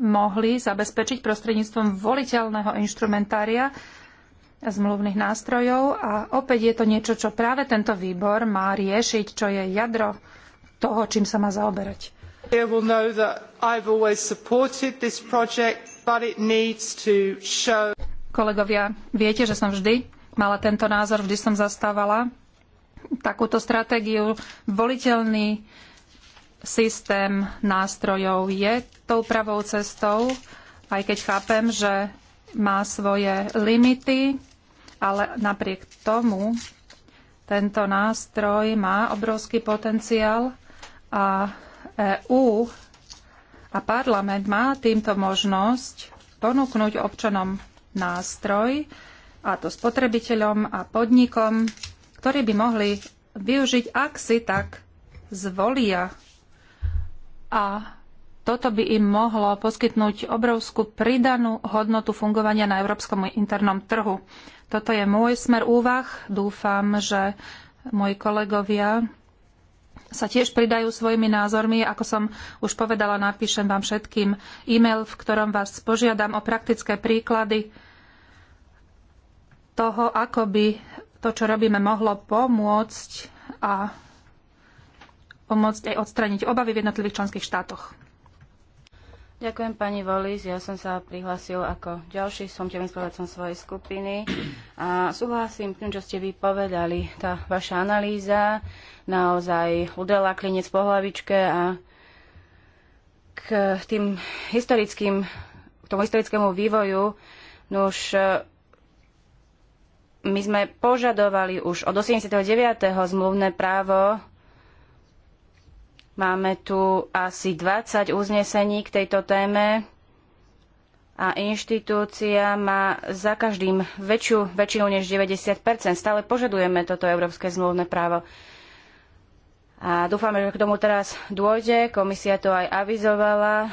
mohli zabezpečiť prostredníctvom voliteľného instrumentária zmluvných nástrojov. A opäť je to niečo, čo práve tento výbor má riešiť, čo je jadro toho, čím sa má zaoberať. Kolegovia, viete, že som vždy mala tento názor, vždy som zastávala takúto stratégiu. Voliteľný systém nástrojov je tou pravou cestou, aj keď chápem, že má svoje limity, ale napriek tomu tento nástroj má obrovský potenciál a EÚ a parlament má týmto možnosť ponúknuť občanom nástroj, a to spotrebiteľom a podnikom, ktorí by mohli využiť, ak si tak zvolia a toto by im mohlo poskytnúť obrovskú pridanú hodnotu fungovania na európskom internom trhu. Toto je môj smer úvah. Dúfam, že moji kolegovia sa tiež pridajú svojimi názormi. Ako som už povedala, napíšem vám všetkým e-mail, v ktorom vás požiadam o praktické príklady toho, ako by to, čo robíme, mohlo pomôcť a pomôcť aj odstraniť obavy v jednotlivých členských štátoch. Ďakujem pani Volis, ja som sa prihlásil ako ďalší, som tým spravodajcom svojej skupiny a súhlasím tým, čo ste vy povedali. Tá vaša analýza naozaj udela klinec po hlavičke a k tým historickým, k tomu historickému vývoju, no už my sme požadovali už od 89. zmluvné právo Máme tu asi 20 uznesení k tejto téme a inštitúcia má za každým väčšiu väčšinu než 90 Stále požadujeme toto európske zmluvné právo. A dúfame, že k tomu teraz dôjde. Komisia to aj avizovala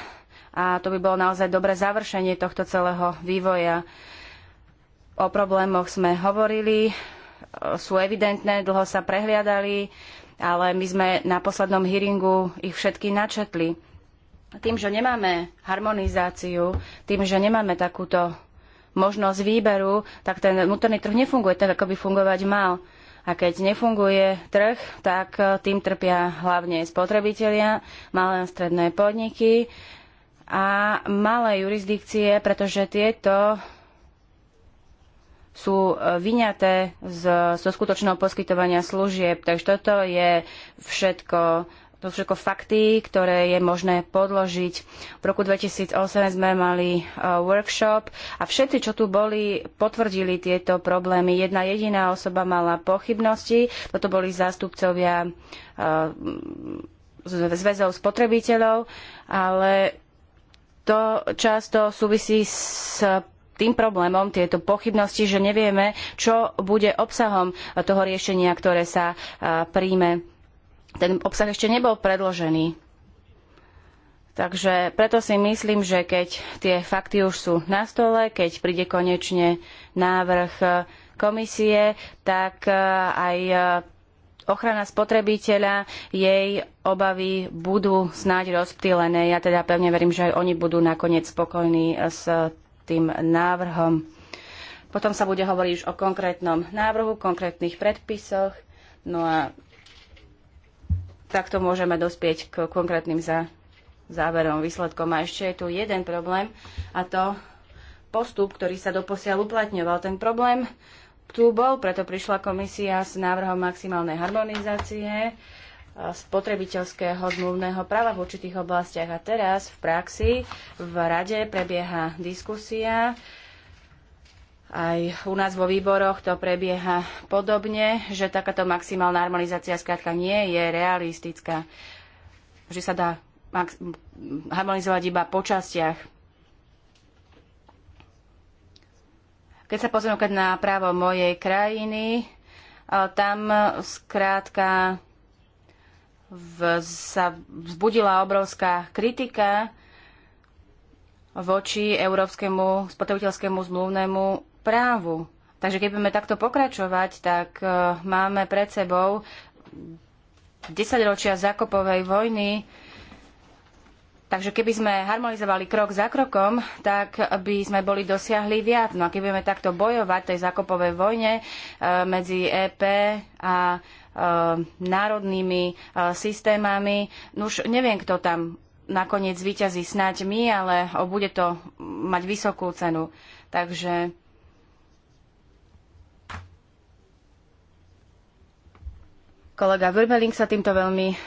a to by bolo naozaj dobré završenie tohto celého vývoja. O problémoch sme hovorili, sú evidentné, dlho sa prehliadali ale my sme na poslednom hearingu ich všetky načetli. Tým, že nemáme harmonizáciu, tým, že nemáme takúto možnosť výberu, tak ten vnútorný trh nefunguje tak, ako by fungovať mal. A keď nefunguje trh, tak e, tým trpia hlavne spotrebitelia, malé a stredné podniky a malé jurisdikcie, pretože tieto sú e, vyňaté z, zo skutočného poskytovania služieb. Takže toto je všetko to sú všetko fakty, ktoré je možné podložiť. V roku 2008 sme mali uh, workshop a všetci, čo tu boli, potvrdili tieto problémy. Jedna jediná osoba mala pochybnosti, toto boli zástupcovia uh, e, zväzov spotrebiteľov, ale to často súvisí s tým problémom tieto pochybnosti, že nevieme, čo bude obsahom toho riešenia, ktoré sa príjme. Ten obsah ešte nebol predložený. Takže preto si myslím, že keď tie fakty už sú na stole, keď príde konečne návrh komisie, tak aj ochrana spotrebiteľa, jej obavy budú snáď rozptýlené. Ja teda pevne verím, že aj oni budú nakoniec spokojní s tým návrhom. Potom sa bude hovoriť už o konkrétnom návrhu, konkrétnych predpisoch, no a takto môžeme dospieť k konkrétnym za, záverom, výsledkom. A ešte je tu jeden problém, a to postup, ktorý sa doposiaľ uplatňoval. Ten problém tu bol, preto prišla komisia s návrhom maximálnej harmonizácie spotrebiteľského zmluvného práva v určitých oblastiach. A teraz v praxi v rade prebieha diskusia. Aj u nás vo výboroch to prebieha podobne, že takáto maximálna harmonizácia skrátka nie je realistická, že sa dá harmonizovať iba po častiach. Keď sa pozrieme na právo mojej krajiny, eh, tam skrátka v, sa vzbudila obrovská kritika voči európskemu spotrebiteľskému zmluvnému právu. Takže keď budeme takto pokračovať, tak uh, máme pred sebou 10 ročia zakopovej vojny. Takže keby sme harmonizovali krok za krokom, tak by sme boli dosiahli viac. No a keby budeme takto bojovať tej zakopovej vojne uh, medzi EP a Eh, národnými eh, systémami. Už neviem, kto tam nakoniec vyťazí snáď my, ale bude to mať vysokú cenu. Takže kolega Wurmeling sa týmto veľmi eh,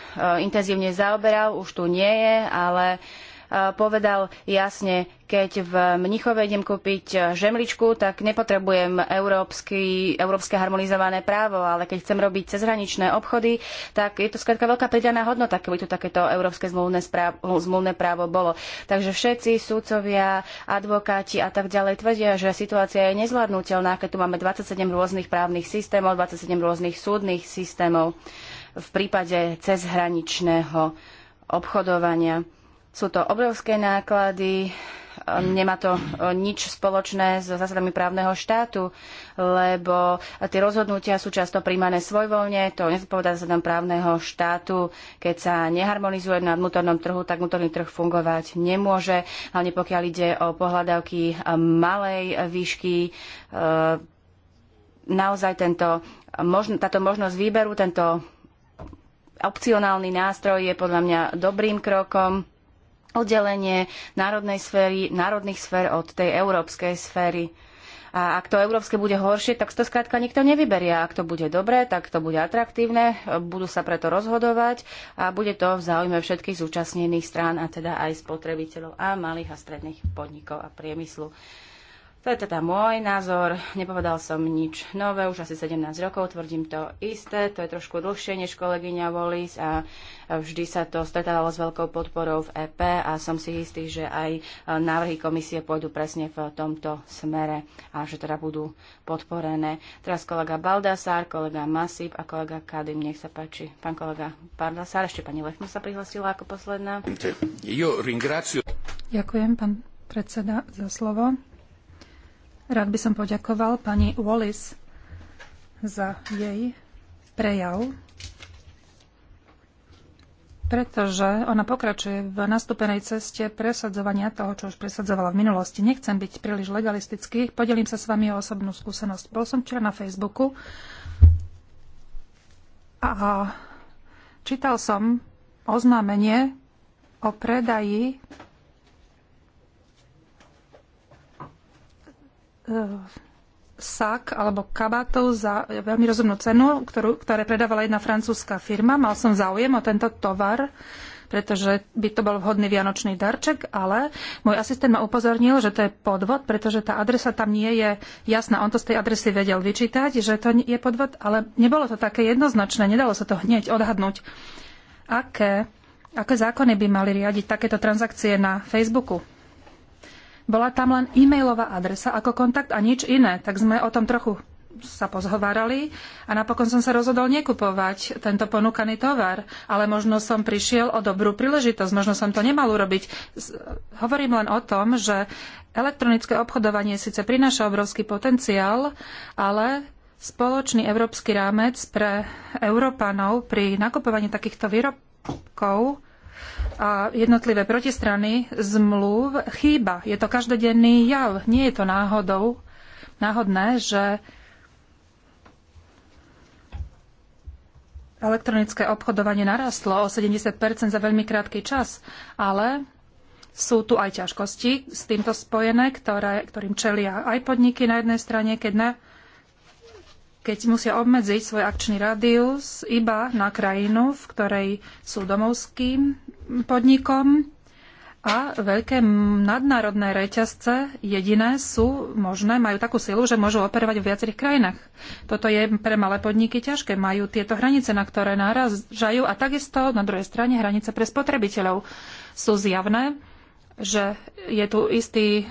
intenzívne zaoberal, už tu nie je, ale uh, povedal jasne, keď v Mnichove idem kúpiť e, žemličku, tak nepotrebujem európsky, európske harmonizované právo, ale keď chcem robiť cezhraničné obchody, tak je to skrátka veľká pridaná hodnota, keby tu takéto európske zmluvné, správ, zmluvné právo bolo. Takže všetci súdcovia, advokáti a tak ďalej tvrdia, že situácia je nezvládnutelná, keď tu máme 27 rôznych právnych systémov, 27 rôznych súdnych systémov v prípade cezhraničného obchodovania. Sú to obrovské náklady, um, nemá to uh, nič spoločné s zásadami právneho štátu, lebo tie rozhodnutia sú často príjmané svojvoľne, to nezodpovedá zásadám právneho štátu. Keď sa neharmonizuje na vnútornom trhu, tak vnútorný trh fungovať nemôže, hlavne pokiaľ ide o pohľadavky uh, malej výšky. Uh, naozaj tento, táto možnosť výberu, tento opcionálny nástroj je podľa mňa dobrým krokom oddelenie národnej sféry, národných sfér od tej európskej sféry. A ak to európske bude horšie, tak to skrátka nikto nevyberie. Ak to bude dobré, tak to bude atraktívne, budú sa preto rozhodovať a bude to v záujme všetkých zúčastnených strán, a teda aj spotrebiteľov a malých a stredných podnikov a priemyslu. To je teda môj názor, nepovedal som nič nové, už asi 17 rokov tvrdím to isté, to je trošku dlhšie než kolegyňa Volis a vždy sa to stretávalo s veľkou podporou v EP a som si istý, že aj e, návrhy komisie pôjdu presne v tomto smere a že teda budú podporené. Teraz kolega Baldasár, kolega Masip a kolega Kadim, nech sa páči. Pán kolega Baldasár, ešte pani Lechnu sa prihlasila ako posledná. Ďakujem, pán predseda, za slovo. Rád by som poďakoval pani Wallis za jej prejav, pretože ona pokračuje v nastúpenej ceste presadzovania toho, čo už presadzovala v minulosti. Nechcem byť príliš legalistický, podelím sa s vami o osobnú skúsenosť. Bol som včera na Facebooku a čítal som oznámenie o predaji Eh, sak alebo kabátov za veľmi rozumnú cenu, ktorú, ktoré predávala jedna francúzska firma. Mal som záujem o tento tovar, pretože by to bol vhodný vianočný darček, ale môj asistent ma upozornil, že to je podvod, pretože tá adresa tam nie je jasná. On to z tej adresy vedel vyčítať, že to je podvod, ale nebolo to také jednoznačné, nedalo sa to hneď odhadnúť. Aké, aké zákony by mali riadiť takéto transakcie na Facebooku? Bola tam len e-mailová adresa ako kontakt a nič iné, tak sme o tom trochu sa pozhovárali a napokon som sa rozhodol nekupovať tento ponúkaný tovar, ale možno som prišiel o dobrú príležitosť, možno som to nemal urobiť. Hovorím len o tom, že elektronické obchodovanie síce prináša obrovský potenciál, ale spoločný európsky rámec pre Európanov pri nakupovaní takýchto výrobkov a jednotlivé protistrany zmluv chýba. Je to každodenný jav. Nie je to náhodou, náhodné, že elektronické obchodovanie narastlo o 70 za veľmi krátky čas, ale sú tu aj ťažkosti s týmto spojené, ktoré, ktorým čelia aj podniky na jednej strane, keď, na, keď musia obmedziť svoj akčný rádius iba na krajinu, v ktorej sú domovským podnikom a veľké nadnárodné reťazce jediné sú možné, majú takú silu, že môžu operovať v viacerých krajinách. Toto je pre malé podniky ťažké. Majú tieto hranice, na ktoré náražajú a takisto na druhej strane hranice pre spotrebiteľov sú zjavné, že je tu istý e,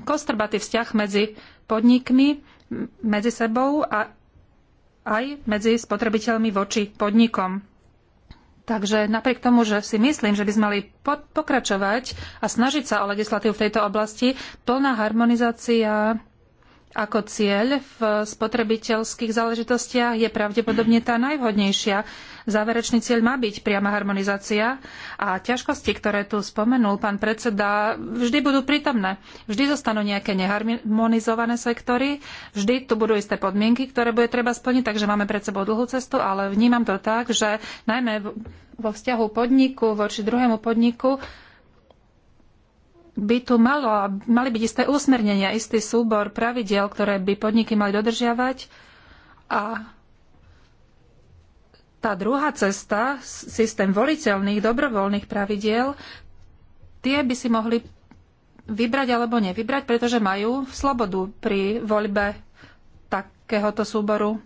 kostrbatý vzťah medzi podnikmi, medzi sebou a aj medzi spotrebiteľmi voči podnikom. Takže napriek tomu, že si myslím, že by sme mali pokračovať a snažiť sa o legislatívu v tejto oblasti, plná harmonizácia ako cieľ v spotrebiteľských záležitostiach je pravdepodobne tá najvhodnejšia. Záverečný cieľ má byť priama harmonizácia a ťažkosti, ktoré tu spomenul pán predseda, vždy budú prítomné. Vždy zostanú nejaké neharmonizované sektory, vždy tu budú isté podmienky, ktoré bude treba splniť, takže máme pred sebou dlhú cestu, ale vnímam to tak, že najmä vo vzťahu podniku voči druhému podniku by tu malo, mali byť isté úsmernenia, istý súbor pravidel, ktoré by podniky mali dodržiavať. A tá druhá cesta, systém voliteľných, dobrovoľných pravidiel, tie by si mohli vybrať alebo nevybrať, pretože majú slobodu pri voľbe takéhoto súboru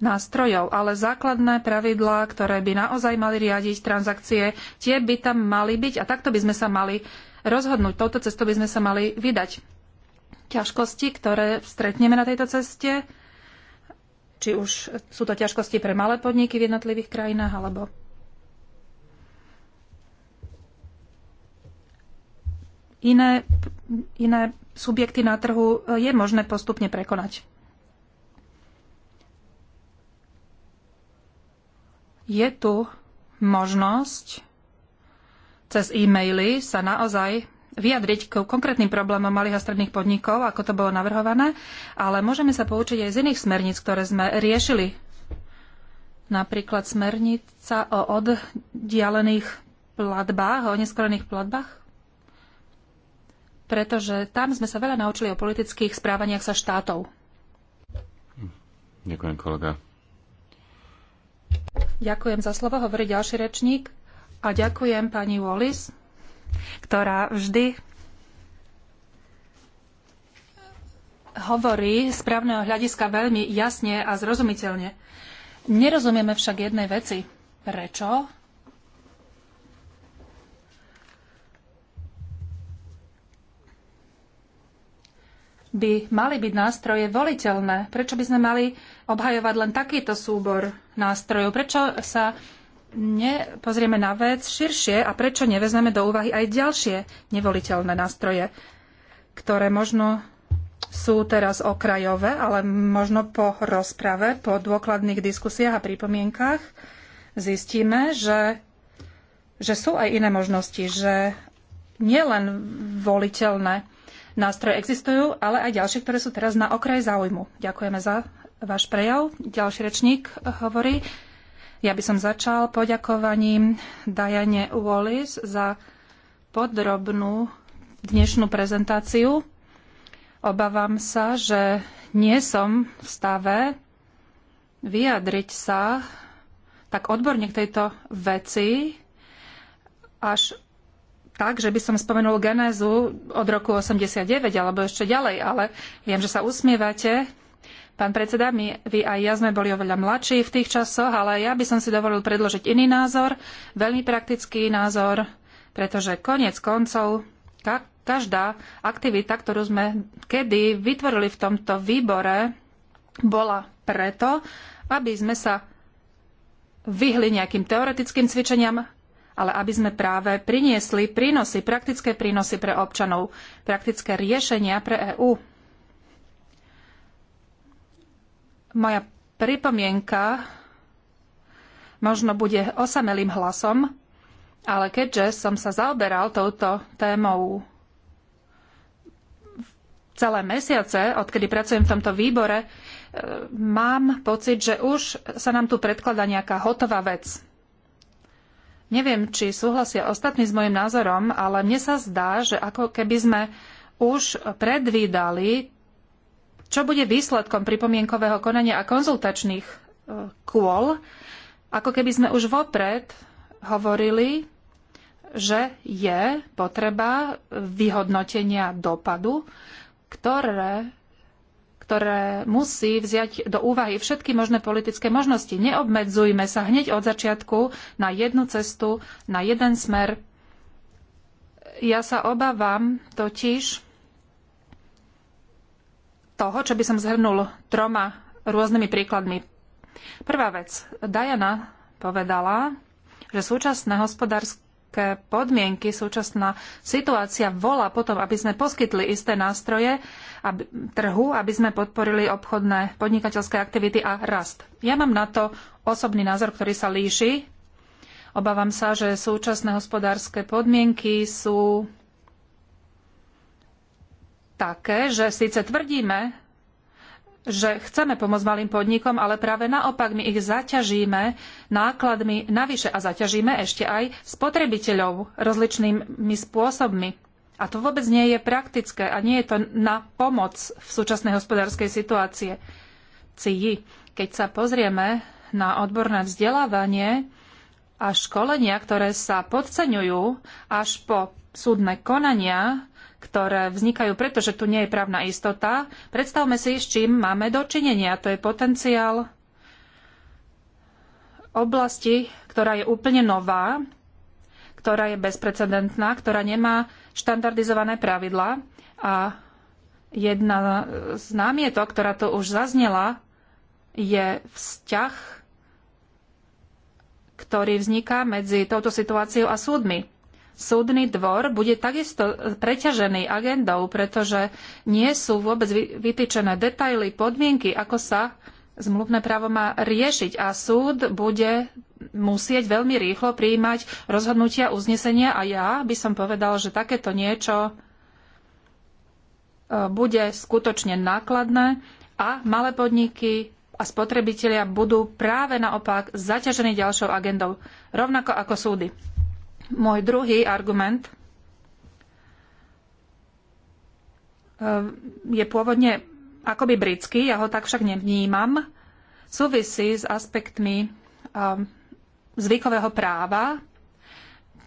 nástrojov, ale základné pravidlá, ktoré by naozaj mali riadiť transakcie, tie by tam mali byť a takto by sme sa mali rozhodnúť. Touto cestou by sme sa mali vydať. Ťažkosti, ktoré stretneme na tejto ceste, či už sú to ťažkosti pre malé podniky v jednotlivých krajinách, alebo iné, iné subjekty na trhu, je možné postupne prekonať. Je tu možnosť cez e-maily sa naozaj vyjadriť k konkrétnym problémom malých a stredných podnikov, ako to bolo navrhované, ale môžeme sa poučiť aj z iných smerníc, ktoré sme riešili. Napríklad smernica o oddialených platbách, o neskorených platbách, pretože tam sme sa veľa naučili o politických správaniach sa štátov. Hm. Ďakujem, kolega. Ďakujem za slovo, hovorí ďalší rečník. A ďakujem pani Wallis, ktorá vždy hovorí z právneho hľadiska veľmi jasne a zrozumiteľne. Nerozumieme však jednej veci. Prečo? by mali byť nástroje voliteľné? Prečo by sme mali obhajovať len takýto súbor nástrojov? Prečo sa nepozrieme na vec širšie a prečo nevezmeme do úvahy aj ďalšie nevoliteľné nástroje, ktoré možno sú teraz okrajové, ale možno po rozprave, po dôkladných diskusiách a pripomienkach zistíme, že, že sú aj iné možnosti, že nielen voliteľné nástroje existujú, ale aj ďalšie, ktoré sú teraz na okraj záujmu. Ďakujeme za váš prejav. Ďalší rečník hovorí. Ja by som začal poďakovaním Diane Wallis za podrobnú dnešnú prezentáciu. Obávam sa, že nie som v stave vyjadriť sa tak odborne k tejto veci, až tak, že by som spomenul genézu od roku 89 alebo ešte ďalej, ale viem, že sa usmievate, Pán predseda, my, vy aj ja sme boli oveľa mladší v tých časoch, ale ja by som si dovolil predložiť iný názor, veľmi praktický názor, pretože koniec koncov ka- každá aktivita, ktorú sme kedy vytvorili v tomto výbore, bola preto, aby sme sa vyhli nejakým teoretickým cvičeniam, ale aby sme práve priniesli prínosy, praktické prínosy pre občanov, praktické riešenia pre EÚ. Moja pripomienka možno bude osamelým hlasom, ale keďže som sa zaoberal touto témou celé mesiace, odkedy pracujem v tomto výbore, e, mám pocit, že už sa nám tu predkladá nejaká hotová vec. Neviem, či súhlasia ostatní s môjim názorom, ale mne sa zdá, že ako keby sme už predvídali čo bude výsledkom pripomienkového konania a konzultačných e, kôl, ako keby sme už vopred hovorili, že je potreba vyhodnotenia dopadu, ktoré, ktoré musí vziať do úvahy všetky možné politické možnosti. Neobmedzujme sa hneď od začiatku na jednu cestu, na jeden smer. Ja sa obávam totiž, toho, čo by som zhrnul troma rôznymi príkladmi. Prvá vec. Diana povedala, že súčasné hospodárske podmienky, súčasná situácia volá potom, aby sme poskytli isté nástroje aby, trhu, aby sme podporili obchodné podnikateľské aktivity a rast. Ja mám na to osobný názor, ktorý sa líši. Obávam sa, že súčasné hospodárske podmienky sú také, že síce tvrdíme, že chceme pomôcť malým podnikom, ale práve naopak my ich zaťažíme nákladmi navyše a zaťažíme ešte aj spotrebiteľov rozličnými spôsobmi. A to vôbec nie je praktické a nie je to na pomoc v súčasnej hospodárskej situácii. Keď sa pozrieme na odborné vzdelávanie a školenia, ktoré sa podceňujú až po súdne konania, ktoré vznikajú, pretože tu nie je právna istota. Predstavme si, s čím máme dočinenia. To je potenciál oblasti, ktorá je úplne nová, ktorá je bezprecedentná, ktorá nemá štandardizované pravidlá. A jedna z námietok, ktorá tu už zaznela, je vzťah, ktorý vzniká medzi touto situáciou a súdmi súdny dvor bude takisto e, preťažený agendou, pretože nie sú vôbec vytýčené detaily, podmienky, ako sa zmluvné právo má riešiť a súd bude musieť veľmi rýchlo prijímať rozhodnutia, uznesenia a ja by som povedal, že takéto niečo e, bude skutočne nákladné a malé podniky a spotrebitelia budú práve naopak zaťažení ďalšou agendou, rovnako ako súdy. Môj druhý argument eh, je pôvodne akoby britský, ja ho tak však nevnímam. Súvisí s aspektmi eh, zvykového práva.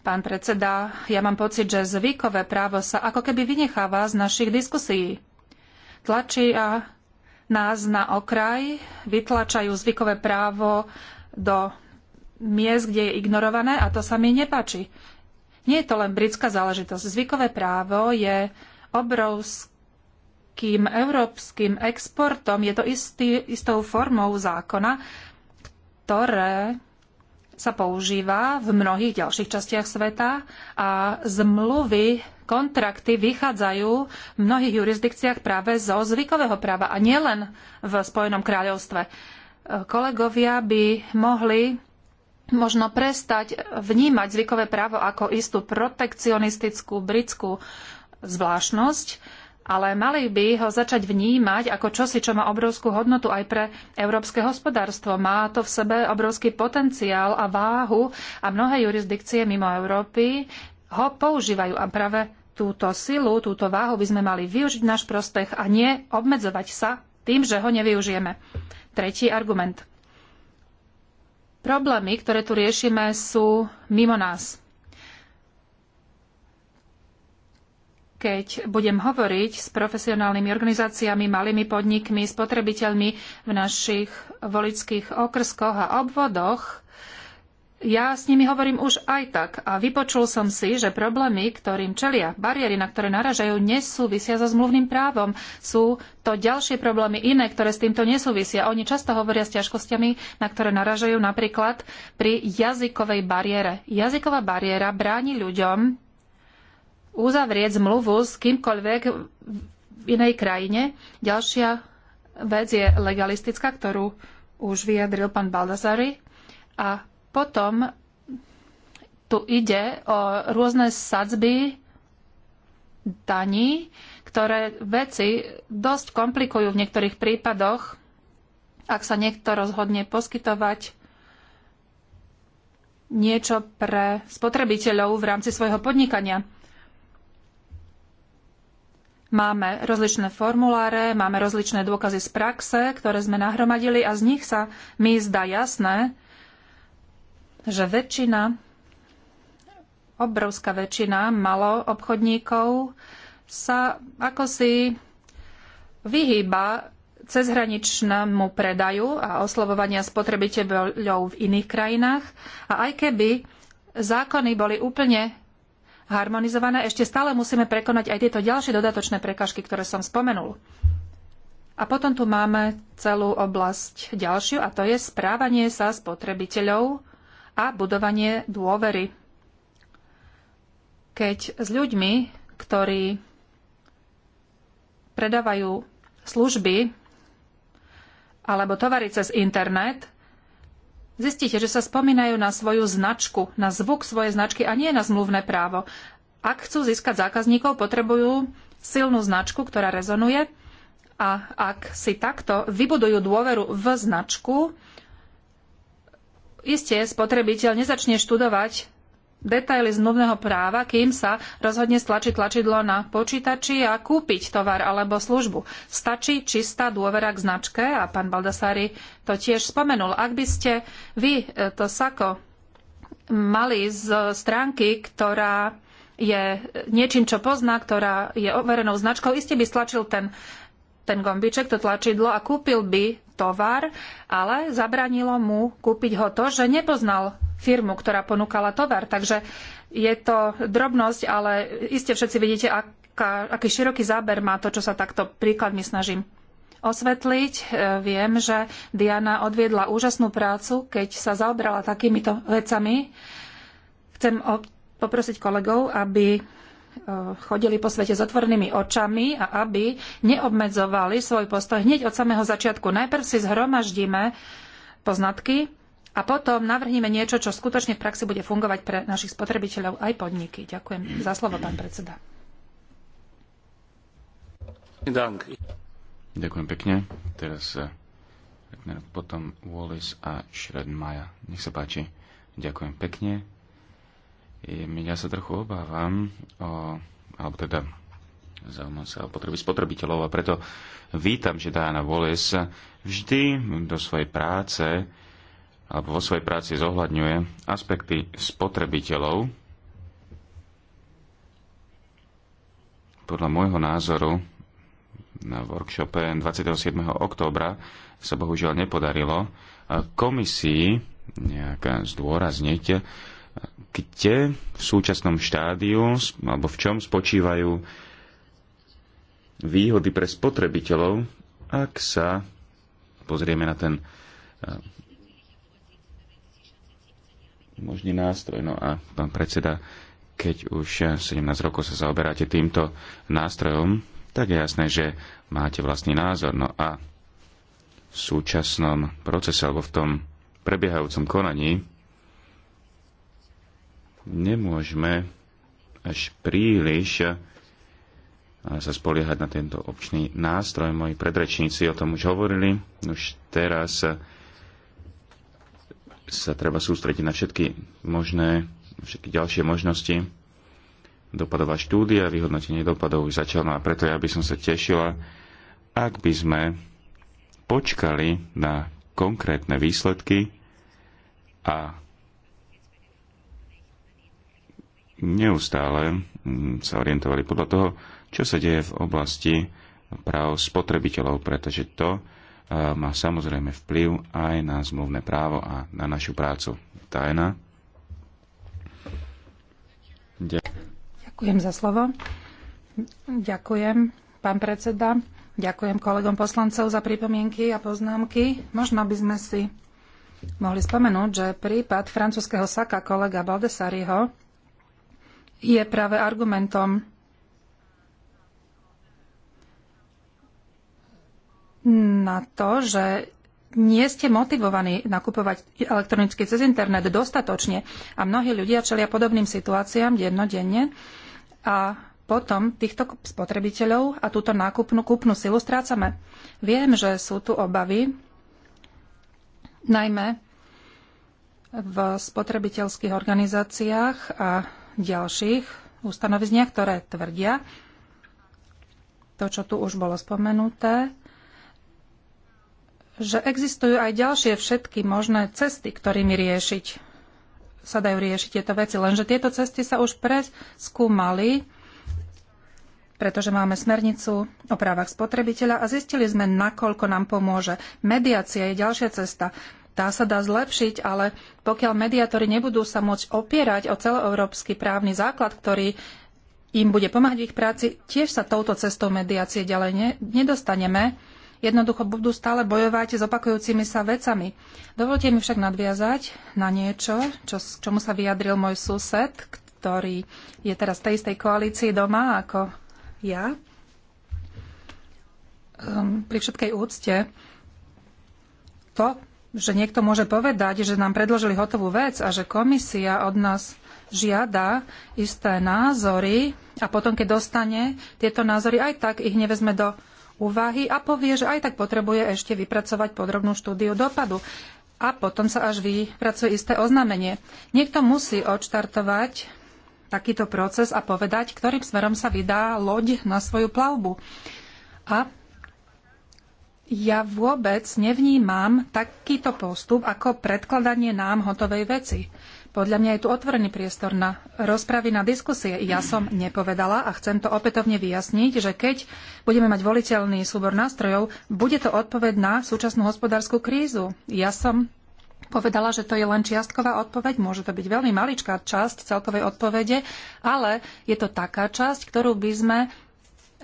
Pán predseda, ja mám pocit, že zvykové právo sa ako keby vynecháva z našich diskusí. Tlačí a nás na okraj, vytlačajú zvykové právo do miest, kde je ignorované a to sa mi nepáči. Nie je to len britská záležitosť. Zvykové právo je obrovským európskym exportom. Je to istý, istou formou zákona, ktoré sa používa v mnohých ďalších častiach sveta a zmluvy, kontrakty vychádzajú v mnohých jurisdikciách práve zo zvykového práva a nielen v Spojenom kráľovstve. Kolegovia by mohli možno prestať vnímať zvykové právo ako istú protekcionistickú britskú zvláštnosť, ale mali by ho začať vnímať ako čosi, čo má obrovskú hodnotu aj pre európske hospodárstvo. Má to v sebe obrovský potenciál a váhu a mnohé jurisdikcie mimo Európy ho používajú a práve túto silu, túto váhu by sme mali využiť v náš prospech a nie obmedzovať sa tým, že ho nevyužijeme. Tretí argument problémy, ktoré tu riešime, sú mimo nás. keď budem hovoriť s profesionálnymi organizáciami, malými podnikmi, spotrebiteľmi v našich voličských okrskoch a obvodoch, ja s nimi hovorím už aj tak a vypočul som si, že problémy, ktorým čelia, bariéry, na ktoré naražajú, nesúvisia so zmluvným právom. Sú to ďalšie problémy iné, ktoré s týmto nesúvisia. Oni často hovoria s ťažkosťami, na ktoré naražajú napríklad pri jazykovej bariére. Jazyková bariéra bráni ľuďom uzavrieť zmluvu s kýmkoľvek v inej krajine. Ďalšia vec je legalistická, ktorú už vyjadril pán Baldassari A potom tu ide o rôzne sadzby daní, ktoré veci dosť komplikujú v niektorých prípadoch, ak sa niekto rozhodne poskytovať niečo pre spotrebiteľov v rámci svojho podnikania. Máme rozličné formuláre, máme rozličné dôkazy z praxe, ktoré sme nahromadili a z nich sa mi zdá jasné, že väčšina, obrovská väčšina malo obchodníkov sa ako si vyhýba cezhraničnému predaju a oslovovania spotrebiteľov v iných krajinách. A aj keby zákony boli úplne harmonizované, ešte stále musíme prekonať aj tieto ďalšie dodatočné prekažky, ktoré som spomenul. A potom tu máme celú oblasť ďalšiu, a to je správanie sa spotrebiteľov a budovanie dôvery. Keď s ľuďmi, ktorí predávajú služby alebo tovary cez internet, zistíte, že sa spomínajú na svoju značku, na zvuk svojej značky a nie na zmluvné právo. Ak chcú získať zákazníkov, potrebujú silnú značku, ktorá rezonuje a ak si takto vybudujú dôveru v značku, Isté, spotrebiteľ nezačne študovať detaily zmluvného práva, kým sa rozhodne stlačiť tlačidlo na počítači a kúpiť tovar alebo službu. Stačí čistá dôvera k značke a pán Baldassari to tiež spomenul. Ak by ste vy e, to sako mali z stránky, ktorá je niečím, čo pozná, ktorá je overenou značkou, iste by stlačil ten, ten gombiček, to tlačidlo a kúpil by tovar, ale zabranilo mu kúpiť ho to, že nepoznal firmu, ktorá ponúkala tovar. Takže je to drobnosť, ale iste všetci vidíte, aká, aký široký záber má to, čo sa takto príkladmi snažím osvetliť. E, viem, že Diana odviedla úžasnú prácu, keď sa zaobrala takýmito vecami. Chcem poprosiť kolegov, aby Eh, chodili po svete s otvorenými očami a aby neobmedzovali svoj postoj hneď od samého začiatku. Najprv si zhromaždíme poznatky a potom navrhneme niečo, čo skutočne v praxi bude fungovať pre našich spotrebiteľov aj podniky. Ďakujem za slovo, pán predseda. Ďakujem pekne. Teraz eh, potom Wallis a Schredmaja. Nech sa páči. Ďakujem pekne ja sa trochu obávam o, alebo teda zaujímam sa o potreby spotrebiteľov a preto vítam, že Diana Wallace vždy do svojej práce alebo vo svojej práci zohľadňuje aspekty spotrebiteľov. Podľa môjho názoru na workshope 27. októbra sa bohužiaľ nepodarilo komisii nejak zdôrazniť kde v súčasnom štádiu alebo v čom spočívajú výhody pre spotrebiteľov, ak sa pozrieme na ten eh, možný nástroj. No a pán predseda, keď už 17 rokov sa zaoberáte týmto nástrojom, tak je jasné, že máte vlastný názor. No a v súčasnom procese alebo v tom prebiehajúcom konaní nemôžeme až príliš eh, sa spoliehať na tento občný nástroj. Moji predrečníci o tom už hovorili. Už teraz eh, sa treba sústrediť na všetky možné, všetky ďalšie možnosti. Dopadová štúdia, vyhodnotenie dopadov už začalo no a preto ja by som sa tešila, ak by sme počkali na konkrétne výsledky a neustále mm, sa orientovali podľa toho, čo sa deje v oblasti práv spotrebiteľov, pretože to má samozrejme vplyv aj na zmluvné právo a na našu prácu. Tajna. Ďakujem. Ďakujem za slovo. Ďakujem, pán predseda. Ďakujem kolegom poslancov za pripomienky a poznámky. Možno by sme si mohli spomenúť, že prípad francúzského saka kolega Baldessariho je práve argumentom. na to, že nie ste motivovaní nakupovať elektronicky cez internet dostatočne a mnohí ľudia čelia podobným situáciám jednodenne a potom týchto spotrebiteľov a túto nákupnú kúpnu silu strácame. Viem, že sú tu obavy, najmä v spotrebiteľských organizáciách a ďalších ustanovizniach, ktoré tvrdia to, čo tu už bolo spomenuté, že existujú aj ďalšie všetky možné cesty, ktorými riešiť sa dajú riešiť tieto veci. Lenže tieto cesty sa už preskúmali, pretože máme smernicu o právach spotrebiteľa a zistili sme, nakoľko nám pomôže. Mediácia je ďalšia cesta tá sa dá zlepšiť, ale pokiaľ mediátori nebudú sa môcť opierať o celoeurópsky právny základ, ktorý im bude pomáhať v ich práci, tiež sa touto cestou mediácie ďalej ne, nedostaneme. Jednoducho budú stále bojovať s opakujúcimi sa vecami. Dovolte mi však nadviazať na niečo, čo, čomu sa vyjadril môj sused, ktorý je teraz tej istej koalícii doma ako ja. Um, pri všetkej úcte to, že niekto môže povedať, že nám predložili hotovú vec a že komisia od nás žiada isté názory a potom, keď dostane tieto názory, aj tak ich nevezme do úvahy a povie, že aj tak potrebuje ešte vypracovať podrobnú štúdiu dopadu. A potom sa až vypracuje isté oznámenie. Niekto musí odštartovať takýto proces a povedať, ktorým smerom sa vydá loď na svoju plavbu. A ja vôbec nevnímam takýto postup ako predkladanie nám hotovej veci. Podľa mňa je tu otvorený priestor na rozpravy, na diskusie. Ja som nepovedala a chcem to opätovne vyjasniť, že keď budeme mať voliteľný súbor nástrojov, bude to odpoveď na súčasnú hospodárskú krízu. Ja som povedala, že to je len čiastková odpoveď, môže to byť veľmi maličká časť celkovej odpovede, ale je to taká časť, ktorú by sme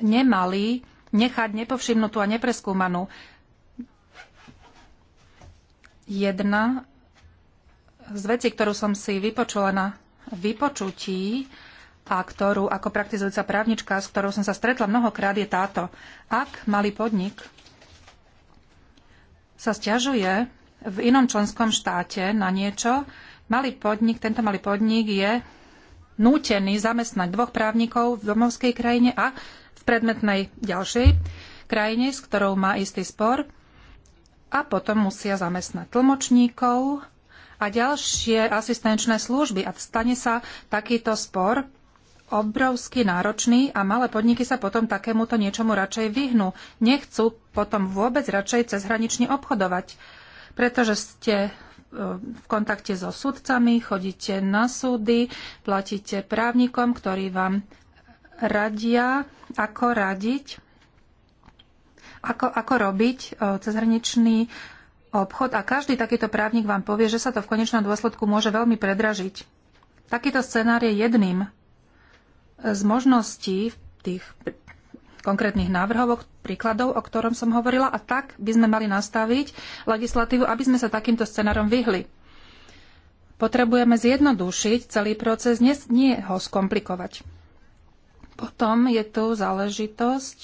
nemali nechať nepovšimnutú a nepreskúmanú. Jedna z vecí, ktorú som si vypočula na vypočutí a ktorú ako praktizujúca právnička, s ktorou som sa stretla mnohokrát, je táto. Ak malý podnik sa stiažuje v inom členskom štáte na niečo, malý podnik, tento malý podnik je nútený zamestnať dvoch právnikov v domovskej krajine a predmetnej ďalšej krajine, s ktorou má istý spor a potom musia zamestnať tlmočníkov a ďalšie asistenčné služby. A stane sa takýto spor obrovsky náročný a malé podniky sa potom takémuto niečomu radšej vyhnú. Nechcú potom vôbec radšej cezhranične obchodovať, pretože ste e, v kontakte so sudcami, chodíte na súdy, platíte právnikom, ktorí vám radia, ako radiť, ako, ako robiť e, cezhraničný obchod a každý takýto právnik vám povie, že sa to v konečnom dôsledku môže veľmi predražiť. Takýto scenár je jedným z možností tých konkrétnych návrhov, príkladov, o ktorom som hovorila a tak by sme mali nastaviť legislatívu, aby sme sa takýmto scenárom vyhli. Potrebujeme zjednodušiť celý proces, nie ho skomplikovať. Potom je tu záležitosť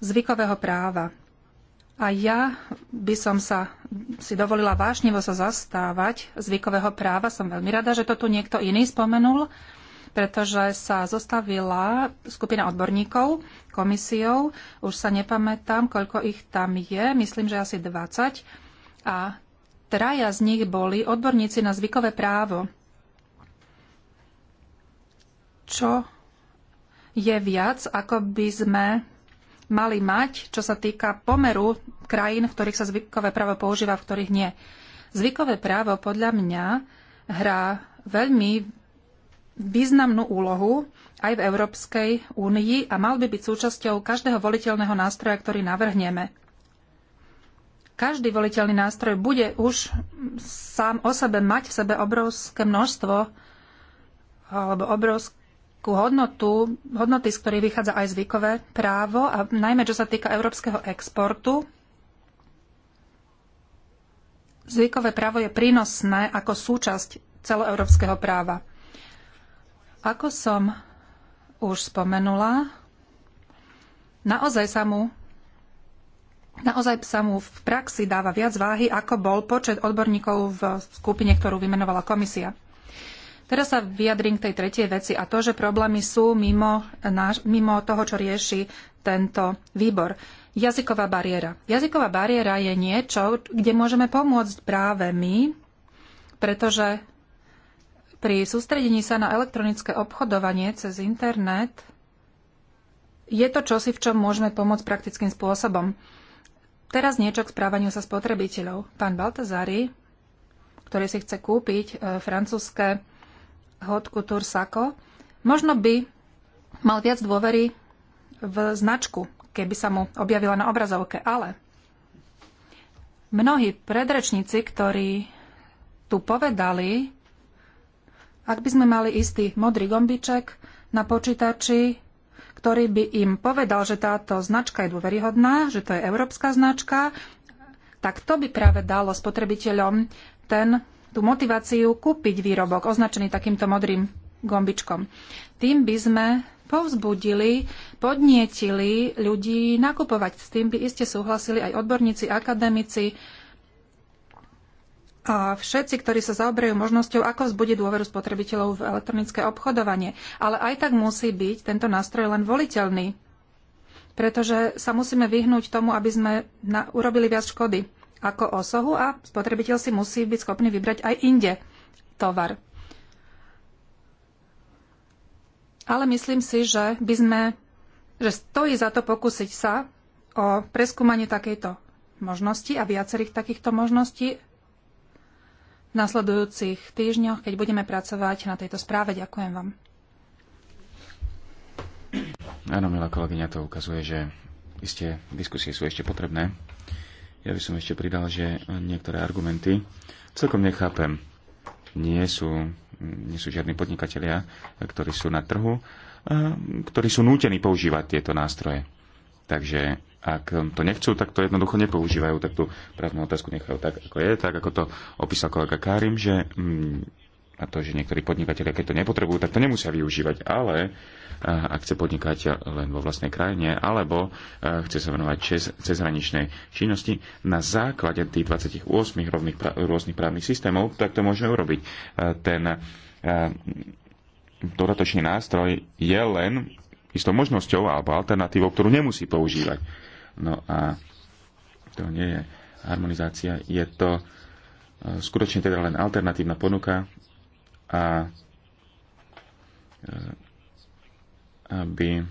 zvykového práva. A ja by som sa si dovolila vášnivo sa zastávať zvykového práva. Som veľmi rada, že to tu niekto iný spomenul, pretože sa zostavila skupina odborníkov komisiou. Už sa nepamätám, koľko ich tam je. Myslím, že asi 20. A traja z nich boli odborníci na zvykové právo. Čo je viac, ako by sme mali mať, čo sa týka pomeru krajín, v ktorých sa zvykové právo používa, v ktorých nie. Zvykové právo podľa mňa hrá veľmi významnú úlohu aj v Európskej únii a mal by byť súčasťou každého voliteľného nástroja, ktorý navrhneme. Každý voliteľný nástroj bude už sám o sebe mať v sebe obrovské množstvo alebo obrovské pridanú hodnotu, hodnoty, z ktorých vychádza aj zvykové právo a najmä čo sa týka európskeho exportu. Zvykové právo je prínosné ako súčasť celoeurópskeho práva. Ako som už spomenula, naozaj sa mu Naozaj sa mu v praxi dáva viac váhy, ako bol počet odborníkov v skupine, ktorú vymenovala komisia. Teraz sa vyjadrím k tej tretej veci a to, že problémy sú mimo, náš, mimo toho, čo rieši tento výbor. Jazyková bariéra. Jazyková bariéra je niečo, kde môžeme pomôcť práve my, pretože pri sústredení sa na elektronické obchodovanie cez internet je to čosi, v čom môžeme pomôcť praktickým spôsobom. Teraz niečo k správaniu sa spotrebiteľov. Pán Baltazari, ktorý si chce kúpiť e, francúzske Hodku Tursako, možno by mal viac dôvery v značku, keby sa mu objavila na obrazovke. Ale mnohí predrečníci, ktorí tu povedali, ak by sme mali istý modrý gombiček na počítači, ktorý by im povedal, že táto značka je dôveryhodná, že to je európska značka, tak to by práve dalo spotrebiteľom ten tú motiváciu kúpiť výrobok označený takýmto modrým gombičkom. Tým by sme povzbudili, podnietili ľudí nakupovať. S tým by iste súhlasili aj odborníci, akademici a všetci, ktorí sa zaoberajú možnosťou, ako vzbudiť dôveru spotrebiteľov v elektronické obchodovanie. Ale aj tak musí byť tento nástroj len voliteľný, pretože sa musíme vyhnúť tomu, aby sme na, urobili viac škody ako osohu a spotrebiteľ si musí byť schopný vybrať aj inde tovar. Ale myslím si, že by sme, že stojí za to pokúsiť sa o preskúmanie takejto možnosti a viacerých takýchto možností v nasledujúcich týždňoch, keď budeme pracovať na tejto správe. Ďakujem vám. Áno, milá kolegyňa, to ukazuje, že isté diskusie sú ešte potrebné. Ja by som ešte pridal, že niektoré argumenty celkom nechápem. Nie sú, nie sú žiadni podnikatelia, ktorí sú na trhu, a ktorí sú nútení používať tieto nástroje. Takže ak to nechcú, tak to jednoducho nepoužívajú, tak tú právnu otázku nechajú tak, ako je, tak ako to opísal kolega Karim, že mm, a to, že niektorí podnikatelia, keď to nepotrebujú, tak to nemusia využívať. Ale ak chce podnikať len vo vlastnej krajine, alebo chce sa venovať cezhraničnej činnosti na základe tých 28 rovných, rôznych právnych systémov, tak to môžeme urobiť. Ten dodatočný nástroj je len istou možnosťou alebo alternatívou, ktorú nemusí používať. No a to nie je harmonizácia, je to skutočne teda len alternatívna ponuka a aby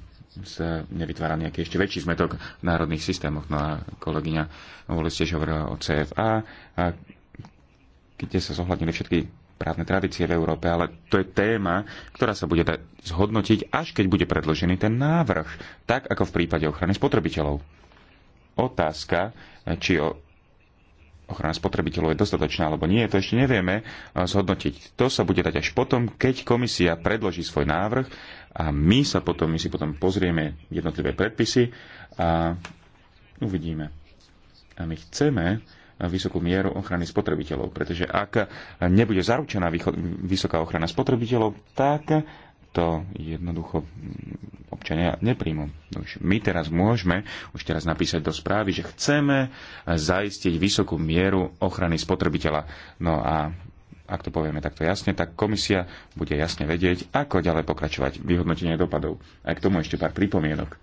sa nevytváral nejaký ešte väčší zmetok v národných systémoch. No a kolegyňa Vôli tiež hovorila o CFA, a kde sa zohľadnili všetky právne tradície v Európe, ale to je téma, ktorá sa bude dať zhodnotiť, až keď bude predložený ten návrh, tak ako v prípade ochrany spotrebiteľov. Otázka, či o ochrana spotrebiteľov je dostatočná alebo nie, to ešte nevieme eh, zhodnotiť. To sa bude dať až potom, keď komisia predloží svoj návrh a my sa potom, my si potom pozrieme jednotlivé predpisy a uvidíme. A my chceme eh, vysokú mieru ochrany spotrebiteľov, pretože ak nebude zaručená vysoká ochrana spotrebiteľov, tak to jednoducho občania nepríjmu. No my teraz môžeme už teraz napísať do správy, že chceme zaistiť vysokú mieru ochrany spotrebiteľa. No a ak to povieme takto jasne, tak komisia bude jasne vedieť, ako ďalej pokračovať vyhodnotenie dopadov. A k tomu ešte pár pripomienok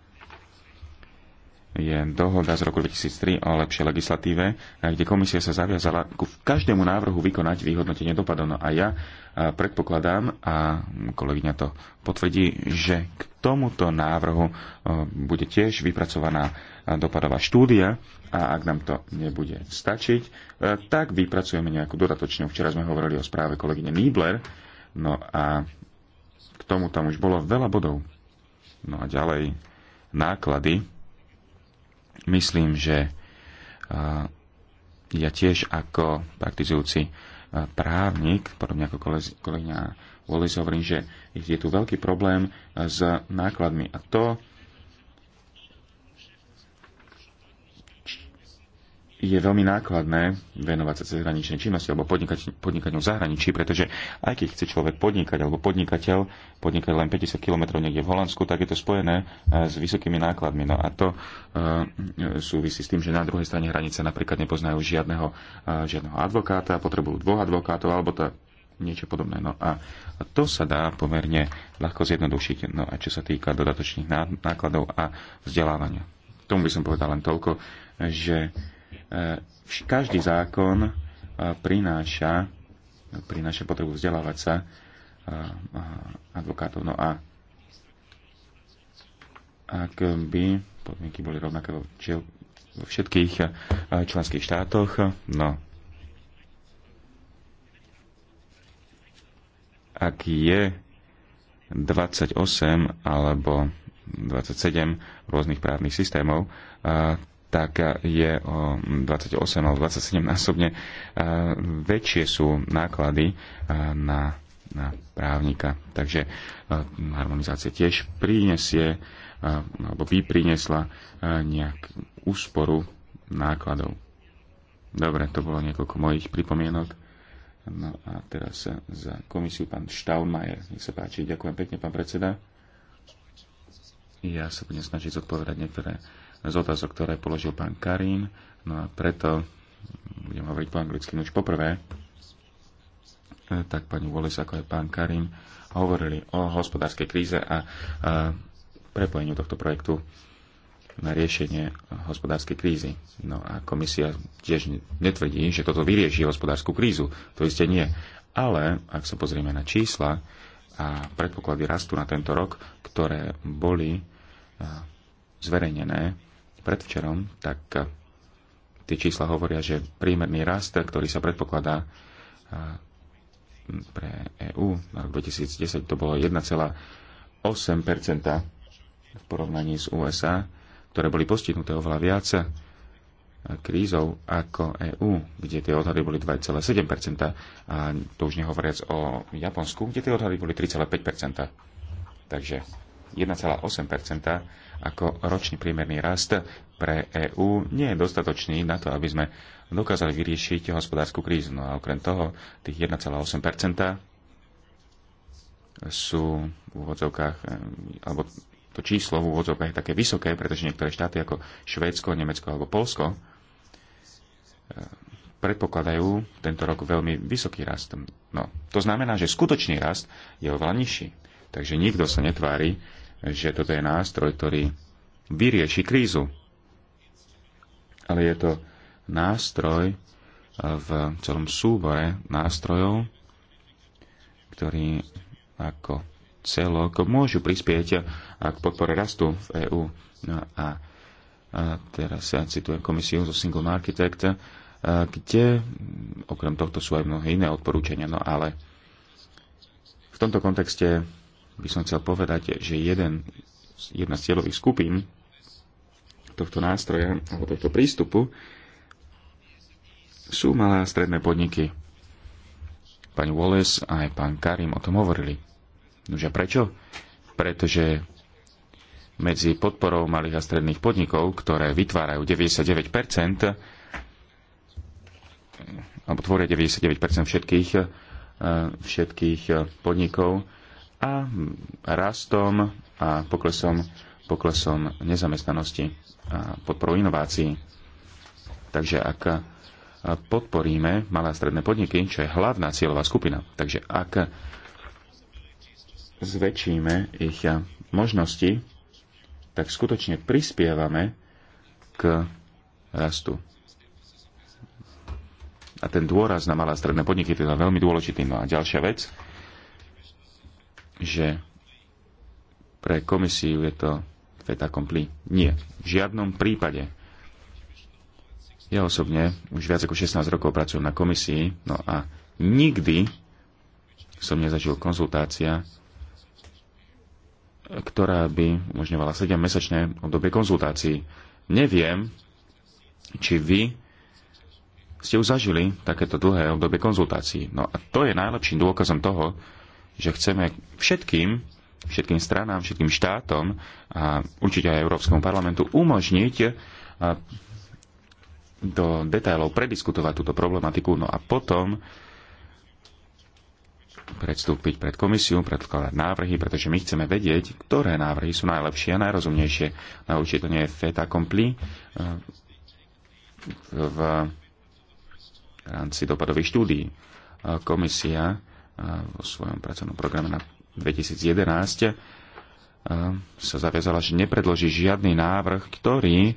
je dohoda z roku 2003 o lepšej legislatíve, eh, kde komisia sa zaviazala ku každému návrhu vykonať vyhodnotenie dopadov. No a ja eh, predpokladám, a kolegyňa to potvrdí, že k tomuto návrhu eh, bude tiež vypracovaná dopadová štúdia a ak nám to nebude stačiť, tak vypracujeme nejakú dodatočnú. Včera sme hovorili o správe kolegyne Niebler, no a k tomu tam už bolo veľa bodov. No a ďalej náklady Myslím, že ja tiež ako praktizujúci právnik, podobne ako kolegyňa Wallis, hovorím, že je tu veľký problém s nákladmi. A to je veľmi nákladné venovať sa cezhraničnej činnosti alebo podnikať, podnikať v zahraničí, pretože aj keď chce človek podnikať alebo podnikateľ podnikať len 50 km niekde v Holandsku, tak je to spojené eh, s vysokými nákladmi. No a to eh, súvisí s tým, že na druhej strane hranice napríklad nepoznajú žiadneho, eh, žiadneho advokáta, potrebujú dvoch advokátov alebo to niečo podobné. No a to sa dá pomerne ľahko zjednodušiť. No a čo sa týka dodatočných nákladov a vzdelávania. Tomu by som povedal len toľko, že každý zákon prináša, prináša potrebu vzdelávať sa advokátov. No a ak by podmienky boli rovnaké vo, všetkých členských štátoch, no ak je 28 alebo 27 rôznych právnych systémov, tak je o 28 alebo 27 násobne e, väčšie sú náklady e, na, na právnika. Takže e, harmonizácia tiež prinesie alebo by prinesla nejakú úsporu nákladov. Dobre, to bolo niekoľko mojich pripomienok. No a teraz za komisiu pán Štaunmajer. Nech sa páči. Ďakujem pekne, pán predseda. Ja sa budem snažiť zodpovedať niektoré z otázok, ktoré položil pán Karín. No a preto budem hovoriť po anglicky. No už poprvé, e, tak pani Wallis ako aj pán Karim hovorili o hospodárskej kríze a, a prepojeniu tohto projektu na riešenie hospodárskej krízy. No a komisia tiež netvrdí, že toto vyrieši hospodárskú krízu. To isté nie. Ale ak sa pozrieme na čísla a predpoklady rastu na tento rok, ktoré boli e, zverejnené predvčerom, tak e, tie čísla hovoria, že prímerný rast, ktorý sa predpokladá e, pre EÚ na rok 2010, to bolo 1,8 v porovnaní s USA, ktoré boli postihnuté oveľa viac e, krízou ako EÚ, kde tie odhady boli 2,7% a to už nehovoriac o Japonsku, kde tie odhady boli 3,5%. Takže 1,8 ako ročný priemerný rast pre EÚ nie je dostatočný na to, aby sme dokázali vyriešiť hospodárskú krízu. No a okrem toho, tých 1,8 sú v úvodzovkách, eh, alebo to číslo v úvodzovkách je také vysoké, pretože niektoré štáty ako Švédsko, Nemecko alebo Polsko eh, predpokladajú tento rok veľmi vysoký rast. No, to znamená, že skutočný rast je oveľa nižší. Takže nikto sa netvári, že toto je nástroj, ktorý vyrieši krízu. Ale je to nástroj v celom súbore nástrojov, ktorý ako celok môžu prispieť k podpore rastu v EÚ. No a teraz ja citujem komisiu zo Single Architect, kde okrem tohto sú aj mnohé iné odporúčania, no ale v tomto kontexte by som chcel povedať, že jeden, jedna z cieľových skupín tohto nástroja alebo tohto prístupu sú malé a stredné podniky. Pani Wallace a aj pán Karim o tom hovorili. Nože prečo? Pretože medzi podporou malých a stredných podnikov, ktoré vytvárajú 99 alebo tvoria 99 všetkých, eh, všetkých eh, podnikov, a rastom a poklesom, poklesom nezamestnanosti a podporou inovácií. Takže ak podporíme malé a stredné podniky, čo je hlavná cieľová skupina, takže ak zväčšíme ich možnosti, tak skutočne prispievame k rastu. A ten dôraz na malé a stredné podniky je teda veľmi dôležitý. No a ďalšia vec, že pre komisiu je to fait accompli. Nie, v žiadnom prípade. Ja osobne už viac ako 16 rokov pracujem na komisii, no a nikdy som nezažil konzultácia, ktorá by umožňovala 7-mesačné obdobie konzultácií. Neviem, či vy ste už zažili takéto dlhé obdobie konzultácií. No a to je najlepším dôkazom toho, že chceme všetkým, všetkým stranám, všetkým štátom a určite aj Európskom parlamentu umožniť do detailov prediskutovať túto problematiku, no a potom predstúpiť pred komisiu, predkladať návrhy, pretože my chceme vedieť, ktoré návrhy sú najlepšie a najrozumnejšie. Na určite nie je fait accompli v rámci dopadových štúdií. Komisia vo svojom pracovnom programe na 2011 sa zaviazala, že nepredloží žiadny návrh, ktorý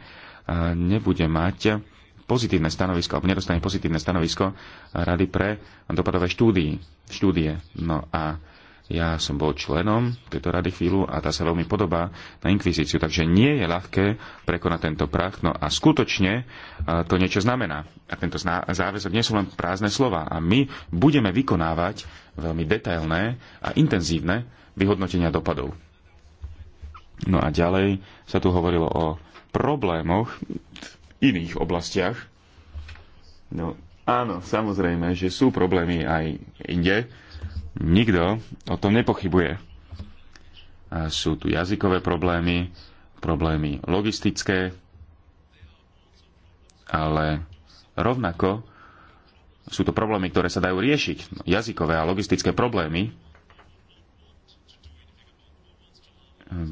nebude mať pozitívne stanovisko, alebo nedostane pozitívne stanovisko Rady pre dopadové štúdie. No a ja som bol členom tejto rady chvíľu a tá sa veľmi podobá na inkvizíciu, takže nie je ľahké prekonať tento prach. No a skutočne e, to niečo znamená. A tento záväzok nie sú len prázdne slova. A my budeme vykonávať veľmi detailné a intenzívne vyhodnotenia dopadov. No a ďalej sa tu hovorilo o problémoch v iných oblastiach. No áno, samozrejme, že sú problémy aj inde Nikto o tom nepochybuje. Sú tu jazykové problémy, problémy logistické, ale rovnako sú to problémy, ktoré sa dajú riešiť. Jazykové a logistické problémy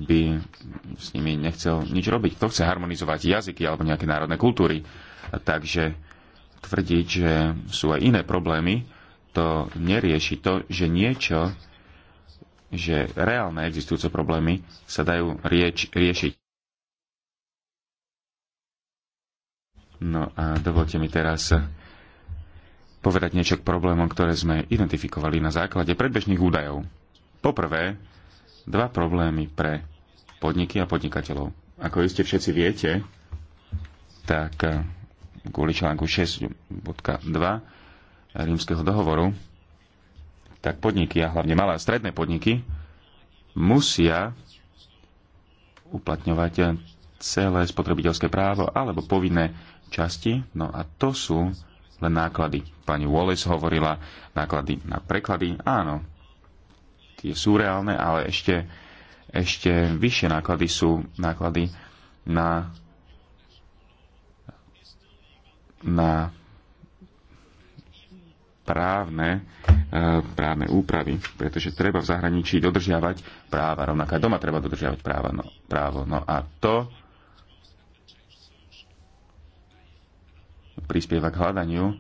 by s nimi nechcel nič robiť. Kto chce harmonizovať jazyky alebo nejaké národné kultúry? Takže tvrdiť, že sú aj iné problémy, to nerieši to, že niečo, že reálne existujúce problémy sa dajú rieč, riešiť. No a dovolte mi teraz povedať niečo k problémom, ktoré sme identifikovali na základe predbežných údajov. Poprvé, dva problémy pre podniky a podnikateľov. Ako iste všetci viete, tak kvôli článku 6.2 rímskeho dohovoru, tak podniky, a hlavne malé a stredné podniky, musia uplatňovať celé spotrebiteľské právo alebo povinné časti. No a to sú len náklady. Pani Wallace hovorila náklady na preklady. Áno, tie sú reálne, ale ešte, ešte vyššie náklady sú náklady na, na právne, e, právne úpravy, pretože treba v zahraničí dodržiavať práva, rovnaká doma treba dodržiavať práva, no, právo. No a to prispieva k hľadaniu e,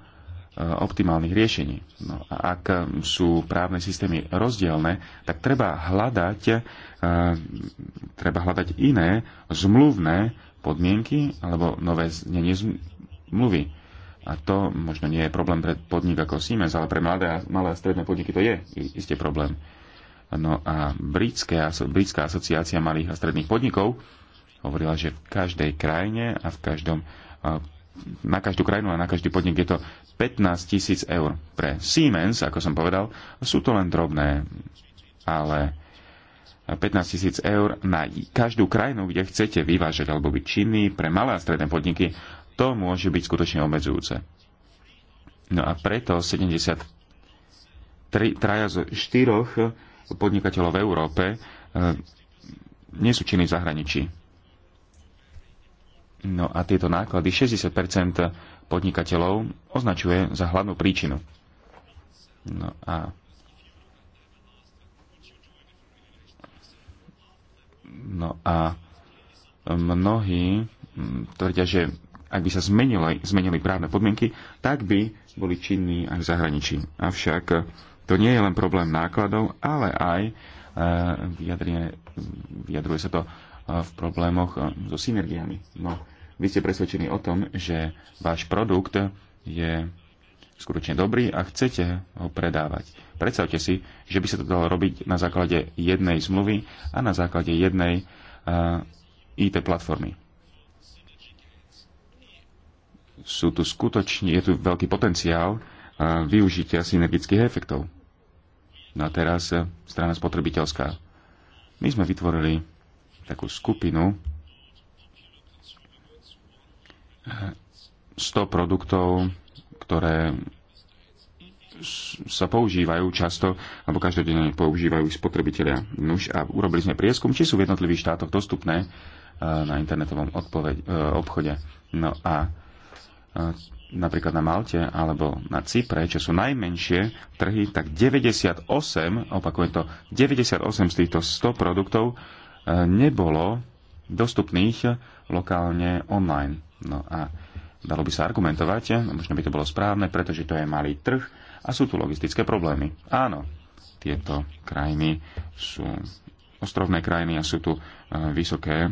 optimálnych riešení. No a ak sú právne systémy rozdielne, tak treba hľadať, e, treba hľadať iné zmluvné podmienky alebo nové znenie zmluvy a to možno nie je problém pre podnik ako Siemens, ale pre mladé, a malé a stredné podniky to je isté problém. No a britské, britská asociácia malých a stredných podnikov hovorila, že v každej krajine a v každom, na každú krajinu a na každý podnik je to 15 tisíc eur. Pre Siemens, ako som povedal, sú to len drobné, ale 15 tisíc eur na každú krajinu, kde chcete vyvážať alebo byť činný pre malé a stredné podniky, to môže byť skutočne obmedzujúce. No a preto 73 traja z štyroch podnikateľov v Európe e, nie sú činní v zahraničí. No a tieto náklady 60% podnikateľov označuje za hlavnú príčinu. No a No a mnohí tvrdia, že ak by sa zmenili, zmenili právne podmienky, tak by boli činní aj v zahraničí. Avšak to nie je len problém nákladov, ale aj e, vyjadruje, vyjadruje sa to e, v problémoch e, so synergiami. No, vy ste presvedčení o tom, že váš produkt je skutočne dobrý a chcete ho predávať. Predstavte si, že by sa to dalo robiť na základe jednej zmluvy a na základe jednej IT platformy sú tu skutočne, je tu veľký potenciál využitia synergických efektov. No a teraz e, strana spotrebiteľská. My sme vytvorili takú skupinu 100 e, produktov, ktoré sa používajú často, alebo každodenne používajú spotrebitelia. Nuž a urobili sme prieskum, či sú v jednotlivých štátoch dostupné e, na internetovom odpoveď, obchode. No a napríklad na Malte alebo na Cypre, čo sú najmenšie trhy, tak 98, opakujem to, 98 z týchto 100 produktov e, nebolo dostupných lokálne online. No a dalo by sa argumentovať, možno by to bolo správne, pretože to je malý trh a sú tu logistické problémy. Áno, tieto krajiny sú ostrovné krajiny a sú tu e, vysoké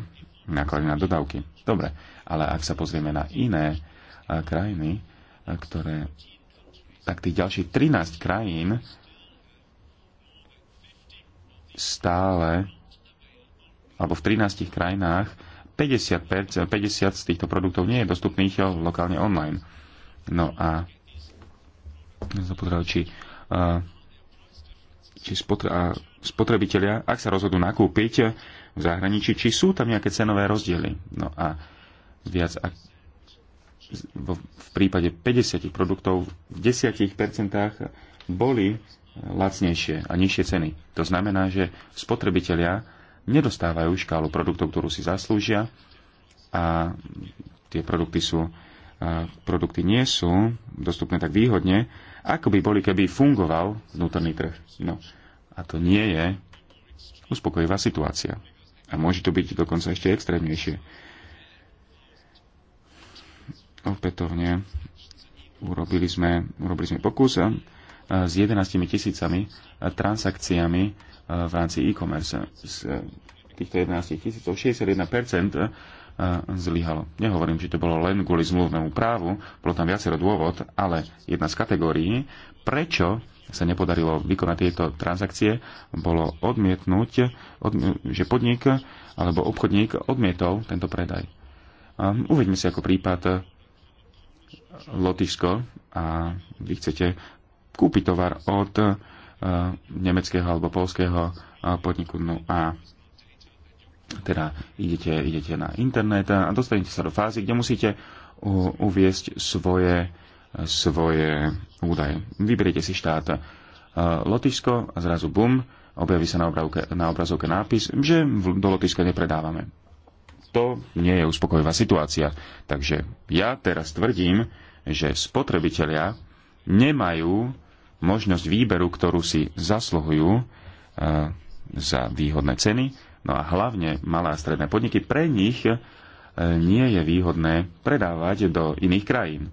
náklady na dodávky. Dobre, ale ak sa pozrieme na iné krajiny, ktoré tak tých ďalších 13 krajín stále alebo v 13 krajinách 50, 50 z týchto produktov nie je dostupných eh, lokálne online. No a zapotrebujú, či, eh, či spotrebitelia, ak sa rozhodnú nakúpiť v zahraničí, či sú tam nejaké cenové rozdiely. No a viac v prípade 50 produktov v 10% boli lacnejšie a nižšie ceny. To znamená, že spotrebitelia nedostávajú škálu produktov, ktorú si zaslúžia a tie produkty sú produkty nie sú dostupné tak výhodne, ako by boli, keby fungoval vnútorný trh. No a to nie je uspokojivá situácia. A môže to byť dokonca ešte extrémnejšie opätovne urobili sme, urobili sme pokus eh, s 11 tisícami eh, transakciami eh, v rámci e-commerce. Z týchto 11 tisícov 61% zlyhalo. Nehovorím, že to bolo len kvôli zmluvnému právu, bolo tam viacero dôvod, ale jedna z kategórií, prečo sa nepodarilo vykonať tieto transakcie, bolo odmietnúť, že podnik alebo obchodník odmietol tento predaj. Ehm, Uvedme si ako prípad Lotyšsko a vy chcete kúpiť tovar od e, nemeckého alebo polského e, podniku. No a teda idete, idete na internet a dostanete sa do fázy, kde musíte uviesť svoje, svoje údaje. Vyberiete si štát e, Lotyšsko a zrazu bum, objaví sa na, obravke, na obrazovke nápis, že do Lotyšska nepredávame to nie je uspokojivá situácia. Takže ja teraz tvrdím, že spotrebitelia nemajú možnosť výberu, ktorú si zasluhujú e, za výhodné ceny. No a hlavne malé a stredné podniky, pre nich e, nie je výhodné predávať do iných krajín.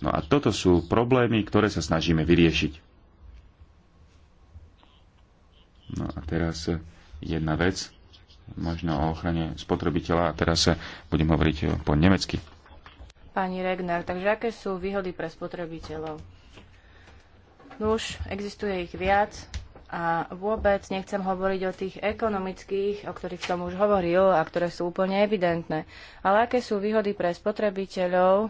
No a toto sú problémy, ktoré sa snažíme vyriešiť. No a teraz e, jedna vec, možno o ochrane spotrebiteľa a teraz sa budem hovoriť po nemecky. Pani Regner, takže aké sú výhody pre spotrebiteľov? Nuž, no existuje ich viac a vôbec nechcem hovoriť o tých ekonomických, o ktorých som už hovoril a ktoré sú úplne evidentné. Ale aké sú výhody pre spotrebiteľov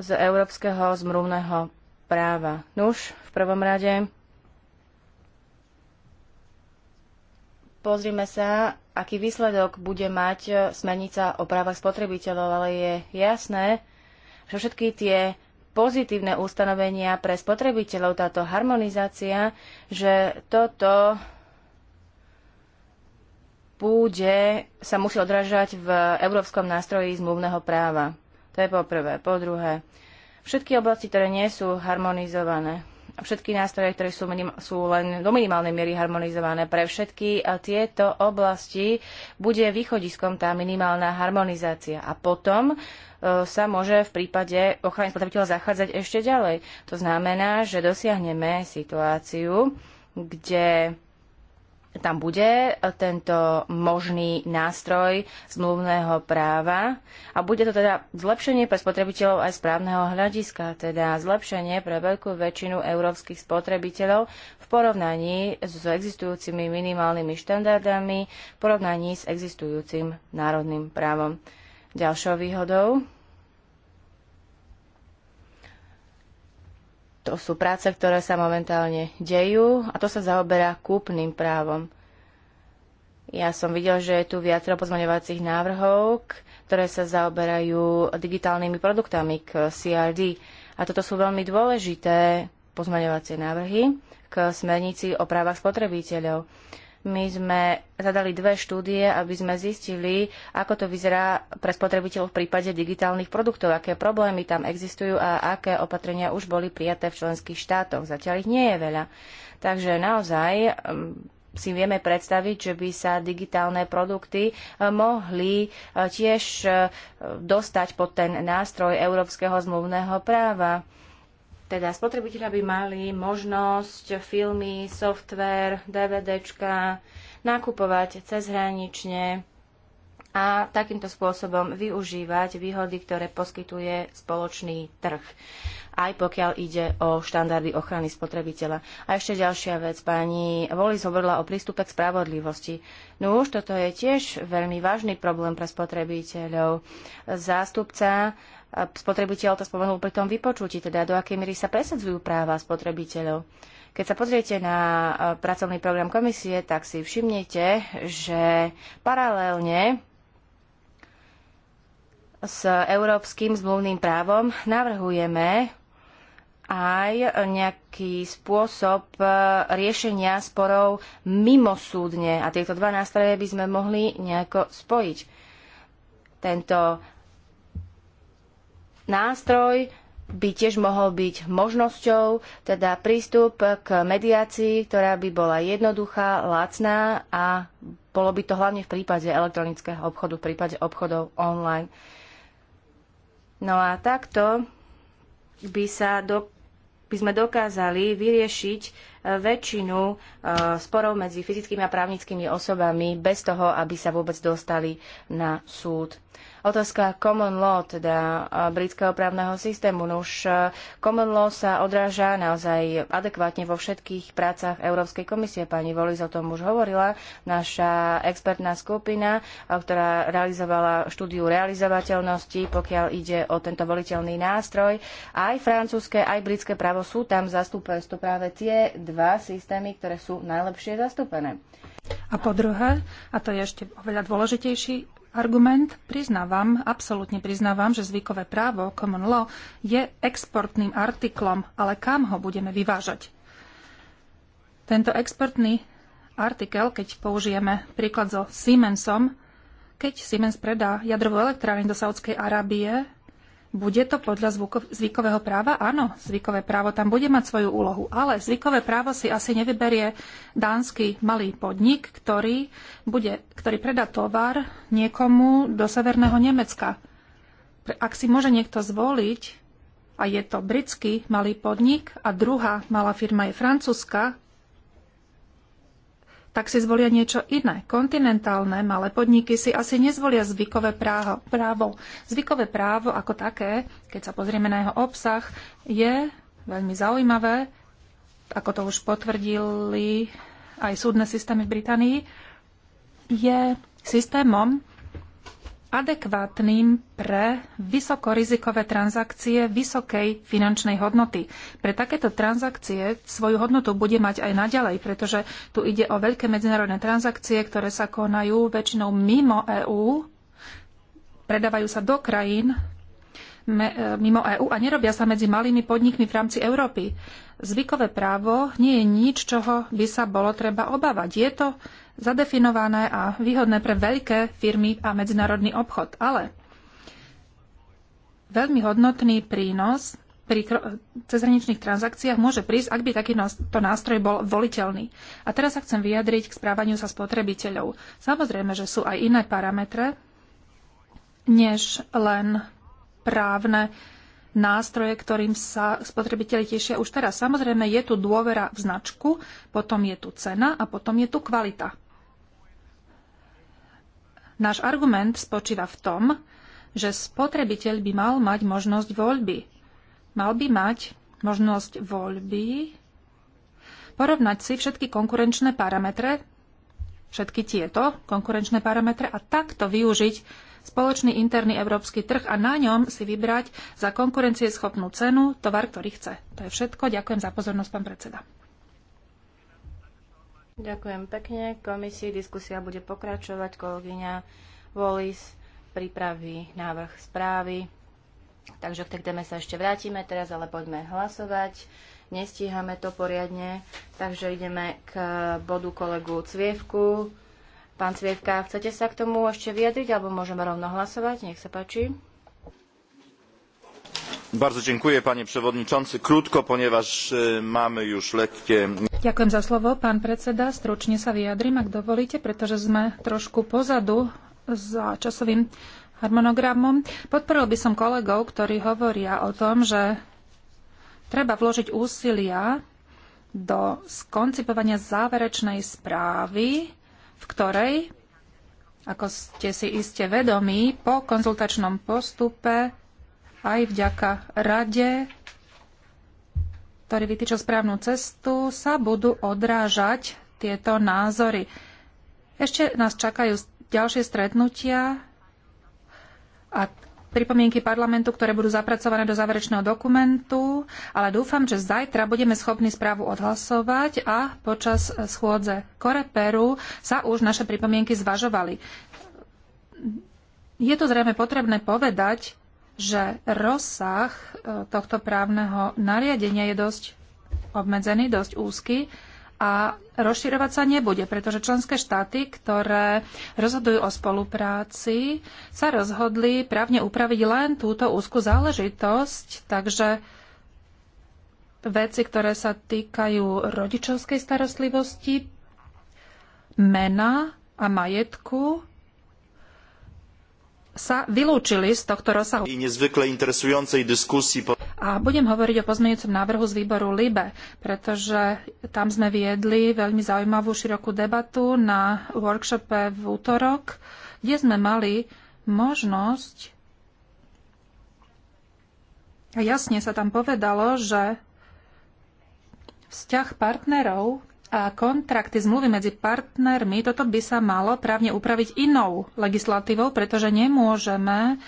z európskeho zmluvného práva? Nuž, no v prvom rade Pozrime sa, aký výsledok bude mať e, smernica o právach spotrebiteľov, ale je jasné, že všetky tie pozitívne ustanovenia pre spotrebiteľov, táto harmonizácia, že toto bude sa musí odrážať v európskom nástroji zmluvného práva. To je po prvé. Po druhé, všetky oblasti, ktoré nie sú harmonizované, všetky nástroje, ktoré sú, minim, sú len do minimálnej miery harmonizované pre všetky tieto oblasti, bude východiskom tá minimálna harmonizácia. A potom e, sa môže v prípade ochrany spotrebiteľa zachádzať ešte ďalej. To znamená, že dosiahneme situáciu, kde tam bude e, tento možný nástroj zmluvného práva a bude to teda zlepšenie pre spotrebiteľov aj správneho hľadiska, teda zlepšenie pre veľkú väčšinu európskych spotrebiteľov v porovnaní s existujúcimi minimálnymi štandardami, v porovnaní s existujúcim národným právom. Ďalšou výhodou To sú práce, ktoré sa momentálne dejú a to sa zaoberá kúpnym právom. Ja som videl, že je tu viacero pozmaňovacích návrhov, ktoré sa zaoberajú digitálnymi produktami k CRD. A toto sú veľmi dôležité pozmaňovacie návrhy k smernici o právach spotrebiteľov. My sme zadali dve štúdie, aby sme zistili, ako to vyzerá pre spotrebiteľov v prípade digitálnych produktov, aké problémy tam existujú a aké opatrenia už boli prijaté v členských štátoch. Zatiaľ ich nie je veľa. Takže naozaj um, si vieme predstaviť, že by sa digitálne produkty eh, mohli eh, tiež eh, dostať pod ten nástroj európskeho zmluvného práva. Teda spotrebitelia by mali možnosť filmy, software, DVDčka nakupovať cezhranične a takýmto spôsobom využívať výhody, ktoré poskytuje spoločný trh aj pokiaľ ide o štandardy ochrany spotrebiteľa. A ešte ďalšia vec, pani Volis hovorila o prístupe k spravodlivosti. No už toto je tiež veľmi vážny problém pre spotrebiteľov. Zástupca spotrebiteľ to spomenul pri tom vypočutí, teda do akej miery sa presadzujú práva spotrebiteľov. Keď sa pozriete na e, pracovný program komisie, tak si všimnete, že paralelne s európskym zmluvným právom navrhujeme aj nejaký spôsob e, riešenia sporov mimosúdne. A tieto dva nástroje by sme mohli nejako spojiť. Tento nástroj by tiež mohol byť možnosťou, teda prístup k mediácii, ktorá by bola jednoduchá, lacná a bolo by to hlavne v prípade elektronického obchodu, v prípade obchodov online. No a takto by, sa do, by sme dokázali vyriešiť e, väčšinu e, sporov medzi fyzickými a právnickými osobami bez toho, aby sa vôbec dostali na súd. Otázka common law, teda britského právneho systému. No už common law sa odráža naozaj adekvátne vo všetkých prácach Európskej komisie. Pani Volis o tom už hovorila. Naša expertná skupina, ktorá realizovala štúdiu realizovateľnosti, pokiaľ ide o tento voliteľný nástroj. Aj francúzske, aj britské právo sú tam zastúpené. Sú práve tie dva systémy, ktoré sú najlepšie zastúpené. A po druhé, a to je ešte oveľa dôležitejší argument. Priznávam, absolútne priznávam, že zvykové právo, common law, je exportným artiklom, ale kam ho budeme vyvážať? Tento exportný artikel, keď použijeme príklad so Siemensom, keď Siemens predá jadrovú elektrárne do Saudskej Arábie, bude to podľa zvykového práva? Áno, zvykové právo tam bude mať svoju úlohu, ale zvykové právo si asi nevyberie dánsky malý podnik, ktorý, bude, ktorý predá tovar niekomu do severného Nemecka. Ak si môže niekto zvoliť, a je to britský malý podnik a druhá malá firma je francúzska, tak si zvolia niečo iné. Kontinentálne malé podniky si asi nezvolia zvykové právo. právo. Zvykové právo ako také, keď sa pozrieme na jeho obsah, je veľmi zaujímavé, ako to už potvrdili aj súdne systémy v Británii, je systémom, adekvátnym pre vysokorizikové transakcie vysokej finančnej hodnoty. Pre takéto transakcie svoju hodnotu bude mať aj naďalej, pretože tu ide o veľké medzinárodné transakcie, ktoré sa konajú väčšinou mimo EÚ, predávajú sa do krajín e, mimo EÚ a nerobia sa medzi malými podnikmi v rámci Európy. Zvykové právo nie je nič, čoho by sa bolo treba obávať. Je to zadefinované a výhodné pre veľké firmy a medzinárodný obchod. Ale veľmi hodnotný prínos pri cezhraničných transakciách môže prísť, ak by takýto nástroj bol voliteľný. A teraz sa chcem vyjadriť k správaniu sa spotrebiteľov. Samozrejme, že sú aj iné parametre, než len právne nástroje, ktorým sa spotrebiteľi tešia už teraz. Samozrejme, je tu dôvera v značku, potom je tu cena a potom je tu kvalita. Náš argument spočíva v tom, že spotrebiteľ by mal mať možnosť voľby. Mal by mať možnosť voľby porovnať si všetky konkurenčné parametre, všetky tieto konkurenčné parametre a takto využiť spoločný interný európsky trh a na ňom si vybrať za konkurencieschopnú cenu tovar, ktorý chce. To je všetko. Ďakujem za pozornosť, pán predseda. Ďakujem pekne. Komisii diskusia bude pokračovať. Kolegyňa Volis pripraví návrh správy. Takže k tej téme sa ešte vrátime. Teraz ale poďme hlasovať. Nestíhame to poriadne. Takže ideme k bodu kolegu Cvievku. Pán Cvievka, chcete sa k tomu ešte vyjadriť, alebo môžeme rovno hlasovať? Nech sa páči. Krótko, ponieważ e, mamy już lekkie... Ďakujem za slovo, pán predseda. Stručne sa vyjadrím, ak dovolíte, pretože sme trošku pozadu za časovým harmonogramom. podporila by som kolegov, ktorí hovoria o tom, že treba vložiť úsilia do skoncipovania záverečnej správy, v ktorej, ako ste si iste vedomí, po konzultačnom postupe aj vďaka rade, ktorý vytýčil správnu cestu, sa budú odrážať tieto názory. Ešte nás čakajú ďalšie stretnutia a pripomienky parlamentu, ktoré budú zapracované do záverečného dokumentu, ale dúfam, že zajtra budeme schopní správu odhlasovať a počas schôdze Koreperu sa už naše pripomienky zvažovali. Je to zrejme potrebné povedať, že rozsah e, tohto právneho nariadenia je dosť obmedzený, dosť úzky a rozširovať sa nebude, pretože členské štáty, ktoré rozhodujú o spolupráci, sa rozhodli právne upraviť len túto úzku záležitosť, takže veci, ktoré sa týkajú rodičovskej starostlivosti, mena a majetku sa vylúčili z tohto rozsahu. A budem hovoriť o pozmeňujúcom návrhu z výboru LIBE, pretože tam sme viedli veľmi zaujímavú širokú debatu na workshope v útorok, kde sme mali možnosť a jasne sa tam povedalo, že vzťah partnerov a kontrakty, zmluvy medzi partnermi, toto by sa malo právne upraviť inou legislatívou, pretože nemôžeme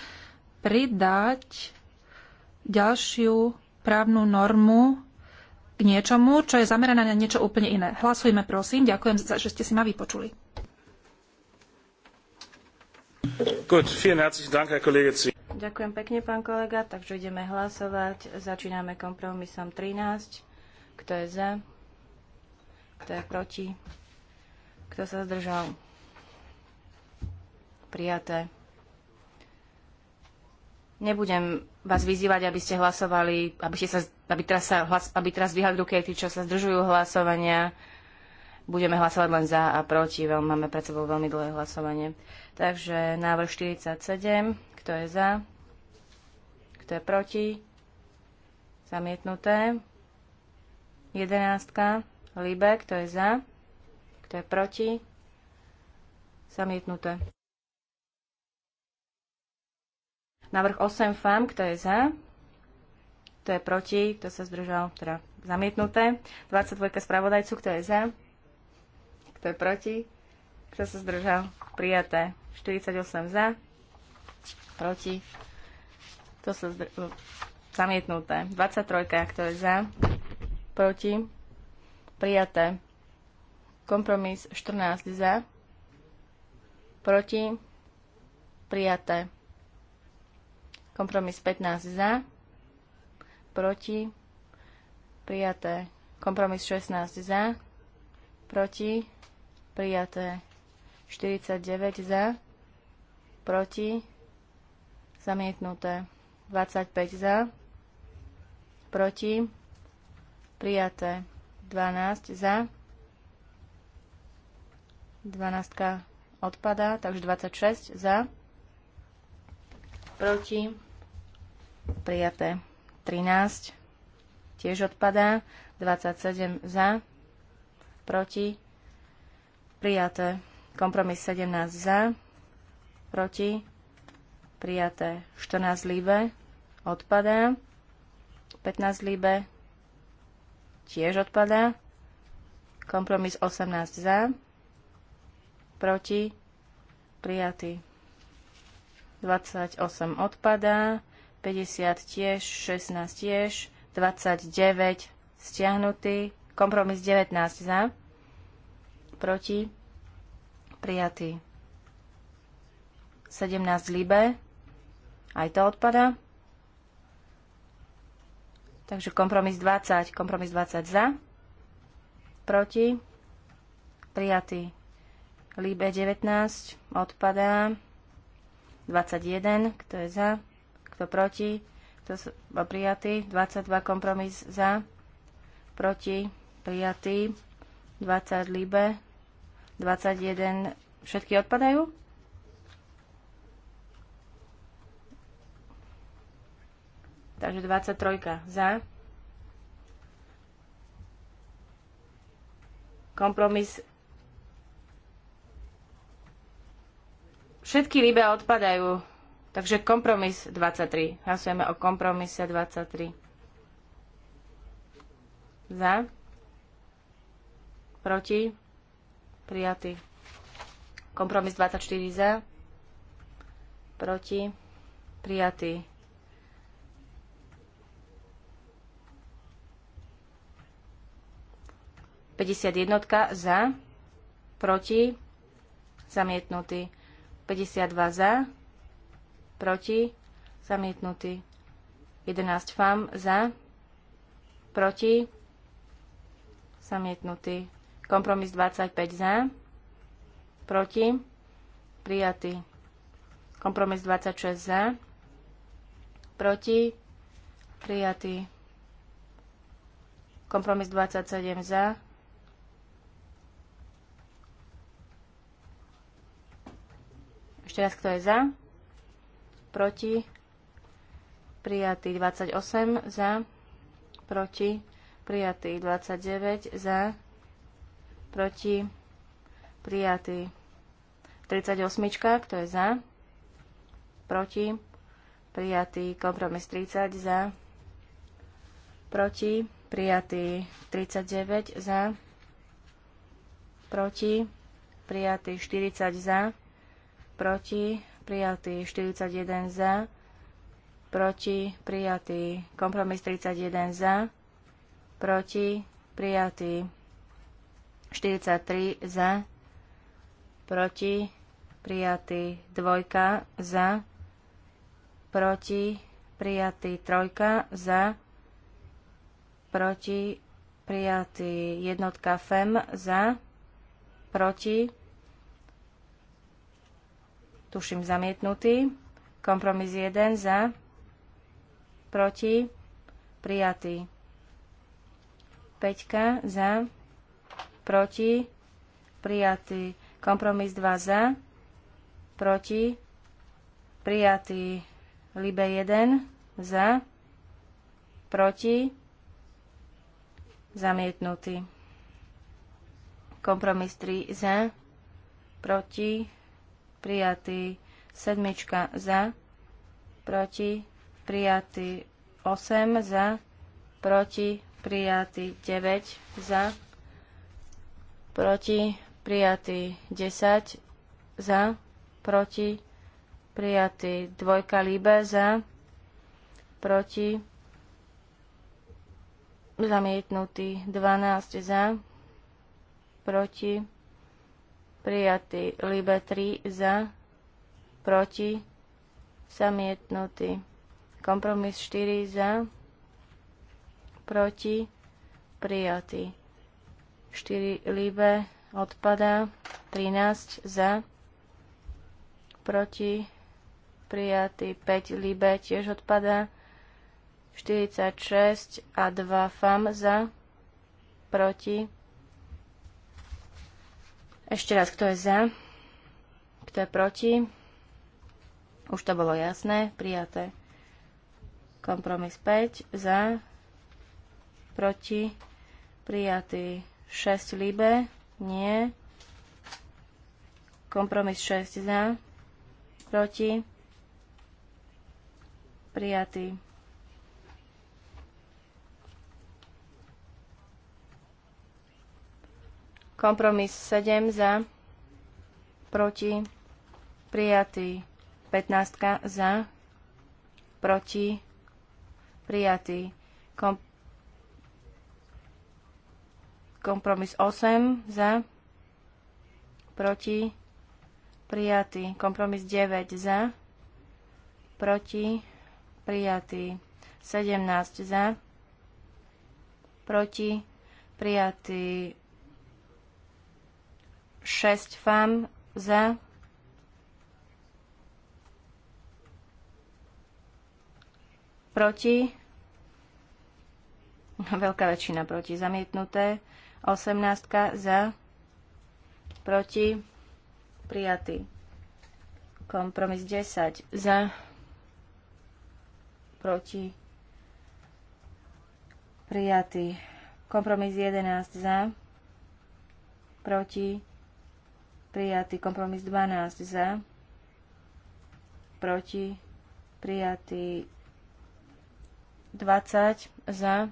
pridať ďalšiu právnu normu k niečomu, čo je zamerané na niečo úplne iné. Hlasujme, prosím. Ďakujem, za, že ste si ma vypočuli. Good, Dank, Ďakujem pekne, pán kolega. Takže ideme hlasovať. Začíname kompromisom 13. Kto je za? Kto je proti? Kto sa zdržal? Prijaté. Nebudem vás vyzývať, aby ste hlasovali, aby, ste sa, aby, teraz, sa, hlas, aby teraz dvíhali ruky tí, čo sa zdržujú hlasovania. Budeme hlasovať len za a proti. máme pred sebou veľmi dlhé hlasovanie. Takže návrh 47. Kto je za? Kto je proti? Zamietnuté. Jedenáctka. Libe, kto je za, kto je proti, zamietnuté. Návrh 8 FAM, kto je za, kto je proti, kto sa zdržal, teda zamietnuté. 22 spravodajcu, kto je za, kto je proti, kto sa zdržal, prijaté. 48 za, proti, kto sa zdržal, zamietnuté. 23, kto je za, proti, prijaté. Kompromis 14 za, proti, prijaté. Kompromis 15 za, proti, prijaté. Kompromis 16 za, proti, prijaté. 49 za, proti, zamietnuté. 25 za, proti, prijaté. 12 za. 12 odpadá, takže 26 za. Proti. Prijaté 13. Tiež odpadá. 27 za. Proti. Prijaté. Kompromis 17 za. Proti. Prijaté 14 líbe. Odpadá. 15 líbe tiež odpadá. Kompromis 18 za, proti, prijatý. 28 odpadá, 50 tiež, 16 tiež, 29 stiahnutý, kompromis 19 za, proti, prijatý. 17 libe, aj to odpada. Takže kompromis 20, kompromis 20 za, proti, prijatý. Líbe 19, odpadá. 21, kto je za, kto proti, kto bol prijatý. 22, kompromis za, proti, prijatý. 20, líbe. 21, všetky odpadajú? Takže 23 za. Kompromis. Všetky líbe odpadajú. Takže kompromis 23. Hlasujeme o kompromise 23. Za. Proti. Prijatý. Kompromis 24 za. Proti. Prijatý. 51 za, proti, zamietnutý. 52 za, proti, zamietnutý. 11 fam za, proti, zamietnutý. Kompromis 25 za, proti, prijatý. Kompromis 26 za, proti, prijatý. Kompromis 27 za, Ešte raz, kto je za? Proti? Prijatý 28 za. Proti? Prijatý 29 za. Proti? Prijatý 38, kto je za? Proti? Prijatý kompromis 30 za. Proti? Prijatý 39 za. Proti? Prijatý 40 za proti, prijatý 41 za, proti, prijatý kompromis 31 za, proti, prijatý 43 za, proti, prijatý dvojka za, proti, prijatý trojka za, proti, prijatý jednotka FEM za, proti, tuším zamietnutý. Kompromis 1 za, proti, prijatý. 5 za, proti, prijatý. Kompromis 2 za, proti, prijatý. Libe 1 za, proti, zamietnutý. Kompromis 3 za, proti, prijatý. Sedmička za, proti, prijatý. 8 za, proti, prijatý. 9 za, proti, prijatý. 10 za, proti, prijatý. Dvojka líbe za, proti, zamietnutý. 12 za, proti, prijatý. liba 3 za, proti, zamietnutý. Kompromis 4 za, proti, prijatý. 4 Libe odpada, 13 za, proti, prijatý. 5 Libe tiež odpadá, 46 a 2 FAM za, proti, ešte raz, kto je za? Kto je proti? Už to bolo jasné, prijaté. Kompromis 5, za, proti, prijatý 6 líbe, nie. Kompromis 6 za, proti, prijatý Kompromis 7 za, proti, prijatý. 15 za, proti, prijatý. Kom- kompromis 8 za, proti, prijatý. Kompromis 9 za, proti, prijatý. 17 za, proti, prijatý. 6 FAM za, proti, veľká väčšina proti, zamietnuté, 18 za, proti, prijatý, kompromis 10 za, proti, prijatý, kompromis 11 za, proti, prijatý. Kompromis 12 za, proti, prijatý. 20 za,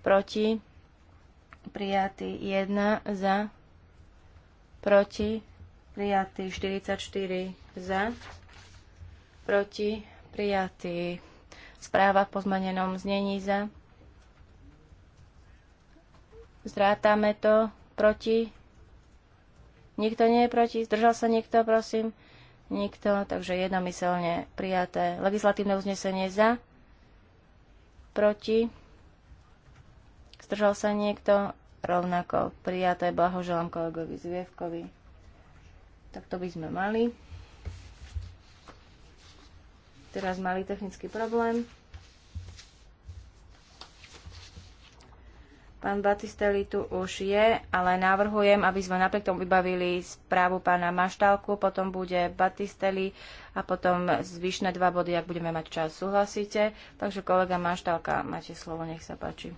proti, prijatý 1 za, proti, prijatý 44 za, proti, prijatý správa v pozmanenom znení za. Zrátame to proti, Nikto nie je proti? Zdržal sa niekto, prosím? Nikto, takže jednomyselne prijaté. Legislatívne uznesenie za? Proti? Zdržal sa niekto? Rovnako prijaté. Blahoželám kolegovi Zvievkovi. Tak to by sme mali. Teraz mali technický problém. Pán Batisteli tu už je, ale navrhujem, aby sme napriek tomu vybavili správu pána Maštálku, potom bude Batisteli a potom zvyšné dva body, ak budeme mať čas. Súhlasíte? Takže kolega Maštálka, máte slovo, nech sa páči.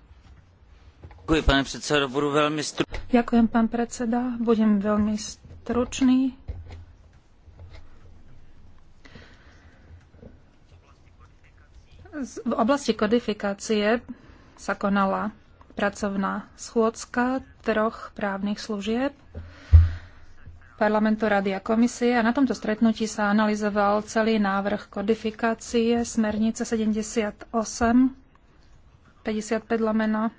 Ďakujem, pán predseda, budú veľmi stru... Ďakujem, pán predseda, budem veľmi stručný. V oblasti kodifikácie sa konala pracovná schôdzka troch právnych služieb parlamentu, rady a komisie a na tomto stretnutí sa analyzoval celý návrh kodifikácie smernice 78 55 lomeno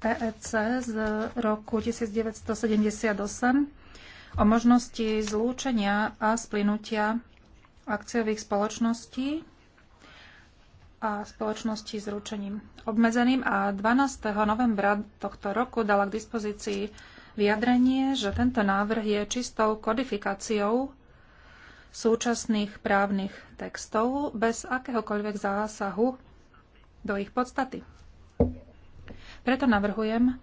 TEC z roku 1978 o možnosti zlúčenia a splynutia akciových spoločností a spoločnosti s ručením obmedzeným a 12. novembra tohto roku dala k dispozícii vyjadrenie, že tento návrh je čistou kodifikáciou súčasných právnych textov bez akéhokoľvek zásahu do ich podstaty. Preto navrhujem,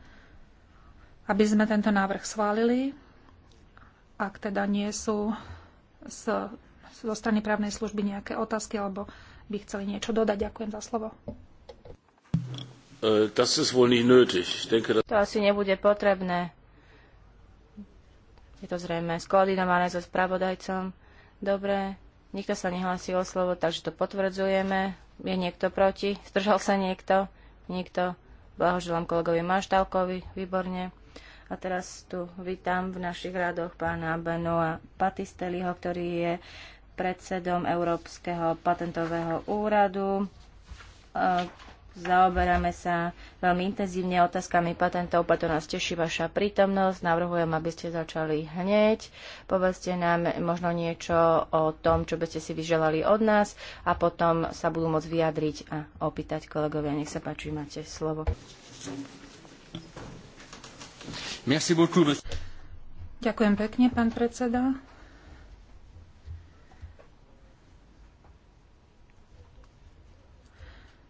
aby sme tento návrh schválili, ak teda nie sú z, zo strany právnej služby nejaké otázky alebo by chceli niečo dodať. Ďakujem za slovo. Äh, to asi nebude potrebné. Je to zrejme skoordinované so spravodajcom. Dobre, nikto sa nehlasí o slovo, takže to potvrdzujeme. Je niekto proti? Zdržal sa niekto? Nikto. Blahoželám kolegovi Maštálkovi. Výborne. A teraz tu vítam v našich radoch pána Benoa Patisteliho, ktorý je predsedom Európskeho patentového úradu. Zaoberáme sa veľmi intenzívne otázkami patentov, preto nás teší vaša prítomnosť. Navrhujem, aby ste začali hneď. Povedzte nám možno niečo o tom, čo by ste si vyželali od nás a potom sa budú môcť vyjadriť a opýtať kolegovia. Nech sa páči, máte slovo. Ďakujem pekne, pán predseda.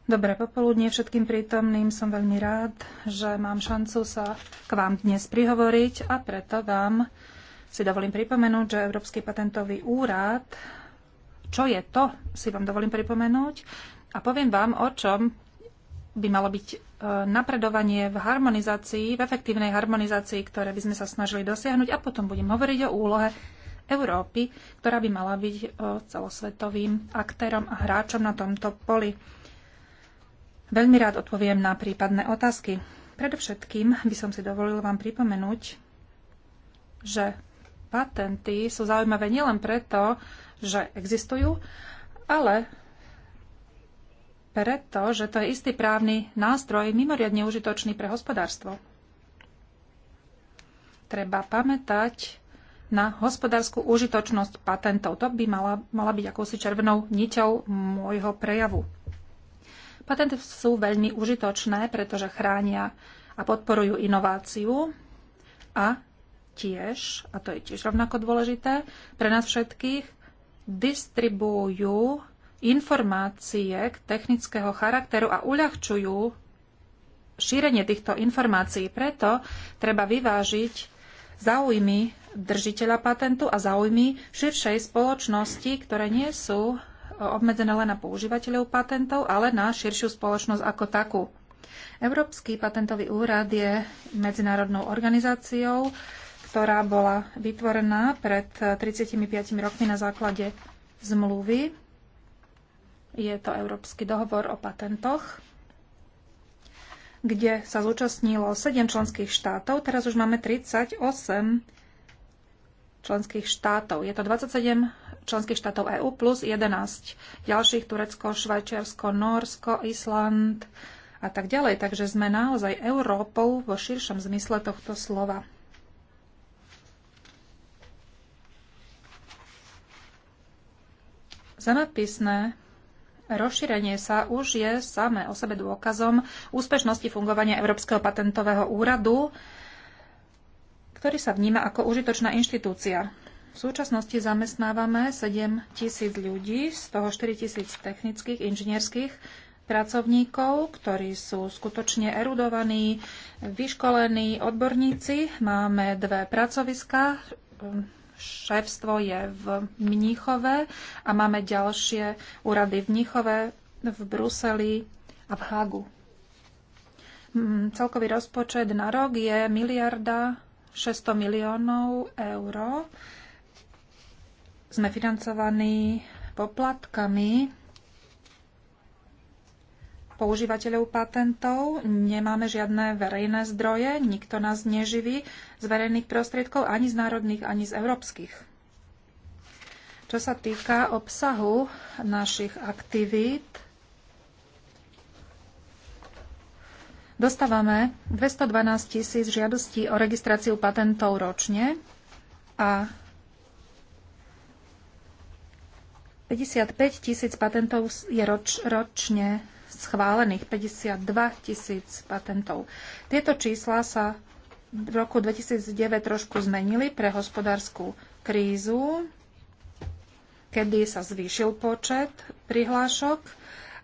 Dobré popoludne všetkým prítomným. Som veľmi rád, že mám šancu sa k vám dnes prihovoriť a preto vám si dovolím pripomenúť, že Európsky patentový úrad, čo je to, si vám dovolím pripomenúť a poviem vám, o čom by malo byť e, napredovanie v harmonizácii, v efektívnej harmonizácii, ktoré by sme sa snažili dosiahnuť a potom budem hovoriť o úlohe Európy, ktorá by mala byť e, celosvetovým aktérom a hráčom na tomto poli. Veľmi rád odpoviem na prípadné otázky. Predovšetkým by som si dovolil vám pripomenúť, že patenty sú zaujímavé nielen preto, že existujú, ale preto, že to je istý právny nástroj mimoriadne užitočný pre hospodárstvo. Treba pamätať na hospodárskú užitočnosť patentov. To by mala, mala byť akousi červenou niťou môjho prejavu. Patenty sú veľmi užitočné, pretože chránia a podporujú inováciu a tiež, a to je tiež rovnako dôležité, pre nás všetkých distribujú informácie technického charakteru a uľahčujú šírenie týchto informácií. Preto treba vyvážiť záujmy držiteľa patentu a záujmy širšej spoločnosti, ktoré nie sú obmedzené len na používateľov patentov, ale na širšiu spoločnosť ako takú. Európsky patentový úrad je medzinárodnou organizáciou, ktorá bola vytvorená pred 35 rokmi na základe zmluvy. Je to Európsky dohovor o patentoch, kde sa zúčastnilo 7 členských štátov. Teraz už máme 38 členských štátov. Je to 27 členských štátov EÚ plus 11 ďalších Turecko, Švajčiarsko, Norsko, Island a tak ďalej. Takže sme naozaj Európou vo širšom zmysle tohto slova. Zanadpisné rozšírenie sa už je samé o sebe dôkazom úspešnosti fungovania Európskeho patentového úradu, ktorý sa vníma ako užitočná inštitúcia. V súčasnosti zamestnávame 7 tisíc ľudí, z toho 4 tisíc technických, inžinierských pracovníkov, ktorí sú skutočne erudovaní, vyškolení odborníci. Máme dve pracoviska, ehm, šéfstvo je v Mníchove a máme ďalšie úrady v Mníchove, v Bruseli a v Hagu. Mm, celkový rozpočet na rok je miliarda 600 miliónov eur sme financovaní poplatkami používateľov patentov, nemáme žiadne verejné zdroje, nikto nás neživí z verejných prostriedkov, ani z národných, ani z európskych. Čo sa týka obsahu našich aktivít, dostávame 212 tisíc žiadostí o registráciu patentov ročne a 55 tisíc patentov je roč, ročne schválených, 52 tisíc patentov. Tieto čísla sa v roku 2009 trošku zmenili pre hospodárskú krízu, kedy sa zvýšil počet prihlášok,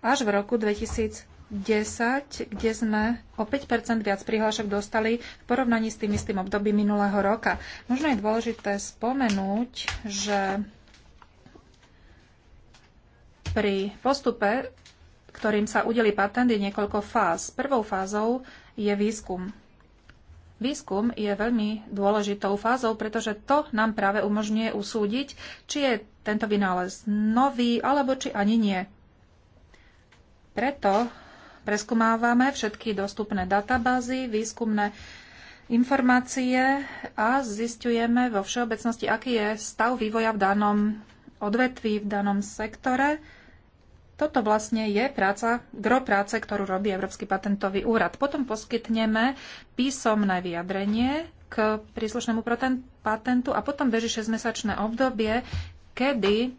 až v roku 2010, kde sme o 5 viac prihlášok dostali v porovnaní s tým istým obdobím minulého roka. Možno je dôležité spomenúť, že pri postupe, ktorým sa udeli patent, je niekoľko fáz. Prvou fázou je výskum. Výskum je veľmi dôležitou fázou, pretože to nám práve umožňuje usúdiť, či je tento vynález nový alebo či ani nie. Preto preskumávame všetky dostupné databázy, výskumné informácie a zistujeme vo všeobecnosti, aký je stav vývoja v danom odvetví, v danom sektore toto vlastne je práca, gro práce, ktorú robí Európsky patentový úrad. Potom poskytneme písomné vyjadrenie k príslušnému patentu a potom beží 6-mesačné obdobie, kedy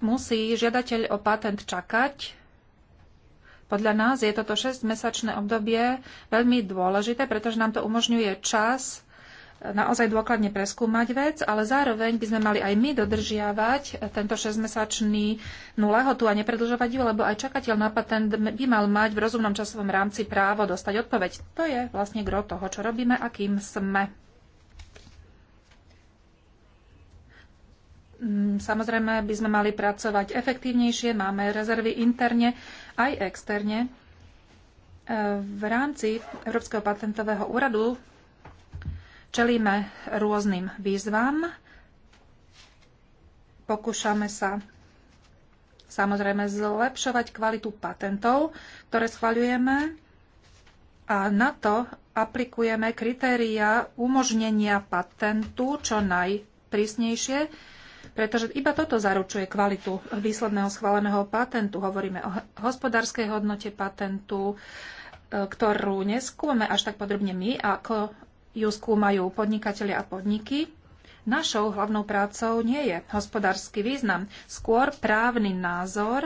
musí žiadateľ o patent čakať. Podľa nás je toto 6-mesačné obdobie veľmi dôležité, pretože nám to umožňuje čas naozaj dôkladne preskúmať vec, ale zároveň by sme mali aj my dodržiavať tento 6-mesačný nulahotu a nepredlžovať ju, lebo aj čakateľ na patent by mal mať v rozumnom časovom rámci právo dostať odpoveď. To je vlastne gro toho, čo robíme a kým sme. Mm, samozrejme by sme mali pracovať efektívnejšie, máme rezervy interne aj externe. E, v rámci Európskeho patentového úradu čelíme rôznym výzvam. Pokúšame sa samozrejme zlepšovať kvalitu patentov, ktoré schvaľujeme a na to aplikujeme kritéria umožnenia patentu čo najprísnejšie, pretože iba toto zaručuje kvalitu výsledného schváleného patentu. Hovoríme o hospodárskej hodnote patentu, e, ktorú neskúmame až tak podrobne my ako ju skúmajú podnikatelia a podniky. Našou hlavnou prácou nie je hospodársky význam, skôr právny názor,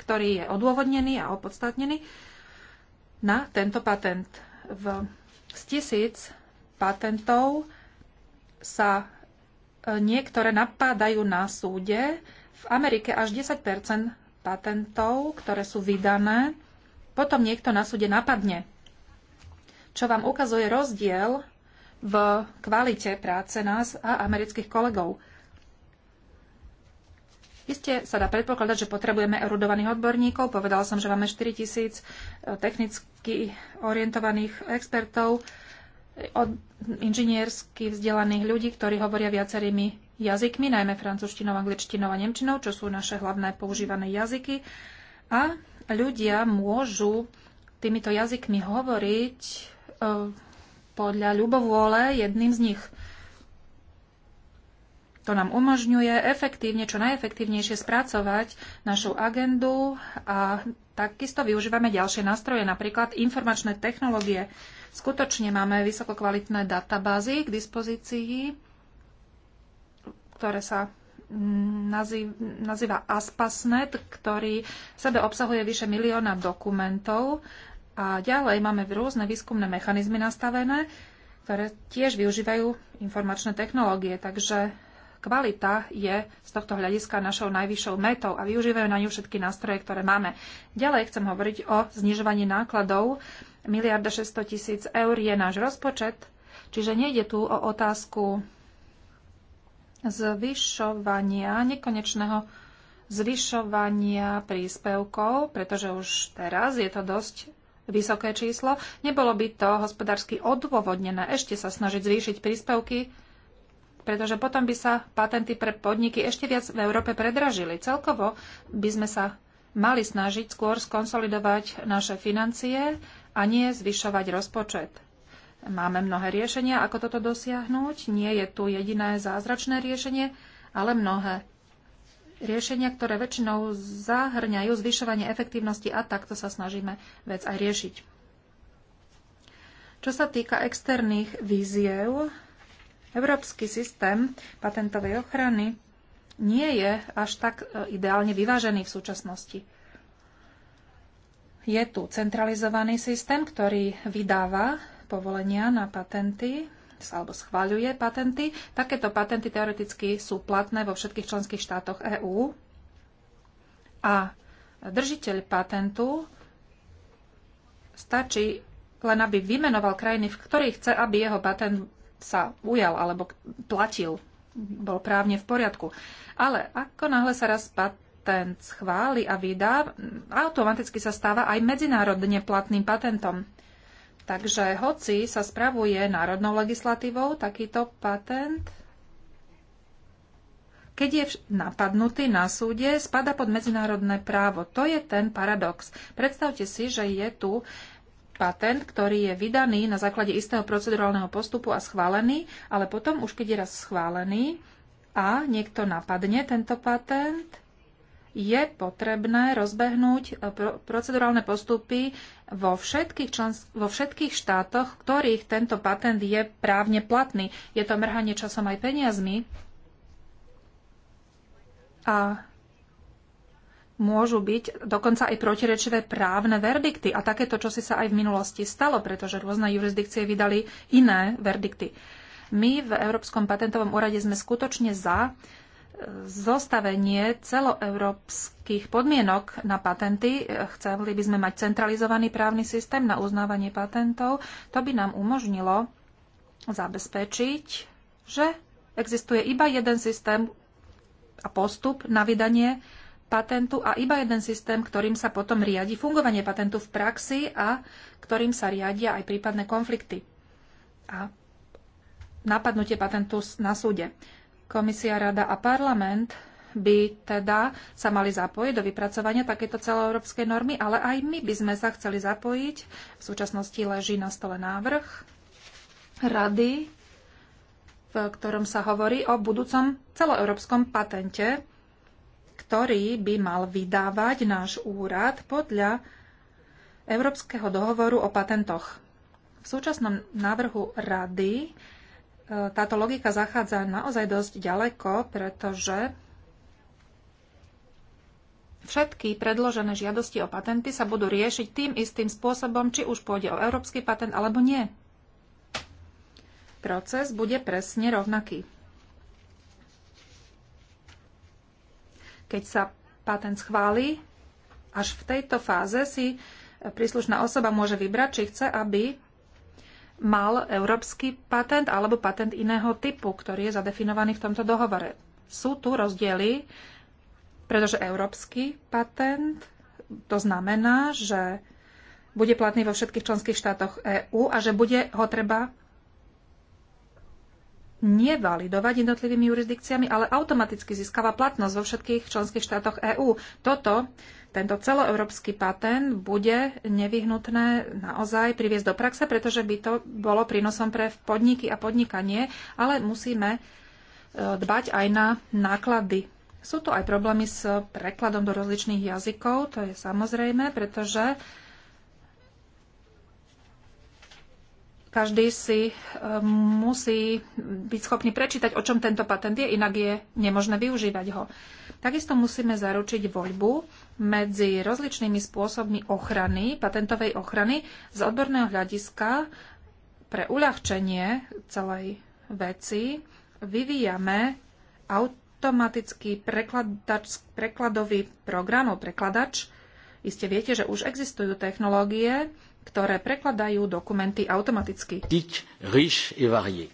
ktorý je odôvodnený a opodstatnený na tento patent. V z tisíc patentov sa e, niektoré napádajú na súde. V Amerike až 10 patentov, ktoré sú vydané, potom niekto na súde napadne čo vám ukazuje rozdiel v kvalite práce nás a amerických kolegov. Isté sa dá predpokladať, že potrebujeme erudovaných odborníkov. Povedal som, že máme 4 tisíc eh, technicky orientovaných expertov, od inžiniersky vzdelaných ľudí, ktorí hovoria viacerými jazykmi, najmä francúzštinou, angličtinou a nemčinou, čo sú naše hlavné používané jazyky. A ľudia môžu týmito jazykmi hovoriť podľa ľubovôle jedným z nich. To nám umožňuje efektívne, čo najefektívnejšie spracovať našu agendu a takisto využívame ďalšie nástroje, napríklad informačné technológie. Skutočne máme vysokokvalitné databázy k dispozícii, ktoré sa mm, nazýva Aspasnet, ktorý v sebe obsahuje vyše milióna dokumentov a ďalej máme rôzne výskumné mechanizmy nastavené, ktoré tiež využívajú informačné technológie, takže kvalita je z tohto hľadiska našou najvyššou metou a využívajú na ňu všetky nástroje, ktoré máme. Ďalej chcem hovoriť o znižovaní nákladov. Miliarda 600 tisíc eur je náš rozpočet, čiže nejde tu o otázku zvyšovania, nekonečného zvyšovania príspevkov, pretože už teraz je to dosť vysoké číslo. Nebolo by to hospodársky odôvodnené ešte sa snažiť zvýšiť príspevky, pretože potom by sa patenty pre podniky ešte viac v Európe predražili. Celkovo by sme sa mali snažiť skôr skonsolidovať naše financie a nie zvyšovať rozpočet. Máme mnohé riešenia, ako toto dosiahnuť. Nie je tu jediné zázračné riešenie, ale mnohé riešenia, ktoré väčšinou zahrňajú zvyšovanie efektívnosti a takto sa snažíme vec aj riešiť. Čo sa týka externých víziev, európsky systém patentovej ochrany nie je až tak e, ideálne vyvážený v súčasnosti. Je tu centralizovaný systém, ktorý vydáva povolenia na patenty alebo schváľuje patenty. Takéto patenty teoreticky sú platné vo všetkých členských štátoch EÚ a držiteľ patentu stačí len, aby vymenoval krajiny, v ktorých chce, aby jeho patent sa ujal alebo platil, bol právne v poriadku. Ale ako náhle sa raz patent schváli a vydá, automaticky sa stáva aj medzinárodne platným patentom. Takže hoci sa spravuje národnou legislatívou takýto patent, keď je napadnutý na súde, spada pod medzinárodné právo. To je ten paradox. Predstavte si, že je tu patent, ktorý je vydaný na základe istého procedurálneho postupu a schválený, ale potom už keď je raz schválený a niekto napadne tento patent, je potrebné rozbehnúť e, procedurálne postupy vo všetkých, člens- vo všetkých štátoch, ktorých tento patent je právne platný. Je to mrhanie časom aj peniazmi a môžu byť dokonca aj protirečivé právne verdikty. A takéto, čo si sa aj v minulosti stalo, pretože rôzne jurisdikcie vydali iné verdikty. My v Európskom patentovom úrade sme skutočne za zostavenie celoeurópskych podmienok na patenty. Chceli by sme mať centralizovaný právny systém na uznávanie patentov. To by nám umožnilo zabezpečiť, že existuje iba jeden systém a postup na vydanie patentu a iba jeden systém, ktorým sa potom riadi fungovanie patentu v praxi a ktorým sa riadia aj prípadné konflikty a napadnutie patentu na súde. Komisia, Rada a Parlament by teda sa mali zapojiť do vypracovania takéto celoeurópskej normy, ale aj my by sme sa chceli zapojiť. V súčasnosti leží na stole návrh rady, v ktorom sa hovorí o budúcom celoeurópskom patente, ktorý by mal vydávať náš úrad podľa Európskeho dohovoru o patentoch. V súčasnom návrhu rady táto logika zachádza naozaj dosť ďaleko, pretože Všetky predložené žiadosti o patenty sa budú riešiť tým istým spôsobom, či už pôjde o európsky patent alebo nie. Proces bude presne rovnaký. Keď sa patent schváli, až v tejto fáze si príslušná osoba môže vybrať, či chce, aby mal európsky patent alebo patent iného typu, ktorý je zadefinovaný v tomto dohovore. Sú tu rozdiely, pretože európsky patent to znamená, že bude platný vo všetkých členských štátoch EÚ a že bude ho treba nevalidovať jednotlivými jurisdikciami, ale automaticky získava platnosť vo všetkých členských štátoch EÚ. Toto tento celoeurópsky patent bude nevyhnutné naozaj priviesť do praxe, pretože by to bolo prínosom pre podniky a podnikanie, ale musíme e, dbať aj na náklady. Sú tu aj problémy s prekladom do rozličných jazykov, to je samozrejme, pretože každý si e, musí byť schopný prečítať, o čom tento patent je, inak je nemožné využívať ho. Takisto musíme zaručiť voľbu medzi rozličnými spôsobmi ochrany, patentovej ochrany z odborného hľadiska pre uľahčenie celej veci vyvíjame automatický prekladový program, o prekladač. Iste viete, že už existujú technológie, ktoré prekladajú dokumenty automaticky. Dič, riche et varié.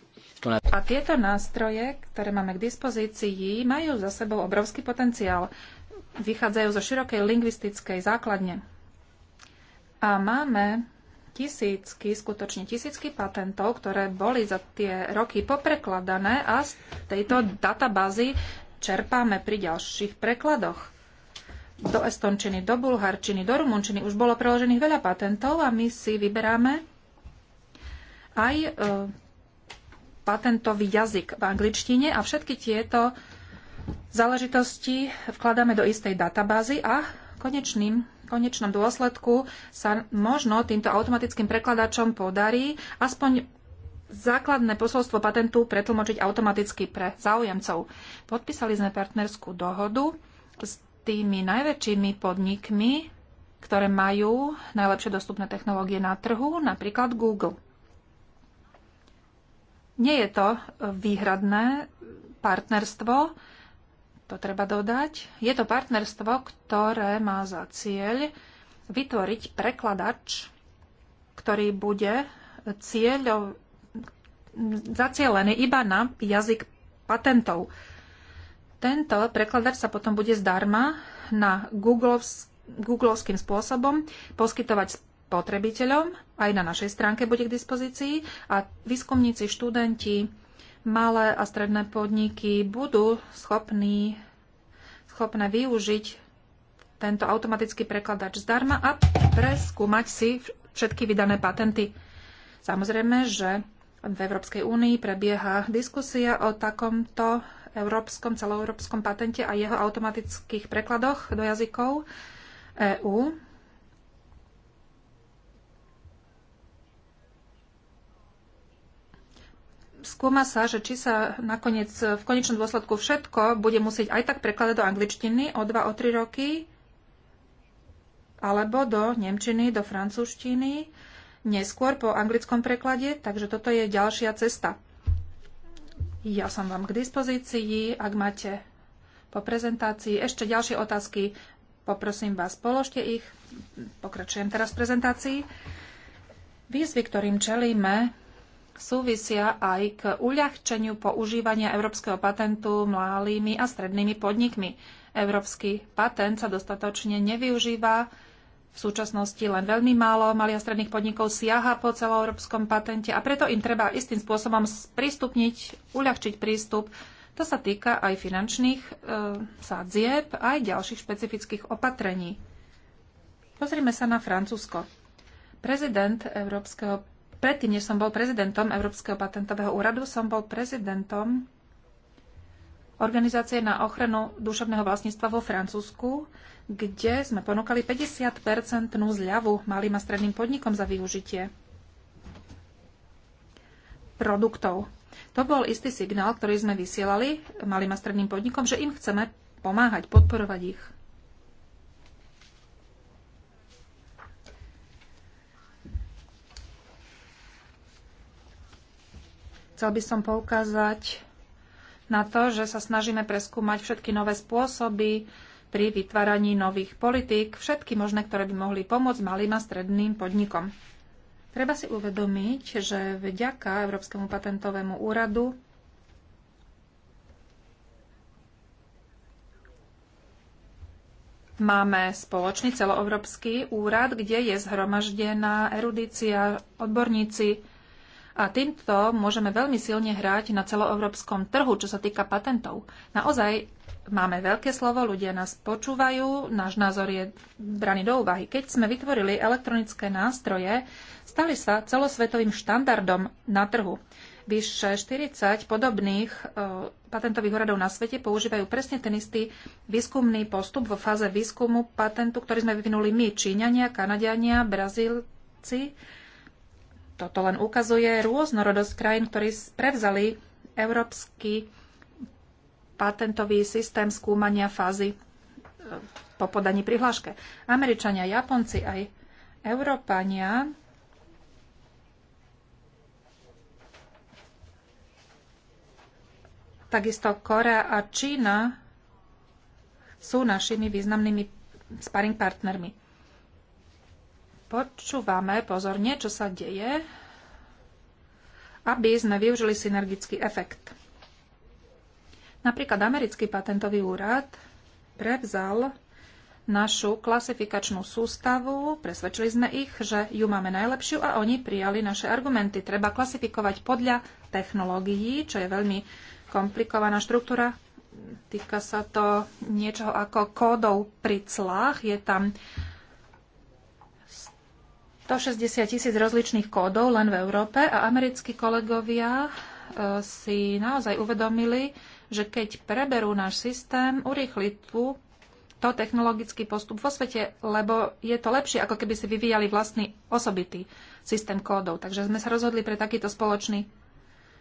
A tieto nástroje, ktoré máme k dispozícii, majú za sebou obrovský potenciál. Vychádzajú zo širokej lingvistickej základne. A máme tisícky, skutočne tisícky patentov, ktoré boli za tie roky poprekladané a z tejto databázy čerpáme pri ďalších prekladoch. Do estončiny, do bulharčiny, do rumunčiny už bolo preložených veľa patentov a my si vyberáme aj e, patentový jazyk v angličtine a všetky tieto záležitosti vkladáme do istej databázy a konečným, konečnom dôsledku sa možno týmto automatickým prekladačom podarí aspoň základné posolstvo patentu pretlmočiť automaticky pre záujemcov. Podpísali sme partnerskú dohodu s tými najväčšími podnikmi, ktoré majú najlepšie dostupné technológie na trhu, napríklad Google. Nie je to e, výhradné partnerstvo, to treba dodať. Je to partnerstvo, ktoré má za cieľ vytvoriť prekladač, ktorý bude cieľov, zacielený iba na jazyk patentov. Tento prekladač sa potom bude zdarma na googlovským spôsobom poskytovať spotrebiteľom, aj na našej stránke bude k dispozícii a výskumníci, študenti, malé a stredné podniky budú schopní, schopné využiť tento automatický prekladač zdarma a preskúmať si všetky vydané patenty. Samozrejme, že v Európskej únii prebieha diskusia o takomto európskom, celoeurópskom patente a jeho automatických prekladoch do jazykov EÚ. skúma sa, že či sa nakoniec v konečnom dôsledku všetko bude musieť aj tak prekladať do angličtiny o 2 o 3 roky, alebo do nemčiny, do francúzštiny, neskôr po anglickom preklade, takže toto je ďalšia cesta. Ja som vám k dispozícii, ak máte po prezentácii ešte ďalšie otázky, poprosím vás, položte ich. Pokračujem teraz v prezentácii. Výzvy, ktorým čelíme, súvisia aj k uľahčeniu používania európskeho patentu malými a strednými podnikmi. Európsky patent sa dostatočne nevyužíva. V súčasnosti len veľmi málo malých a stredných podnikov siaha po celoeurópskom patente a preto im treba istým spôsobom sprístupniť, uľahčiť prístup. To sa týka aj finančných e, sadzieb, aj ďalších špecifických opatrení. Pozrime sa na Francúzsko. Prezident Európskeho Predtým, než som bol prezidentom Európskeho patentového úradu, som bol prezidentom organizácie na ochranu duševného vlastníctva vo Francúzsku, kde sme ponúkali 50-percentnú zľavu malým a stredným podnikom za využitie produktov. To bol istý signál, ktorý sme vysielali malým a stredným podnikom, že im chceme pomáhať, podporovať ich. Chcel by som poukázať na to, že sa snažíme preskúmať všetky nové spôsoby pri vytváraní nových politík, všetky možné, ktoré by mohli pomôcť malým a stredným podnikom. Treba si uvedomiť, že vďaka Európskemu patentovému úradu Máme spoločný celoeurópsky úrad, kde je zhromaždená erudícia, odborníci, a týmto môžeme veľmi silne hrať na celoeurópskom trhu, čo sa týka patentov. Naozaj máme veľké slovo, ľudia nás počúvajú, náš názor je braný do úvahy. Keď sme vytvorili elektronické nástroje, stali sa celosvetovým štandardom na trhu. Vyše 40 podobných e, patentových úradov na svete používajú presne ten istý výskumný postup vo fáze výskumu patentu, ktorý sme vyvinuli my, Číňania, Kanadiania, Brazílci toto len ukazuje rôznorodosť krajín, ktorí prevzali európsky patentový systém skúmania fázy e, po podaní prihláške. Američania, Japonci aj Európania takisto Korea a Čína sú našimi významnými sparing partnermi počúvame pozorne, čo sa deje, aby sme využili synergický efekt. Napríklad americký patentový úrad prevzal našu klasifikačnú sústavu, presvedčili sme ich, že ju máme najlepšiu a oni prijali naše argumenty. Treba klasifikovať podľa technológií, čo je veľmi komplikovaná štruktúra. Týka sa to niečoho ako kódov pri clách. Je tam 160 tisíc rozličných kódov len v Európe a americkí kolegovia e, si naozaj uvedomili, že keď preberú náš systém, urýchli tu to technologický postup vo svete, lebo je to lepšie, ako keby si vyvíjali vlastný osobitý systém kódov. Takže sme sa rozhodli pre takýto spoločný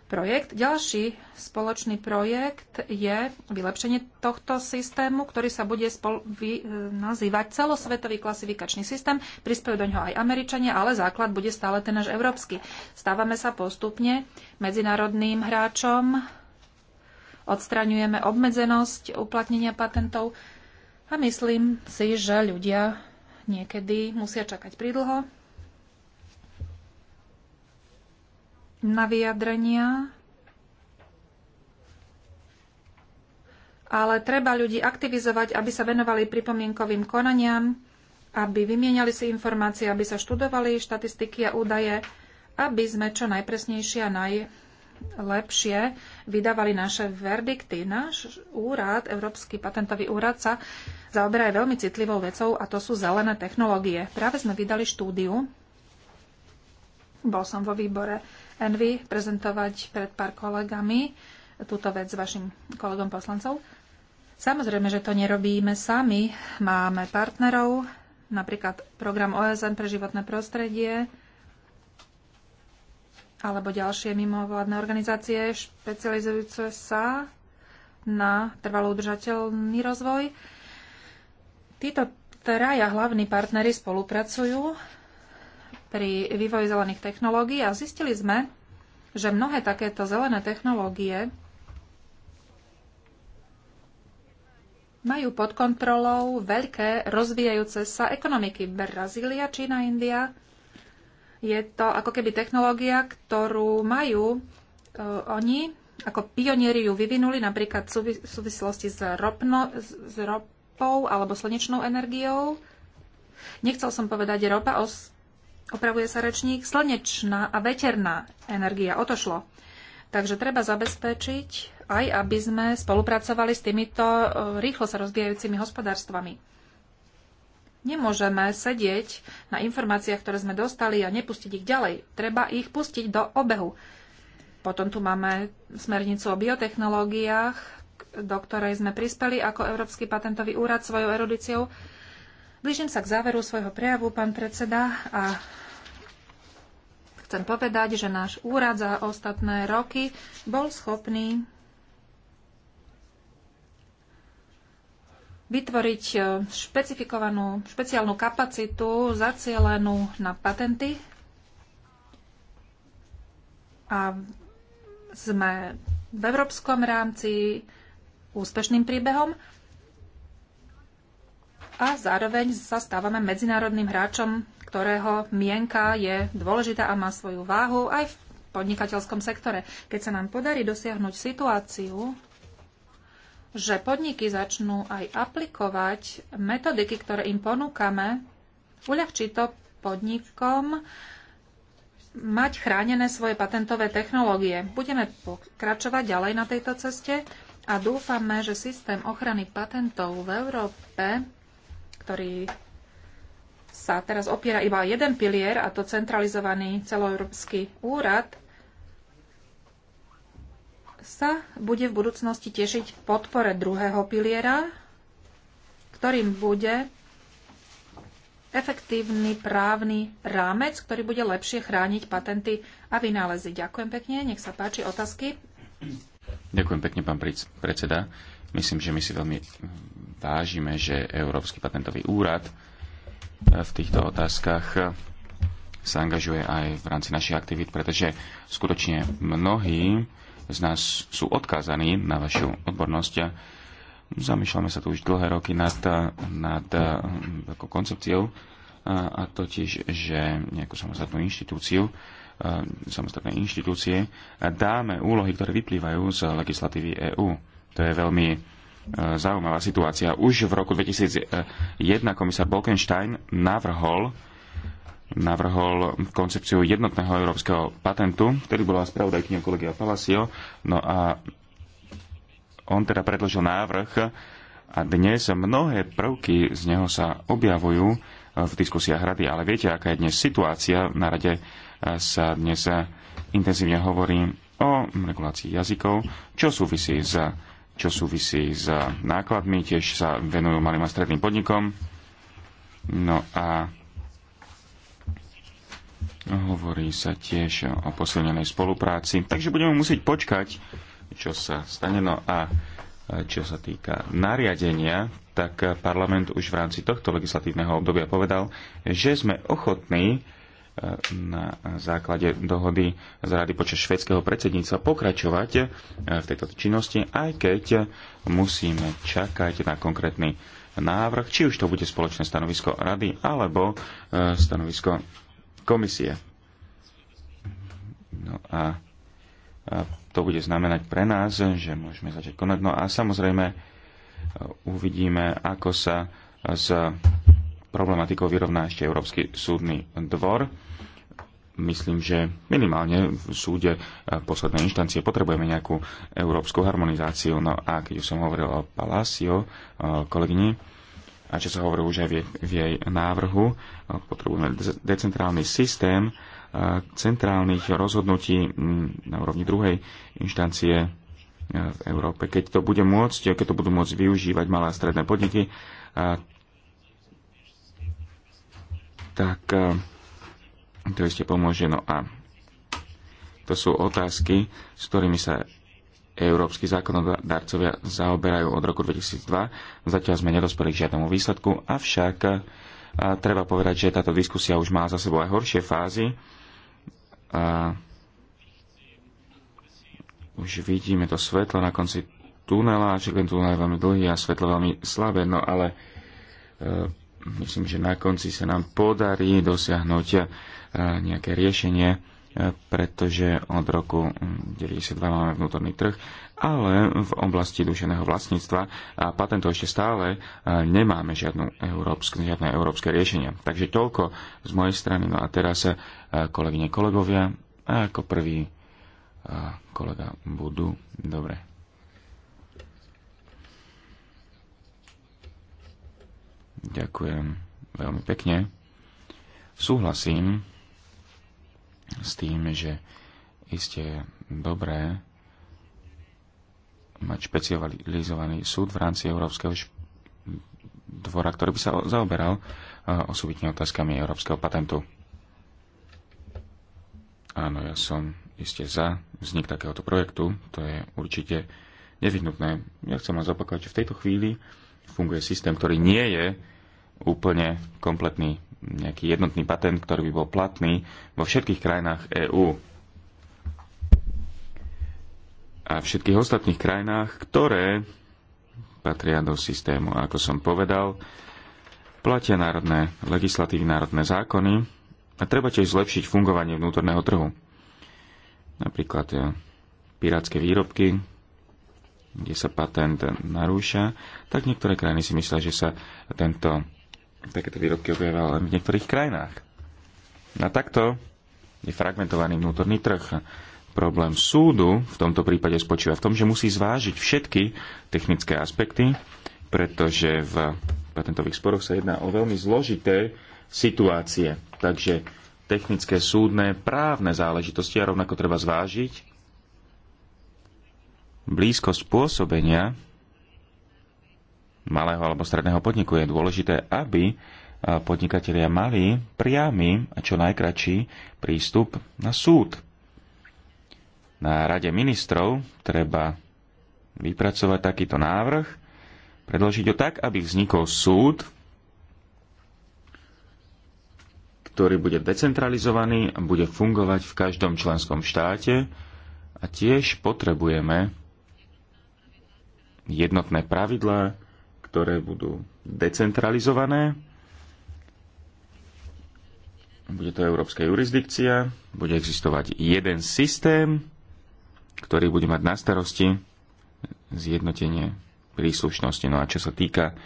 projekt. Ďalší spoločný projekt je vylepšenie tohto systému, ktorý sa bude spol- vy- nazývať celosvetový klasifikačný systém. Prispievajú do ňoho aj Američania, ale základ bude stále ten náš európsky. Stávame sa postupne medzinárodným hráčom, odstraňujeme obmedzenosť uplatnenia patentov a myslím si, že ľudia niekedy musia čakať pridlho na vyjadrenia, ale treba ľudí aktivizovať, aby sa venovali pripomienkovým konaniam, aby vymieniali si informácie, aby sa študovali štatistiky a údaje, aby sme čo najpresnejšie a najlepšie vydávali naše verdikty. Náš úrad, Európsky patentový úrad, sa zaoberá aj veľmi citlivou vecou a to sú zelené technológie. Práve sme vydali štúdiu, bol som vo výbore Envy prezentovať pred pár kolegami túto vec s vašim kolegom poslancov. Samozrejme, že to nerobíme sami. Máme partnerov, napríklad program OSN pre životné prostredie, alebo ďalšie mimovládne organizácie špecializujúce sa na trvalo udržateľný rozvoj. Títo traja hlavní partnery spolupracujú pri vývoji zelených technológií a zistili sme, že mnohé takéto zelené technológie majú pod kontrolou veľké rozvíjajúce sa ekonomiky. Brazília, Čína, India. Je to ako keby technológia, ktorú majú uh, oni, ako pionieri ju vyvinuli napríklad v súvislosti s, ropno, s ropou alebo slnečnou energiou. Nechcel som povedať ropa, os, opravuje sa rečník, slnečná a veterná energia. O to šlo. Takže treba zabezpečiť aj, aby sme spolupracovali s týmito e, rýchlo sa rozvíjajúcimi hospodárstvami. Nemôžeme sedieť na informáciách, ktoré sme dostali a nepustiť ich ďalej. Treba ich pustiť do obehu. Potom tu máme smernicu o biotechnológiách, do ktorej sme prispeli ako Európsky patentový úrad svojou erudíciou Blížim sa k záveru svojho prejavu, pán predseda, a chcem povedať, že náš úrad za ostatné roky bol schopný vytvoriť e, špecifikovanú, špeciálnu kapacitu zacielenú na patenty a sme v európskom rámci úspešným príbehom a zároveň sa stávame medzinárodným hráčom, ktorého mienka je dôležitá a má svoju váhu aj v podnikateľskom sektore. Keď sa nám podarí dosiahnuť situáciu, že podniky začnú aj aplikovať metodiky, ktoré im ponúkame, uľahčí to podnikom mať chránené svoje patentové technológie. Budeme pokračovať ďalej na tejto ceste a dúfame, že systém ochrany patentov v Európe ktorý sa teraz opiera iba jeden pilier, a to centralizovaný celoeurópsky úrad, sa bude v budúcnosti tešiť podpore druhého piliera, ktorým bude efektívny právny rámec, ktorý bude lepšie chrániť patenty a vynálezy. Ďakujem pekne, nech sa páči otázky. Ďakujem pekne, pán predseda. Myslím, že my si veľmi vážime, že Európsky patentový úrad e, v týchto otázkach e, sa angažuje aj v rámci našich aktivít, pretože skutočne mnohí z nás sú odkázaní na vašu odbornosť. Zamýšľame sa tu už dlhé roky nad, nad e, ako koncepciou, a, a totiž, že nejakú samostatnú inštitúciu, samostatné inštitúcie dáme úlohy, ktoré vyplývajú z legislatívy EÚ. To je veľmi E, zaujímavá situácia. Už v roku 2001 komisár Bolkenstein navrhol, navrhol koncepciu jednotného európskeho patentu, ktorý bola spravodajkynia kolegia Palacio. No a on teda predložil návrh a dnes mnohé prvky z neho sa objavujú v diskusiách rady, ale viete, aká je dnes situácia. Na rade e, sa dnes intenzívne hovorí o regulácii jazykov, čo súvisí s čo súvisí s nákladmi, tiež sa venujú malým a stredným podnikom. No a hovorí sa tiež o posilnenej spolupráci, takže budeme musieť počkať, čo sa stane. No a čo sa týka nariadenia, tak parlament už v rámci tohto legislatívneho obdobia povedal, že sme ochotní na základe dohody z rady počas švedského predsedníctva pokračovať e, v tejto činnosti, aj keď musíme čakať na konkrétny návrh, či už to bude spoločné stanovisko rady alebo e, stanovisko komisie. No a to bude znamenať pre nás, že môžeme začať konať. No a samozrejme e, uvidíme, ako sa s problematikou vyrovná ešte Európsky súdny dvor myslím, že minimálne v súde eh, poslednej inštancie potrebujeme nejakú európsku harmonizáciu. No a keď už som hovoril o Palacio, eh, kolegyni, a čo sa hovorí už aj v jej, v jej návrhu, eh, potrebujeme decentrálny systém centrálnych rozhodnutí mm, na úrovni druhej inštancie v Európe. Keď to, bude môcť, keď to budú môcť využívať malé a stredné podniky, tak to ešte pomôže. No a to sú otázky, s ktorými sa európsky zákonodarcovia zaoberajú od roku 2002. Zatiaľ sme nedospeli k žiadnemu výsledku, avšak a treba povedať, že táto diskusia už má za sebou aj horšie fázy. A už vidíme to svetlo na konci tunela, však ten tunel je veľmi dlhý a svetlo veľmi slabé, no ale e, myslím, že na konci sa nám podarí dosiahnuť nejaké riešenie, e, pretože od roku 1992 máme vnútorný trh, ale v oblasti dušeného vlastníctva a patentov ešte stále e, nemáme žiadnu európske, žiadne európske riešenie. Takže toľko z mojej strany. No a teraz e, kolegyne, kolegovia, a ako prvý kolega budú. Dobre. Ďakujem veľmi pekne. Súhlasím s tým, že isté dobré mať špecializovaný súd v rámci Európskeho dvora, ktorý by sa zaoberal osobitne otázkami Európskeho patentu. Áno, ja som iste za vznik takéhoto projektu, to je určite nevyhnutné. Ja chcem vám zopakovať, že v tejto chvíli funguje systém, ktorý nie je úplne kompletný nejaký jednotný patent, ktorý by bol platný vo všetkých krajinách EÚ a všetkých ostatných krajinách, ktoré patria do systému. ako som povedal, platia národné legislatívy, národné zákony a treba tiež zlepšiť fungovanie vnútorného trhu. Napríklad eh, pirátske výrobky, kde sa patent narúša, tak niektoré krajiny si myslia, že sa tento takéto výrobky objavia len v niektorých krajinách. Na takto je fragmentovaný vnútorný trh. Problém súdu v tomto prípade spočíva v tom, že musí zvážiť všetky technické aspekty, pretože v patentových sporoch sa jedná o veľmi zložité situácie. Takže technické, súdne, právne záležitosti a rovnako treba zvážiť blízko spôsobenia malého alebo stredného podniku. Je dôležité, aby e, podnikatelia mali priamy a čo najkračší prístup na súd. Na Rade ministrov treba vypracovať takýto návrh, predložiť ho tak, aby vznikol súd, ktorý bude decentralizovaný a bude fungovať v každom členskom štáte a tiež potrebujeme jednotné pravidlá, ktoré budú decentralizované. Bude to európska jurisdikcia, bude existovať jeden systém, ktorý bude mať na starosti zjednotenie príslušnosti. No a čo sa týka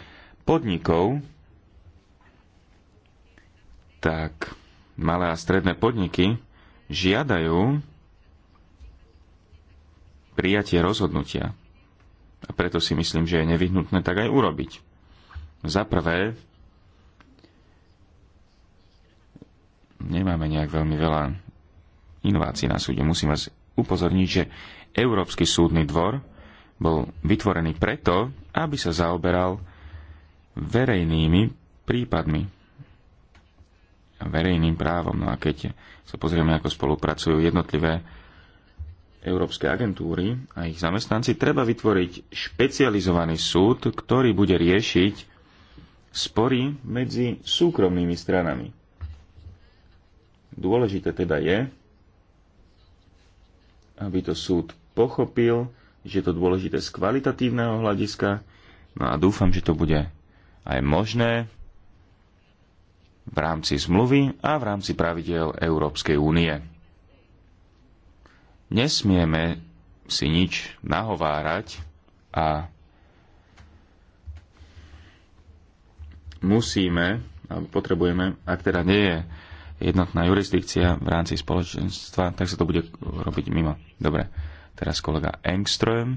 podnikov, tak malé a stredné podniky žiadajú prijatie rozhodnutia a preto si myslím, že je nevyhnutné tak aj urobiť. Za prvé, nemáme nejak veľmi veľa inovácií na súde. Musím vás upozorniť, že Európsky súdny dvor bol vytvorený preto, aby sa zaoberal verejnými prípadmi a verejným právom. No a keď sa pozrieme, ako spolupracujú jednotlivé Európske agentúry a ich zamestnanci, treba vytvoriť špecializovaný súd, ktorý bude riešiť spory medzi súkromnými stranami. Dôležité teda je, aby to súd pochopil, že je to dôležité z kvalitatívneho hľadiska, no a dúfam, že to bude aj možné v rámci zmluvy a v rámci pravidel Európskej únie. Nesmieme si nič nahovárať a musíme, alebo potrebujeme, ak teda nie je jednotná jurisdikcia v rámci spoločenstva, tak sa to bude robiť mimo. Dobre, teraz kolega Engström.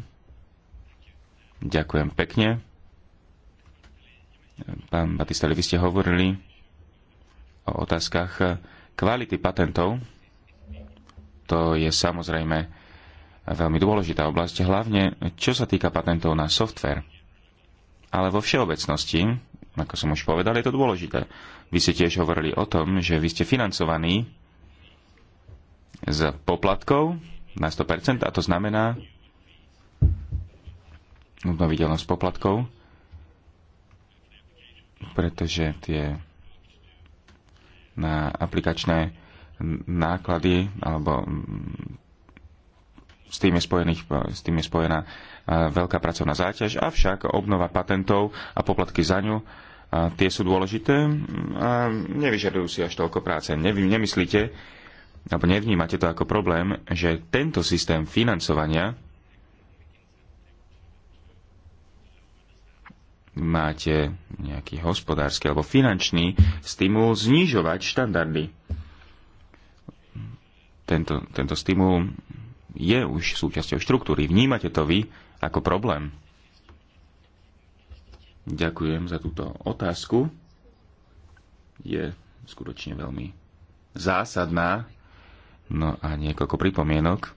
Ďakujem pekne. Pán Batistali, vy ste hovorili o otázkach kvality patentov to je samozrejme veľmi dôležitá oblasť, hlavne čo sa týka patentov na software. Ale vo všeobecnosti, ako som už povedal, je to dôležité. Vy ste tiež hovorili o tom, že vy ste financovaní z poplatkov na 100%, a to znamená obnoviteľnosť poplatkov, pretože tie na aplikačné náklady alebo mm, s tým je, spojených, s tým je spojená e, veľká pracovná záťaž, avšak obnova patentov a poplatky za ňu a e, tie sú dôležité mm, a nevyžadujú si až toľko práce. Nevy, nemyslíte, alebo nevnímate to ako problém, že tento systém financovania máte nejaký hospodársky alebo finančný stimul znižovať štandardy tento, tento stimul je už súčasťou štruktúry. Vnímate to vy ako problém? Ďakujem za túto otázku. Je skutočne veľmi zásadná. No a niekoľko pripomienok.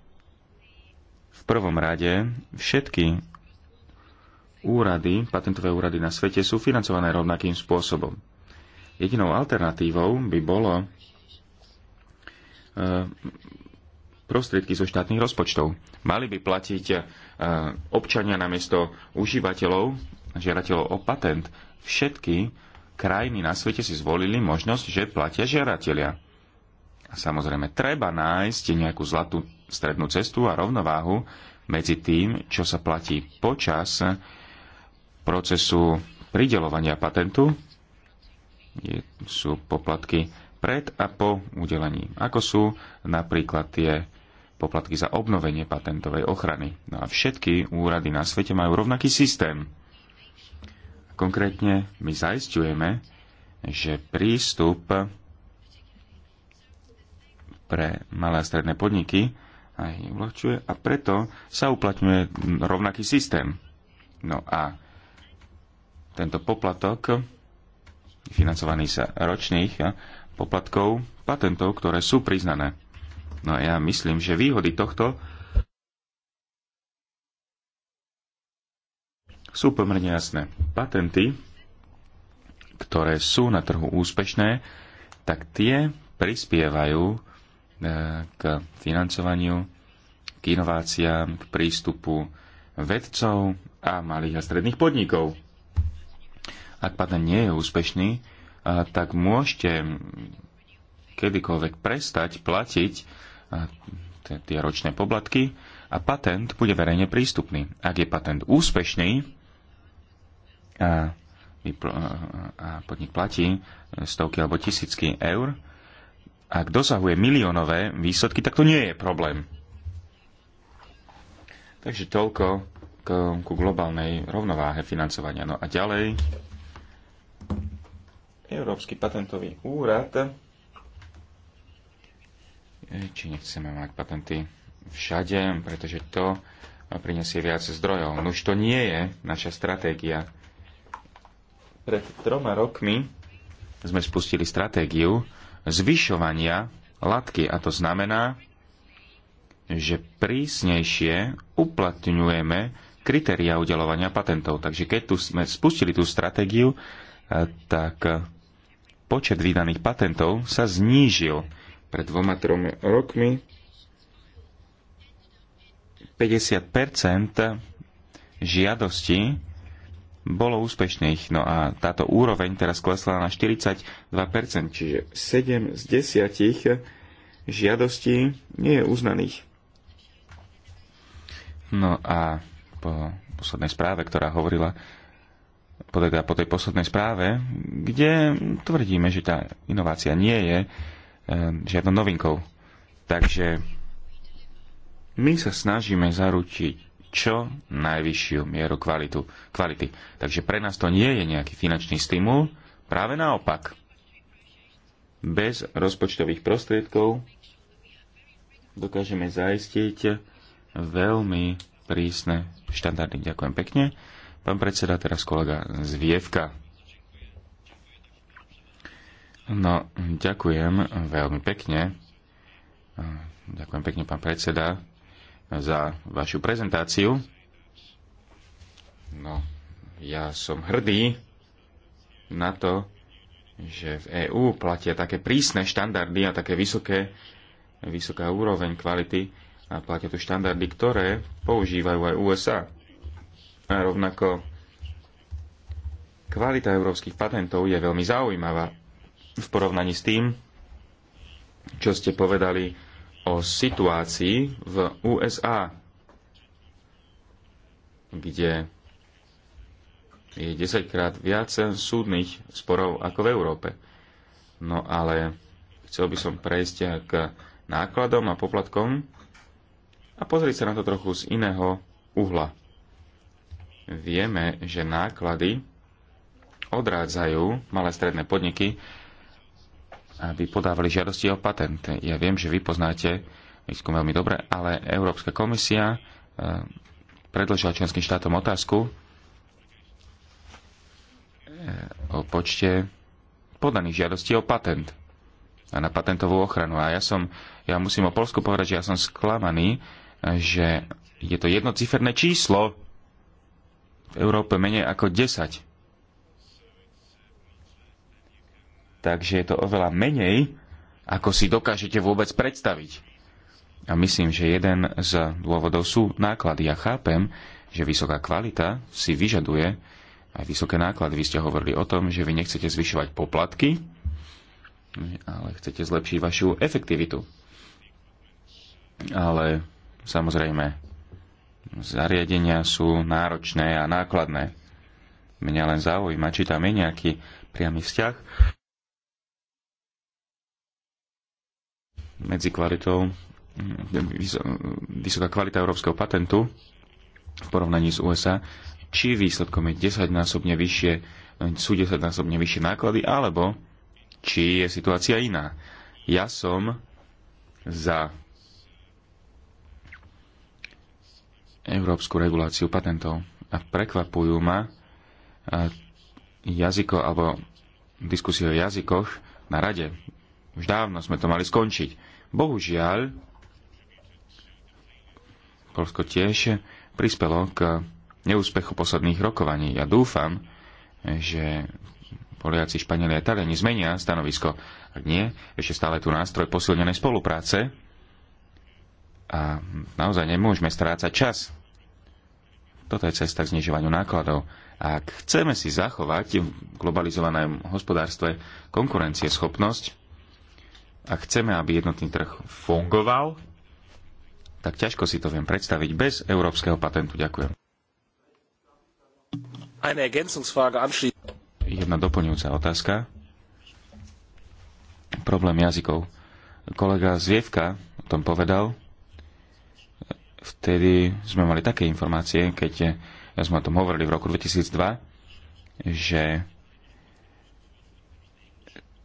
V prvom rade všetky úrady, patentové úrady na svete sú financované rovnakým spôsobom. Jedinou alternatívou by bolo E, prostriedky zo štátnych rozpočtov. Mali by platiť e, občania namiesto užívateľov, žiadateľov o patent. Všetky krajiny na svete si zvolili možnosť, že platia žiadatelia. A samozrejme, treba nájsť nejakú zlatú strednú cestu a rovnováhu medzi tým, čo sa platí počas procesu pridelovania patentu. Je, sú poplatky pred a po udelení, ako sú napríklad tie poplatky za obnovenie patentovej ochrany. No a všetky úrady na svete majú rovnaký systém. Konkrétne my zaistujeme, že prístup pre malé a stredné podniky aj uľahčuje a preto sa uplatňuje rovnaký systém. No a tento poplatok financovaný sa ročných poplatkov patentov, ktoré sú priznané. No a ja myslím, že výhody tohto sú pomerne jasné. Patenty, ktoré sú na trhu úspešné, tak tie prispievajú e, k financovaniu, k inováciám, k prístupu vedcov a malých a stredných podnikov. Ak patent nie je úspešný, tak môžete kedykoľvek prestať platiť tie ročné poplatky a patent bude verejne prístupný. Ak je patent úspešný a, a podnik platí stovky alebo tisícky eur, ak dosahuje miliónové výsledky, tak to nie je problém. Takže toľko ku globálnej rovnováhe financovania. No a ďalej Európsky patentový úrad. E, či nechceme mať patenty všade, pretože to e, prinesie viac zdrojov. No už to nie je naša stratégia. Pred troma rokmi sme spustili stratégiu zvyšovania latky a to znamená, že prísnejšie uplatňujeme kritéria udelovania patentov. Takže keď tu sme spustili tú stratégiu, e, tak počet vydaných patentov sa znížil pred dvoma, tromi rokmi 50 žiadosti bolo úspešných. No a táto úroveň teraz klesla na 42%, čiže 7 z 10 žiadostí nie je uznaných. No a po poslednej správe, ktorá hovorila po, teda po tej poslednej správe, kde tvrdíme, že tá inovácia nie je eh, žiadnou novinkou. Takže my sa snažíme zaručiť čo najvyššiu mieru kvalitu, kvality. Takže pre nás to nie je nejaký finančný stimul, práve naopak. Bez rozpočtových prostriedkov dokážeme zaistiť veľmi prísne štandardy. Ďakujem pekne. Pán predseda, teraz kolega Zvievka. No, ďakujem veľmi pekne. Ďakujem pekne, pán predseda, za vašu prezentáciu. No, ja som hrdý na to, že v EÚ platia také prísne štandardy a také vysoké, vysoká úroveň kvality a platia tu štandardy, ktoré používajú aj USA. A rovnako kvalita európskych patentov je veľmi zaujímavá v porovnaní s tým, čo ste povedali o situácii v USA, kde je 10 krát viac súdnych sporov ako v Európe. No ale chcel by som prejsť k nákladom a poplatkom a pozrieť sa na to trochu z iného uhla. Vieme, že náklady odrádzajú malé stredné podniky, aby podávali žiadosti o patent. Ja viem, že vy poznáte výskum veľmi dobre, ale Európska komisia eh, predložila členským štátom otázku eh, o počte podaných žiadostí o patent a na patentovú ochranu. A ja som, ja musím o Polsku povedať, že ja som sklamaný, eh, že je to jednociferné číslo v Európe menej ako 10. Takže je to oveľa menej, ako si dokážete vôbec predstaviť. A myslím, že jeden z dôvodov sú náklady. Ja chápem, že vysoká kvalita si vyžaduje aj vysoké náklady. Vy ste hovorili o tom, že vy nechcete zvyšovať poplatky, ale chcete zlepšiť vašu efektivitu. Ale samozrejme, zariadenia sú náročné a nákladné. Mňa len zaujíma, či tam je nejaký priamy vzťah medzi kvalitou, vysoká kvalita európskeho patentu v porovnaní s USA, či výsledkom je 10-násobne vyššie, sú 10-násobne vyššie náklady, alebo či je situácia iná. Ja som za európsku reguláciu patentov. A prekvapujú ma e, jazyko alebo diskusie o jazykoch na rade. Už dávno sme to mali skončiť. Bohužiaľ, Polsko tiež prispelo k neúspechu posledných rokovaní. Ja dúfam, že Poliaci, Španieli a Taliani zmenia stanovisko. Ak nie, ešte stále tu nástroj posilnenej spolupráce a naozaj nemôžeme strácať čas. Toto je cesta k znižovaniu nákladov. A ak chceme si zachovať v globalizovanom hospodárstve konkurencieschopnosť, ak chceme, aby jednotný trh fungoval, tak ťažko si to viem predstaviť bez európskeho patentu. Ďakujem. Jedna doplňujúca otázka. Problém jazykov. Kolega Zvievka o tom povedal, vtedy sme mali také informácie, keď ja sme o tom hovorili v roku 2002, že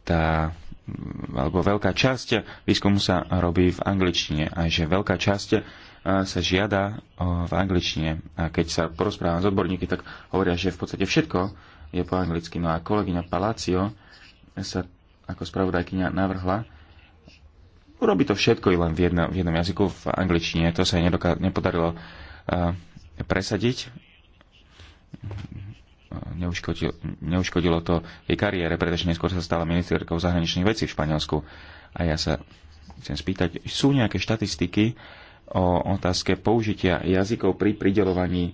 tá alebo veľká časť výskumu sa robí v angličtine a že veľká časť e, sa žiada v angličtine. A keď sa porozprávam s odborníky, tak hovoria, že v podstate všetko je po anglicky. No a kolegyňa Palacio sa ako spravodajkyňa navrhla, Urobí to všetko i len v, jedno, v jednom jazyku, v angličtine. To sa nedoká- nepodarilo uh, presadiť. Neuškodilo, neuškodilo to jej kariére, pretože neskôr sa stala ministerkou zahraničných vecí v Španielsku. A ja sa chcem spýtať, sú nejaké štatistiky o otázke použitia jazykov pri pridelovaní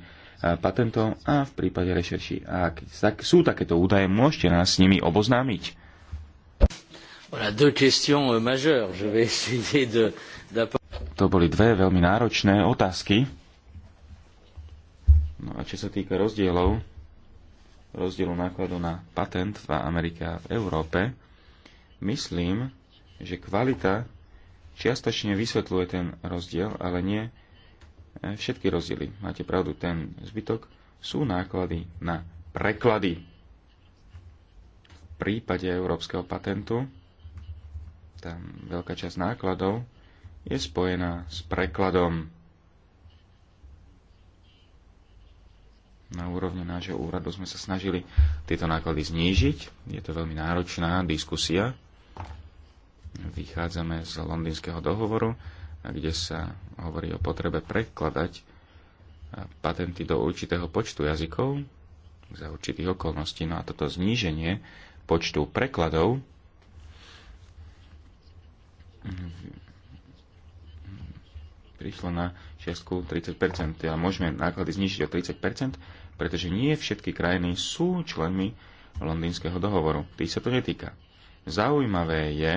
patentov a v prípade rešerší. A ak sú takéto údaje, môžete nás s nimi oboznámiť? Euh, to boli dve veľmi náročné otázky. No a čo sa týka rozdielov, rozdielu nákladu na patent v Amerike a v Európe, myslím, že kvalita čiastočne vysvetľuje ten rozdiel, ale nie e, všetky rozdiely. Máte pravdu, ten zbytok sú náklady na preklady. V prípade európskeho patentu tá veľká časť nákladov je spojená s prekladom. Na úrovni nášho úradu sme sa snažili tieto náklady znížiť. Je to veľmi náročná diskusia. Vychádzame z londýnskeho dohovoru, kde sa hovorí o potrebe prekladať patenty do určitého počtu jazykov za určitých okolností. No a toto zníženie počtu prekladov prišlo na čiastku 30 a môžeme náklady znižiť o 30 pretože nie všetky krajiny sú členmi londýnskeho dohovoru. Tých sa to netýka. Zaujímavé je,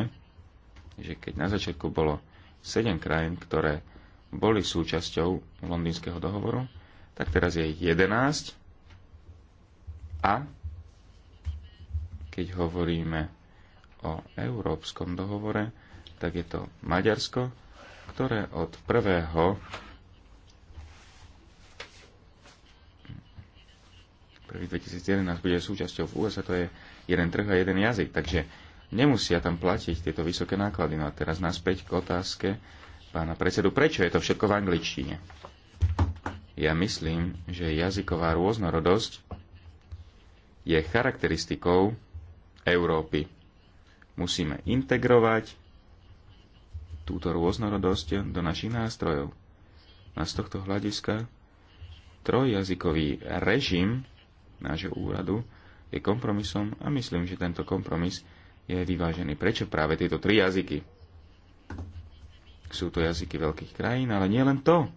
že keď na začiatku bolo 7 krajín, ktoré boli súčasťou londýnskeho dohovoru, tak teraz je 11 a keď hovoríme o európskom dohovore, tak je to Maďarsko, ktoré od 1. 2011 bude súčasťou v USA, to je jeden trh a jeden jazyk, takže nemusia tam platiť tieto vysoké náklady. No a teraz naspäť k otázke pána predsedu, prečo je to všetko v angličtine? Ja myslím, že jazyková rôznorodosť je charakteristikou Európy. Musíme integrovať túto rôznorodosť do našich nástrojov. A z tohto hľadiska trojjazykový režim nášho úradu je kompromisom a myslím, že tento kompromis je vyvážený. Prečo práve tieto tri jazyky? Sú to jazyky veľkých krajín, ale nie len to.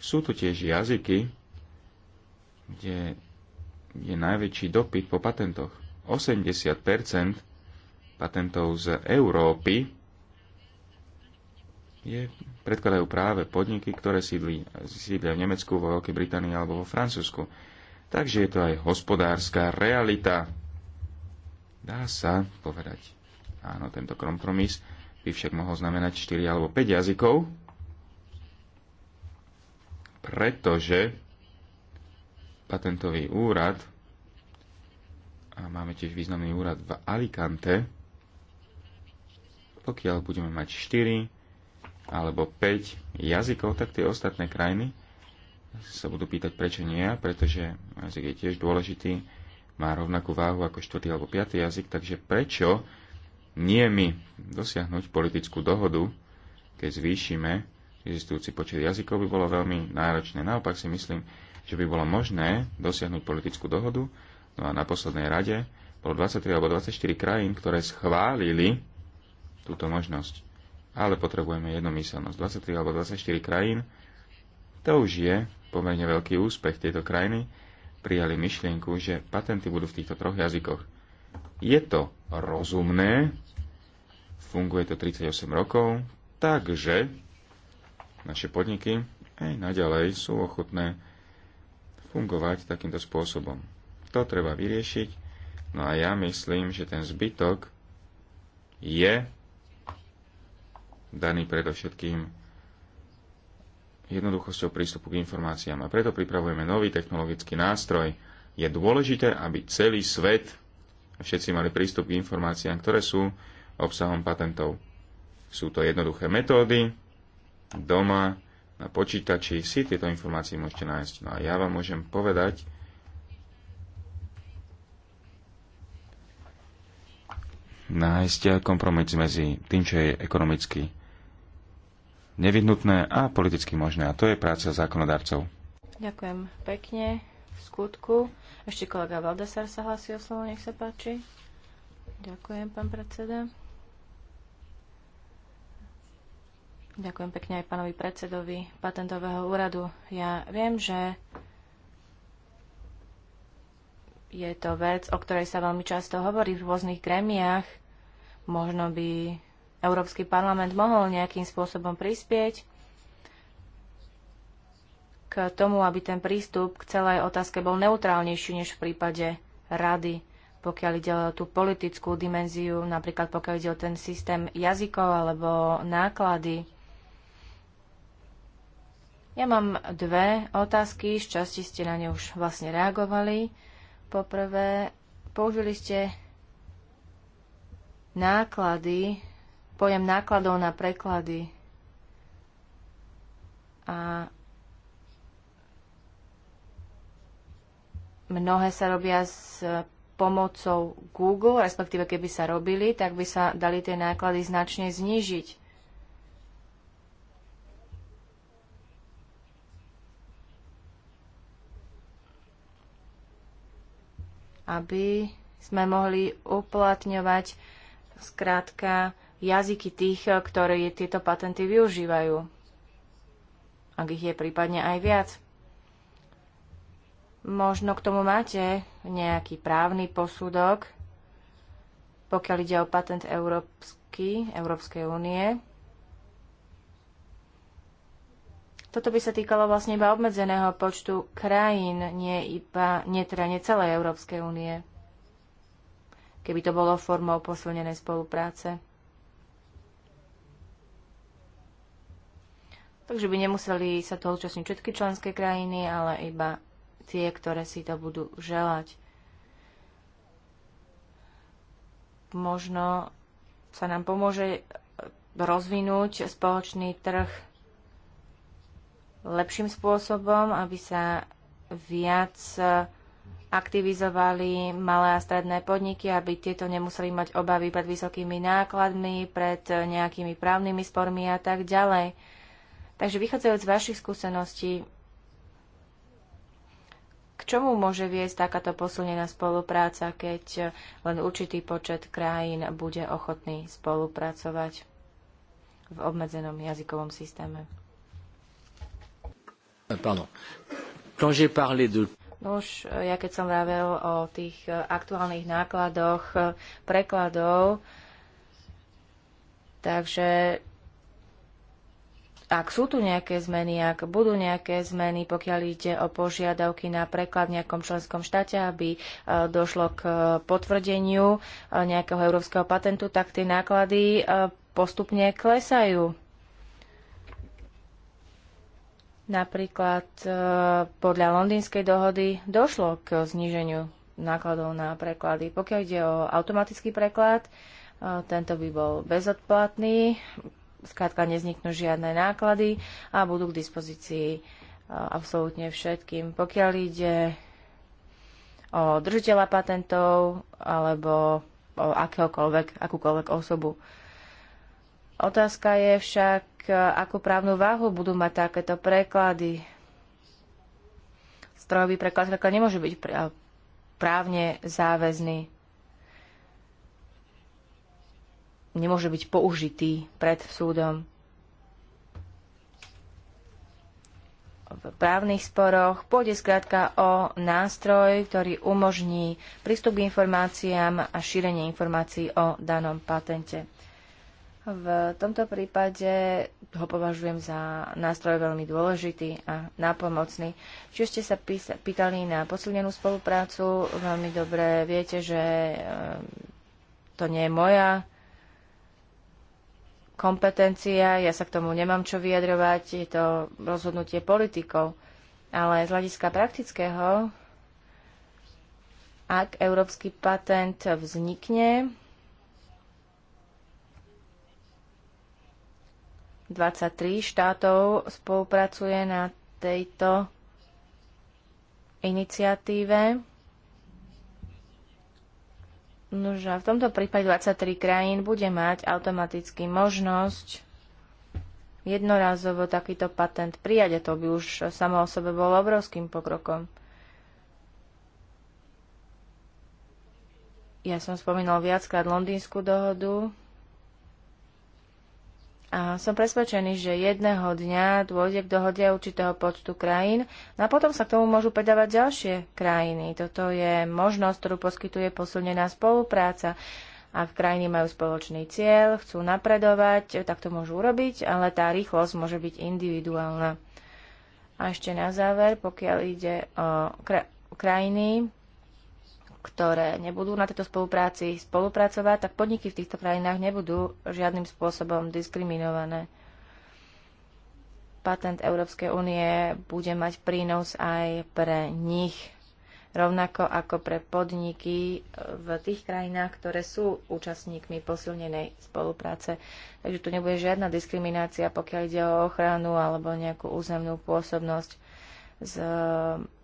Sú to tiež jazyky, kde je najväčší dopyt po patentoch. 80% patentov z Európy je, predkladajú práve podniky, ktoré sídli, sídlia v Nemecku, vo Veľkej Británii alebo vo Francúzsku. Takže je to aj hospodárska realita. Dá sa povedať. Áno, tento kompromis by však mohol znamenať 4 alebo 5 jazykov, pretože patentový úrad a máme tiež významný úrad v Alicante, pokiaľ budeme mať 4 alebo 5 jazykov, tak tie ostatné krajiny sa budú pýtať, prečo nie ja, pretože jazyk je tiež dôležitý, má rovnakú váhu ako 4. alebo 5. jazyk, takže prečo nie my dosiahnuť politickú dohodu, keď zvýšime existujúci počet jazykov, by bolo veľmi náročné. Naopak si myslím, že by bolo možné dosiahnuť politickú dohodu. No a na poslednej rade bolo 23 alebo 24 krajín, ktoré schválili túto možnosť ale potrebujeme jednomyselnosť. 23 alebo 24 krajín, to už je pomerne veľký úspech. Tieto krajiny prijali myšlienku, že patenty budú v týchto troch jazykoch. Je to rozumné, funguje to 38 rokov, takže naše podniky aj naďalej sú ochotné fungovať takýmto spôsobom. To treba vyriešiť, no a ja myslím, že ten zbytok je daný predovšetkým jednoduchosťou prístupu k informáciám. A preto pripravujeme nový technologický nástroj. Je dôležité, aby celý svet všetci mali prístup k informáciám, ktoré sú obsahom patentov. Sú to jednoduché metódy. Doma na počítači si tieto informácie môžete nájsť. No a ja vám môžem povedať, nájsť kompromis medzi tým, čo je ekonomicky nevyhnutné a politicky možné. A to je práca zákonodarcov. Ďakujem pekne. V skutku. Ešte kolega Valdesar sa hlasí o slovo, nech sa páči. Ďakujem, pán predseda. Ďakujem pekne aj pánovi predsedovi patentového úradu. Ja viem, že je to vec, o ktorej sa veľmi často hovorí v rôznych gremiách. Možno by Európsky parlament mohol nejakým spôsobom prispieť k tomu, aby ten prístup k celej otázke bol neutrálnejší než v prípade rady, pokiaľ ide o tú politickú dimenziu, napríklad pokiaľ ide o ten systém jazykov alebo náklady. Ja mám dve otázky, z časti ste na ne už vlastne reagovali. Poprvé, použili ste náklady pojem nákladov na preklady. A mnohé sa robia s pomocou Google, respektíve keby sa robili, tak by sa dali tie náklady značne znížiť. aby sme mohli uplatňovať zkrátka jazyky tých, eh, ktorí tieto patenty využívajú, ak ich je prípadne aj viac. Možno k tomu máte nejaký právny posudok, pokiaľ ide o patent Európsky, Európskej únie. Toto by sa týkalo vlastne iba obmedzeného počtu krajín, nie iba, nie teda nie celej Európskej únie. Keby to bolo formou posilnenej spolupráce. Takže by nemuseli sa to účastniť všetky členské krajiny, ale iba tie, ktoré si to budú želať. Možno sa nám pomôže rozvinúť spoločný trh lepším spôsobom, aby sa viac aktivizovali malé a stredné podniky, aby tieto nemuseli mať obavy pred vysokými nákladmi, pred nejakými právnymi spormi a tak ďalej. Takže vychádzajúc z vašich skúseností, k čomu môže viesť takáto posilnená spolupráca, keď len určitý počet krajín bude ochotný spolupracovať v obmedzenom jazykovom systéme? Eh, pardon. Quand j'ai parlé de... No už eh, ja keď som vravel o tých eh, aktuálnych nákladoch prekladov, takže ak sú tu nejaké zmeny, ak budú nejaké zmeny, pokiaľ ide o požiadavky na preklad v nejakom členskom štáte, aby e, došlo k e, potvrdeniu e, nejakého európskeho patentu, tak tie náklady postupne klesajú. Napríklad podľa londýnskej dohody došlo k zníženiu nákladov na preklady. Pokiaľ ide o automatický preklad, tento by bol bezodplatný, skrátka nezniknú žiadne náklady a budú k dispozícii e, absolútne všetkým. Pokiaľ ide o držiteľa patentov alebo o akéhokoľvek, akúkoľvek osobu. Otázka je však, akú právnu váhu budú mať takéto preklady. Strojový preklad nemôže byť právne záväzný. nemôže byť použitý pred súdom. V právnych sporoch pôjde skrátka o nástroj, ktorý umožní prístup k informáciám a šírenie informácií o danom patente. V tomto prípade ho považujem za nástroj veľmi dôležitý a nápomocný. Či ste sa pýtali na posilnenú spoluprácu, veľmi dobre viete, že ehm, to nie je moja kompetencia, ja sa k tomu nemám čo vyjadrovať, je to rozhodnutie politikov. Ale z hľadiska praktického, ak európsky patent vznikne 23 štátov spolupracuje na tejto iniciatíve. Nože v tomto prípade 23 krajín bude mať automaticky možnosť jednorázovo takýto patent prijať a to by už samo o sebe bolo obrovským pokrokom. Ja som spomínal viackrát Londýnsku dohodu, a som presvedčený, že jedného dňa dôjde k dohode určitého počtu krajín no a potom sa k tomu môžu pridávať ďalšie krajiny. Toto je možnosť, ktorú poskytuje posilnená spolupráca. Ak krajiny majú spoločný cieľ, chcú napredovať, tak to môžu urobiť, ale tá rýchlosť môže byť individuálna. A ešte na záver, pokiaľ ide o krajiny, ktoré nebudú na tejto spolupráci spolupracovať, tak podniky v týchto krajinách nebudú žiadnym spôsobom diskriminované. Patent Európskej únie bude mať prínos aj pre nich, rovnako ako pre podniky v tých krajinách, ktoré sú účastníkmi posilnenej spolupráce. Takže tu nebude žiadna diskriminácia, pokiaľ ide o ochranu alebo nejakú územnú pôsobnosť. Z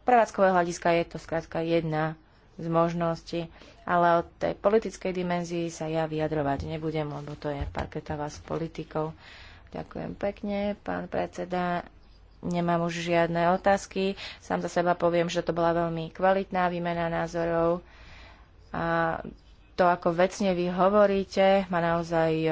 prevádzkového hľadiska je to skrátka jedna z možnosti, ale od tej politickej dimenzii sa ja vyjadrovať nebudem, lebo to je parketa s politikou. Ďakujem pekne, pán predseda. Nemám už žiadne otázky. Sám za seba poviem, že to bola veľmi kvalitná výmena názorov. A to, ako vecne vy hovoríte, ma naozaj e,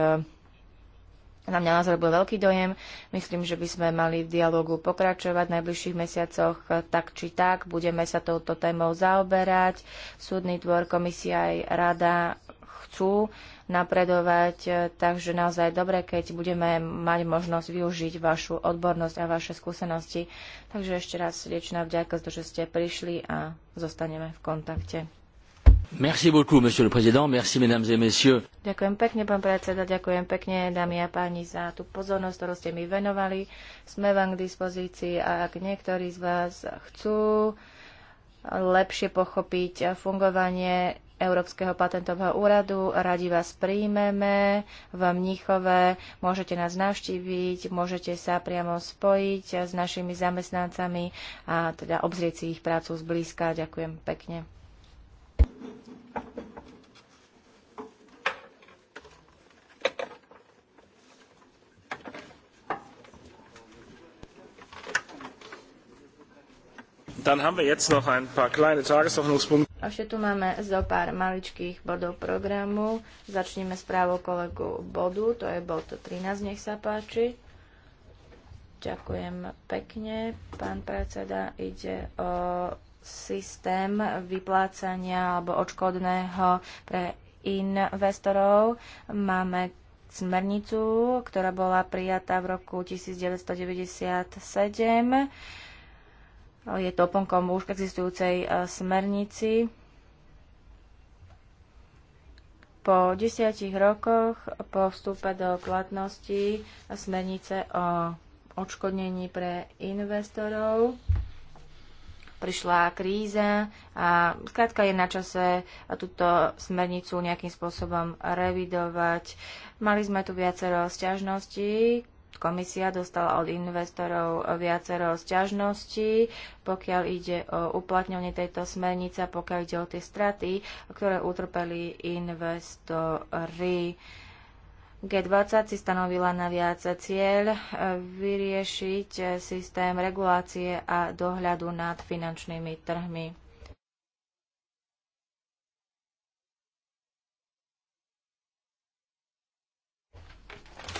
na mňa naozaj bol veľký dojem. Myslím, že by sme mali v dialogu pokračovať v najbližších mesiacoch tak či tak. Budeme sa touto témou zaoberať. Súdny dvor, komisia aj rada chcú napredovať, takže naozaj dobre, keď budeme mať možnosť využiť vašu odbornosť a vaše skúsenosti. Takže ešte raz srdečná vďaka za to, že ste prišli a zostaneme v kontakte. Merci beaucoup, monsieur le président. Merci, mesdames et messieurs. Ďakujem pekne, pán predseda, ďakujem pekne, dámy a páni, za tú pozornosť, ktorú ste mi venovali. Sme vám k dispozícii a ak niektorí z vás chcú lepšie pochopiť fungovanie Európskeho patentového úradu. Radi vás príjmeme v Mníchove, môžete nás navštíviť, môžete sa priamo spojiť s našimi zamestnancami a teda obzrieť si ich prácu zblízka. Ďakujem pekne. Ešte tu máme zo pár maličkých bodov programu. Začneme správou kolegu bodu, to je bod 13, nech sa páči. Ďakujem pekne. Pán predseda, ide o systém vyplácania alebo odškodného pre investorov. Máme smernicu, ktorá bola prijatá v roku 1997 je to oponkom už existujúcej e, smernici. Po desiatich rokoch po vstupe do platnosti smernice o odškodnení pre investorov prišla kríza a skrátka je na čase túto smernicu nejakým spôsobom revidovať. Mali sme tu viacero sťažností, Komisia dostala od investorov viacero sťažností, pokiaľ ide o uplatňovanie tejto smernice, pokiaľ ide o tie straty, ktoré utrpeli investori. G20 si stanovila naviac cieľ eh, vyriešiť eh, systém regulácie a dohľadu nad finančnými trhmi.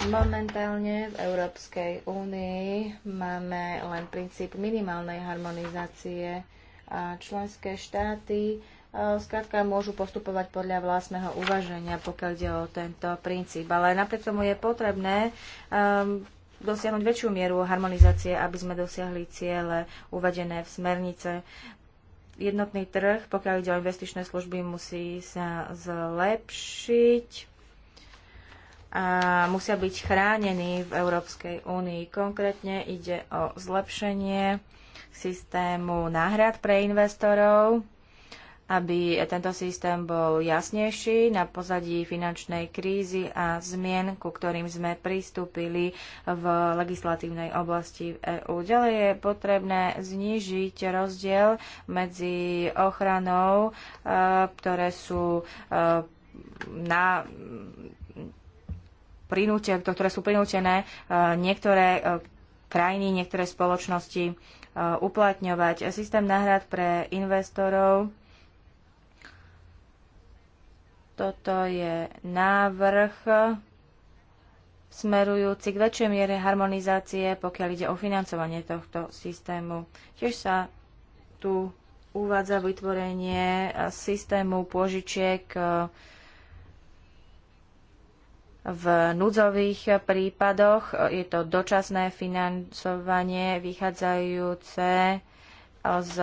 Momentálne v Európskej únii máme len princíp minimálnej harmonizácie a členské štáty e, skrátka môžu postupovať podľa vlastného uvaženia, pokiaľ ide o tento princíp. Ale napriek tomu je potrebné um, dosiahnuť väčšiu mieru harmonizácie, aby sme dosiahli ciele uvedené v smernice. Jednotný trh, pokiaľ ide o investičné služby, musí sa zlepšiť a musia byť chránení v Európskej únii. Konkrétne ide o zlepšenie systému náhrad pre investorov, aby tento systém bol jasnejší na pozadí finančnej krízy a zmien, ku ktorým sme pristúpili v legislatívnej oblasti v EÚ. Ďalej je potrebné znížiť rozdiel medzi ochranou, e, ktoré sú e, na prinútia, do ktoré sú prinútené e, niektoré e, krajiny, niektoré spoločnosti e, uplatňovať. Systém náhrad pre investorov. Toto je návrh smerujúci k väčšej miere harmonizácie, pokiaľ ide o financovanie tohto systému. Tiež sa tu uvádza vytvorenie systému pôžičiek v núdzových prípadoch je to dočasné financovanie vychádzajúce z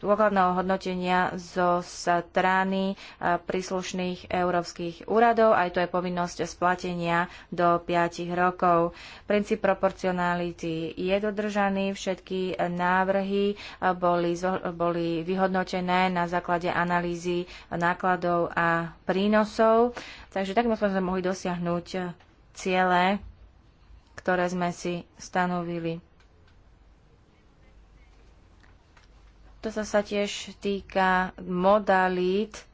dôkladného hodnotenia zo strany eh, príslušných európskych úradov, aj to je povinnosť splatenia do 5 rokov. Princíp proporcionality je dodržaný, všetky eh, návrhy eh, boli, boli vyhodnotené na základe analýzy nákladov a prínosov, takže takým sme mohli dosiahnuť ciele, ktoré sme si stanovili. To sa, sa tiež týka modalít,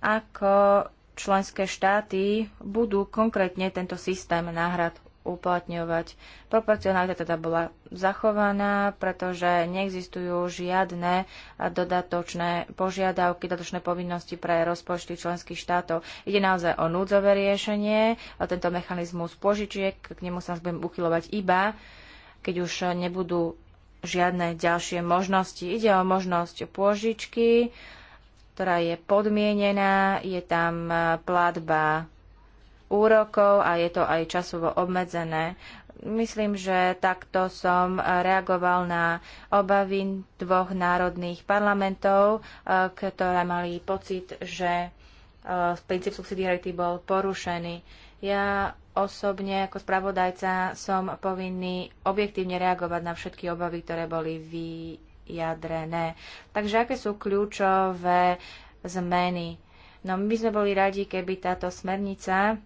ako členské štáty budú konkrétne tento systém náhrad uplatňovať. Proporcionalita teda bola zachovaná, pretože neexistujú žiadne dodatočné požiadavky, dodatočné povinnosti pre rozpočty členských štátov. Ide naozaj o núdzové riešenie, o tento mechanizmus požičiek, k nemu sa budem uchylovať iba, keď už nebudú žiadne ďalšie možnosti. Ide o možnosť pôžičky, ktorá je podmienená, je tam e, platba úrokov a je to aj časovo obmedzené. Myslím, že takto som e, reagoval na obavy dvoch národných parlamentov, e, ktoré mali pocit, že princíp subsidiarity bol porušený. Ja osobne ako spravodajca som povinný objektívne reagovať na všetky obavy, ktoré boli vyjadrené. Takže aké sú kľúčové zmeny? No my sme boli radi, keby táto smernica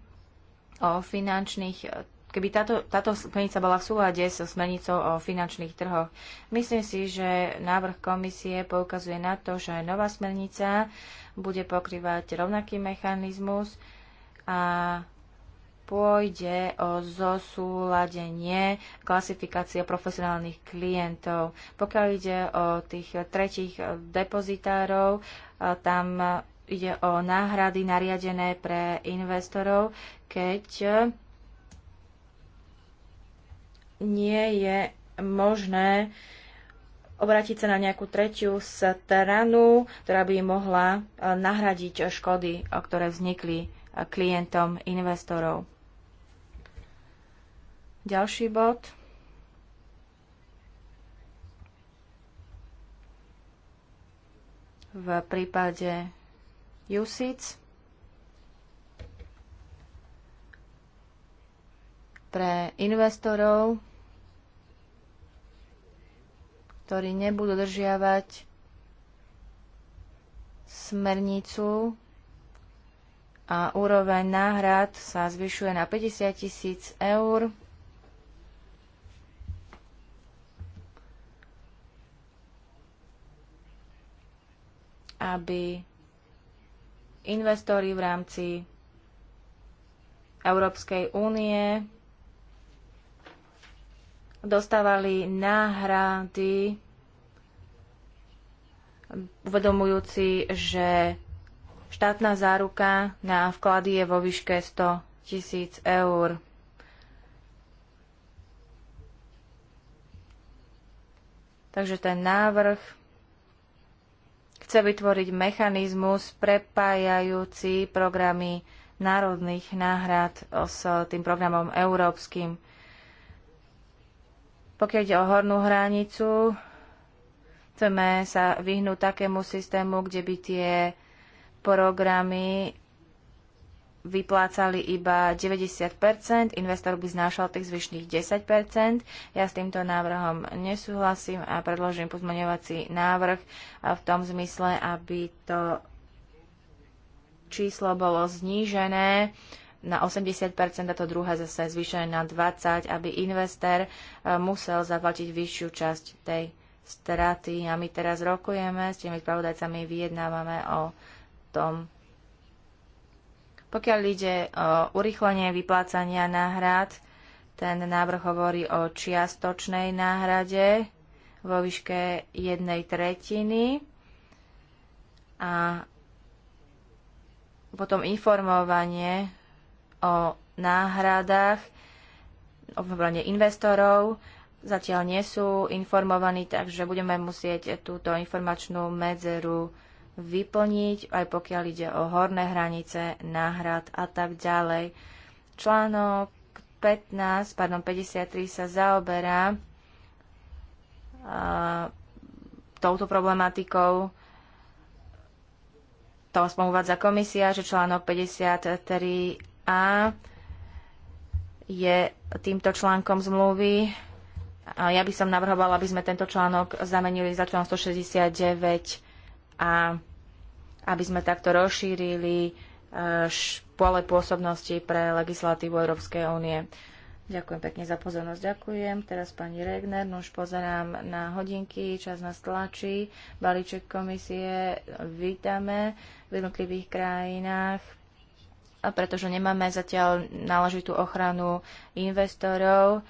o finančných keby táto, táto smernica bola v súlade so smernicou o finančných trhoch. Myslím si, že návrh komisie poukazuje na to, že nová smernica bude pokrývať rovnaký mechanizmus a pôjde o zosúladenie klasifikácie profesionálnych klientov. Pokiaľ ide o tých tretich depozitárov, e, tam ide o náhrady nariadené pre investorov, keď nie je možné obrátiť sa na nejakú tretiu stranu, ktorá by mohla e, nahradiť škody, ktoré vznikli e, klientom investorov. Ďalší bod. V prípade jusic. pre investorov, ktorí nebudú držiavať smernicu a úroveň náhrad sa zvyšuje na 50 tisíc eur. aby investori v rámci Európskej únie dostávali náhrady, uvedomujúci, že štátna záruka na vklady je vo výške 100 tisíc eur. Takže ten návrh chce vytvoriť mechanizmus prepájajúci programy národných náhrad s tým programom európskym. Pokiaľ ide o hornú hranicu, chceme sa vyhnúť takému systému, kde by tie programy vyplácali iba 90%, investor by znášal tých zvyšných 10%. Ja s týmto návrhom nesúhlasím a predložím pozmaňovací návrh v tom zmysle, aby to číslo bolo znížené na 80% a to druhé zase zvýšené na 20%, aby investor e, musel zaplatiť vyššiu časť tej straty. A my teraz rokujeme, s tými spravodajcami vyjednávame o tom pokiaľ ide o urychlenie vyplácania náhrad, ten návrh hovorí o čiastočnej náhrade vo výške jednej tretiny a potom informovanie o náhradách, obnovenie investorov zatiaľ nie sú informovaní, takže budeme musieť túto informačnú medzeru vyplniť, aj pokiaľ ide o horné hranice, náhrad a tak ďalej. Článok 15, pardon, 53 sa zaoberá uh, touto problematikou. To aspoň uvádza komisia, že článok 53a je týmto článkom zmluvy. A ja by som navrhovala, aby sme tento článok zamenili za článok 169 a aby sme takto rozšírili e, pole pôsobnosti pre legislatívu Európskej únie. Ďakujem pekne za pozornosť. Ďakujem. Teraz pani Regner, no už pozerám na hodinky, čas nás tlačí. Balíček komisie vítame v jednotlivých krajinách, pretože nemáme zatiaľ náležitú ochranu investorov.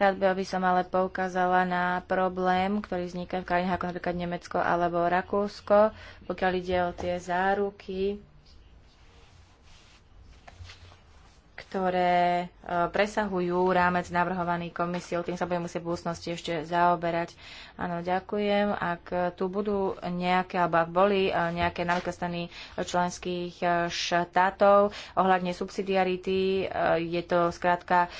Rád by, aby som ale poukázala na problém, ktorý vzniká v krajinách ako napríklad Nemecko alebo Rakúsko, pokiaľ ide o tie záruky, ktoré e, presahujú rámec navrhovaný komisiou. Tým sa budem musieť v budúcnosti ešte zaoberať. Áno, ďakujem. Ak tu budú nejaké, alebo ak boli e, nejaké náležitosti členských e, štátov ohľadne subsidiarity, je to skrátka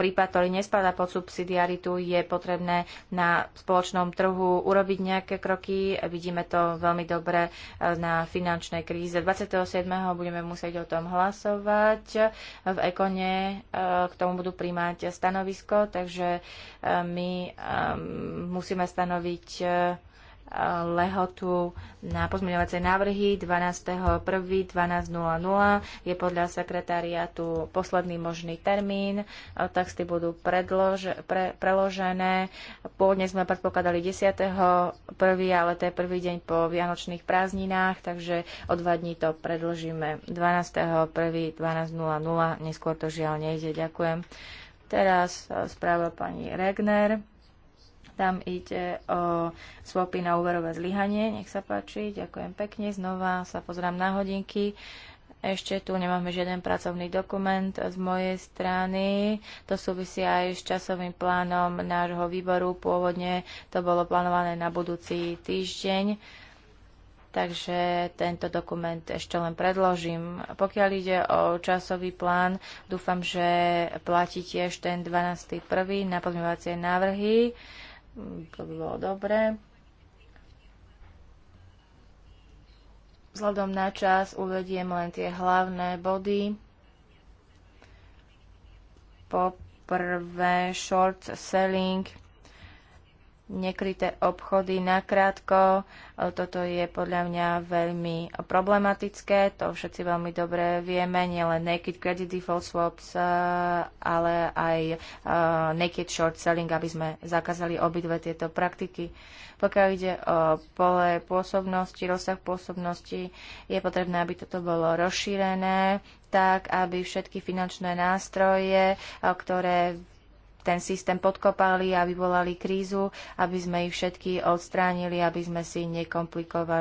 prípad, ktorý nespadá pod subsidiaritu, je potrebné na spoločnom trhu urobiť nejaké kroky. Vidíme to veľmi dobre eh, na finančnej kríze. 27. budeme musieť o tom hlasovať. V Ekone eh, k tomu budú príjmať stanovisko, takže eh, my musíme stanoviť lehotu na pozmeňovacie návrhy 12.1.12.00 je podľa sekretariatu posledný možný termín. E, texty budú predlož, pre, preložené. Pôvodne sme predpokladali 10.1., ale to je prvý deň po vianočných prázdninách, takže o dva dní to predložíme 12.1.12.00. Neskôr to žiaľ nejde. Ďakujem. Teraz e, správa pani Regner. Tam ide o swapy na úverové zlyhanie. Nech sa páči, ďakujem pekne. Znova sa pozrám na hodinky. Ešte tu nemáme žiaden pracovný dokument z mojej strany. To súvisí aj s časovým plánom nášho výboru. Pôvodne to bolo plánované na budúci týždeň. Takže tento dokument ešte len predložím. Pokiaľ ide o časový plán, dúfam, že platí tiež ten 12.1. na pozmievacie návrhy. To by bolo dobré. Vzhľadom na čas uvediem len tie hlavné body. Po prvé short selling – nekryté obchody nakrátko. E, toto je podľa mňa veľmi problematické, to všetci veľmi dobre vieme, nielen naked credit default swaps, e, ale aj e, naked short selling, aby sme zakázali obidve tieto praktiky. Pokiaľ ide o pole pôsobnosti, rozsah pôsobnosti, je potrebné, aby toto bolo rozšírené, tak aby všetky finančné nástroje, ktoré ten systém podkopali a vyvolali krízu, aby sme ich všetky odstránili, aby sme si nekomplikovali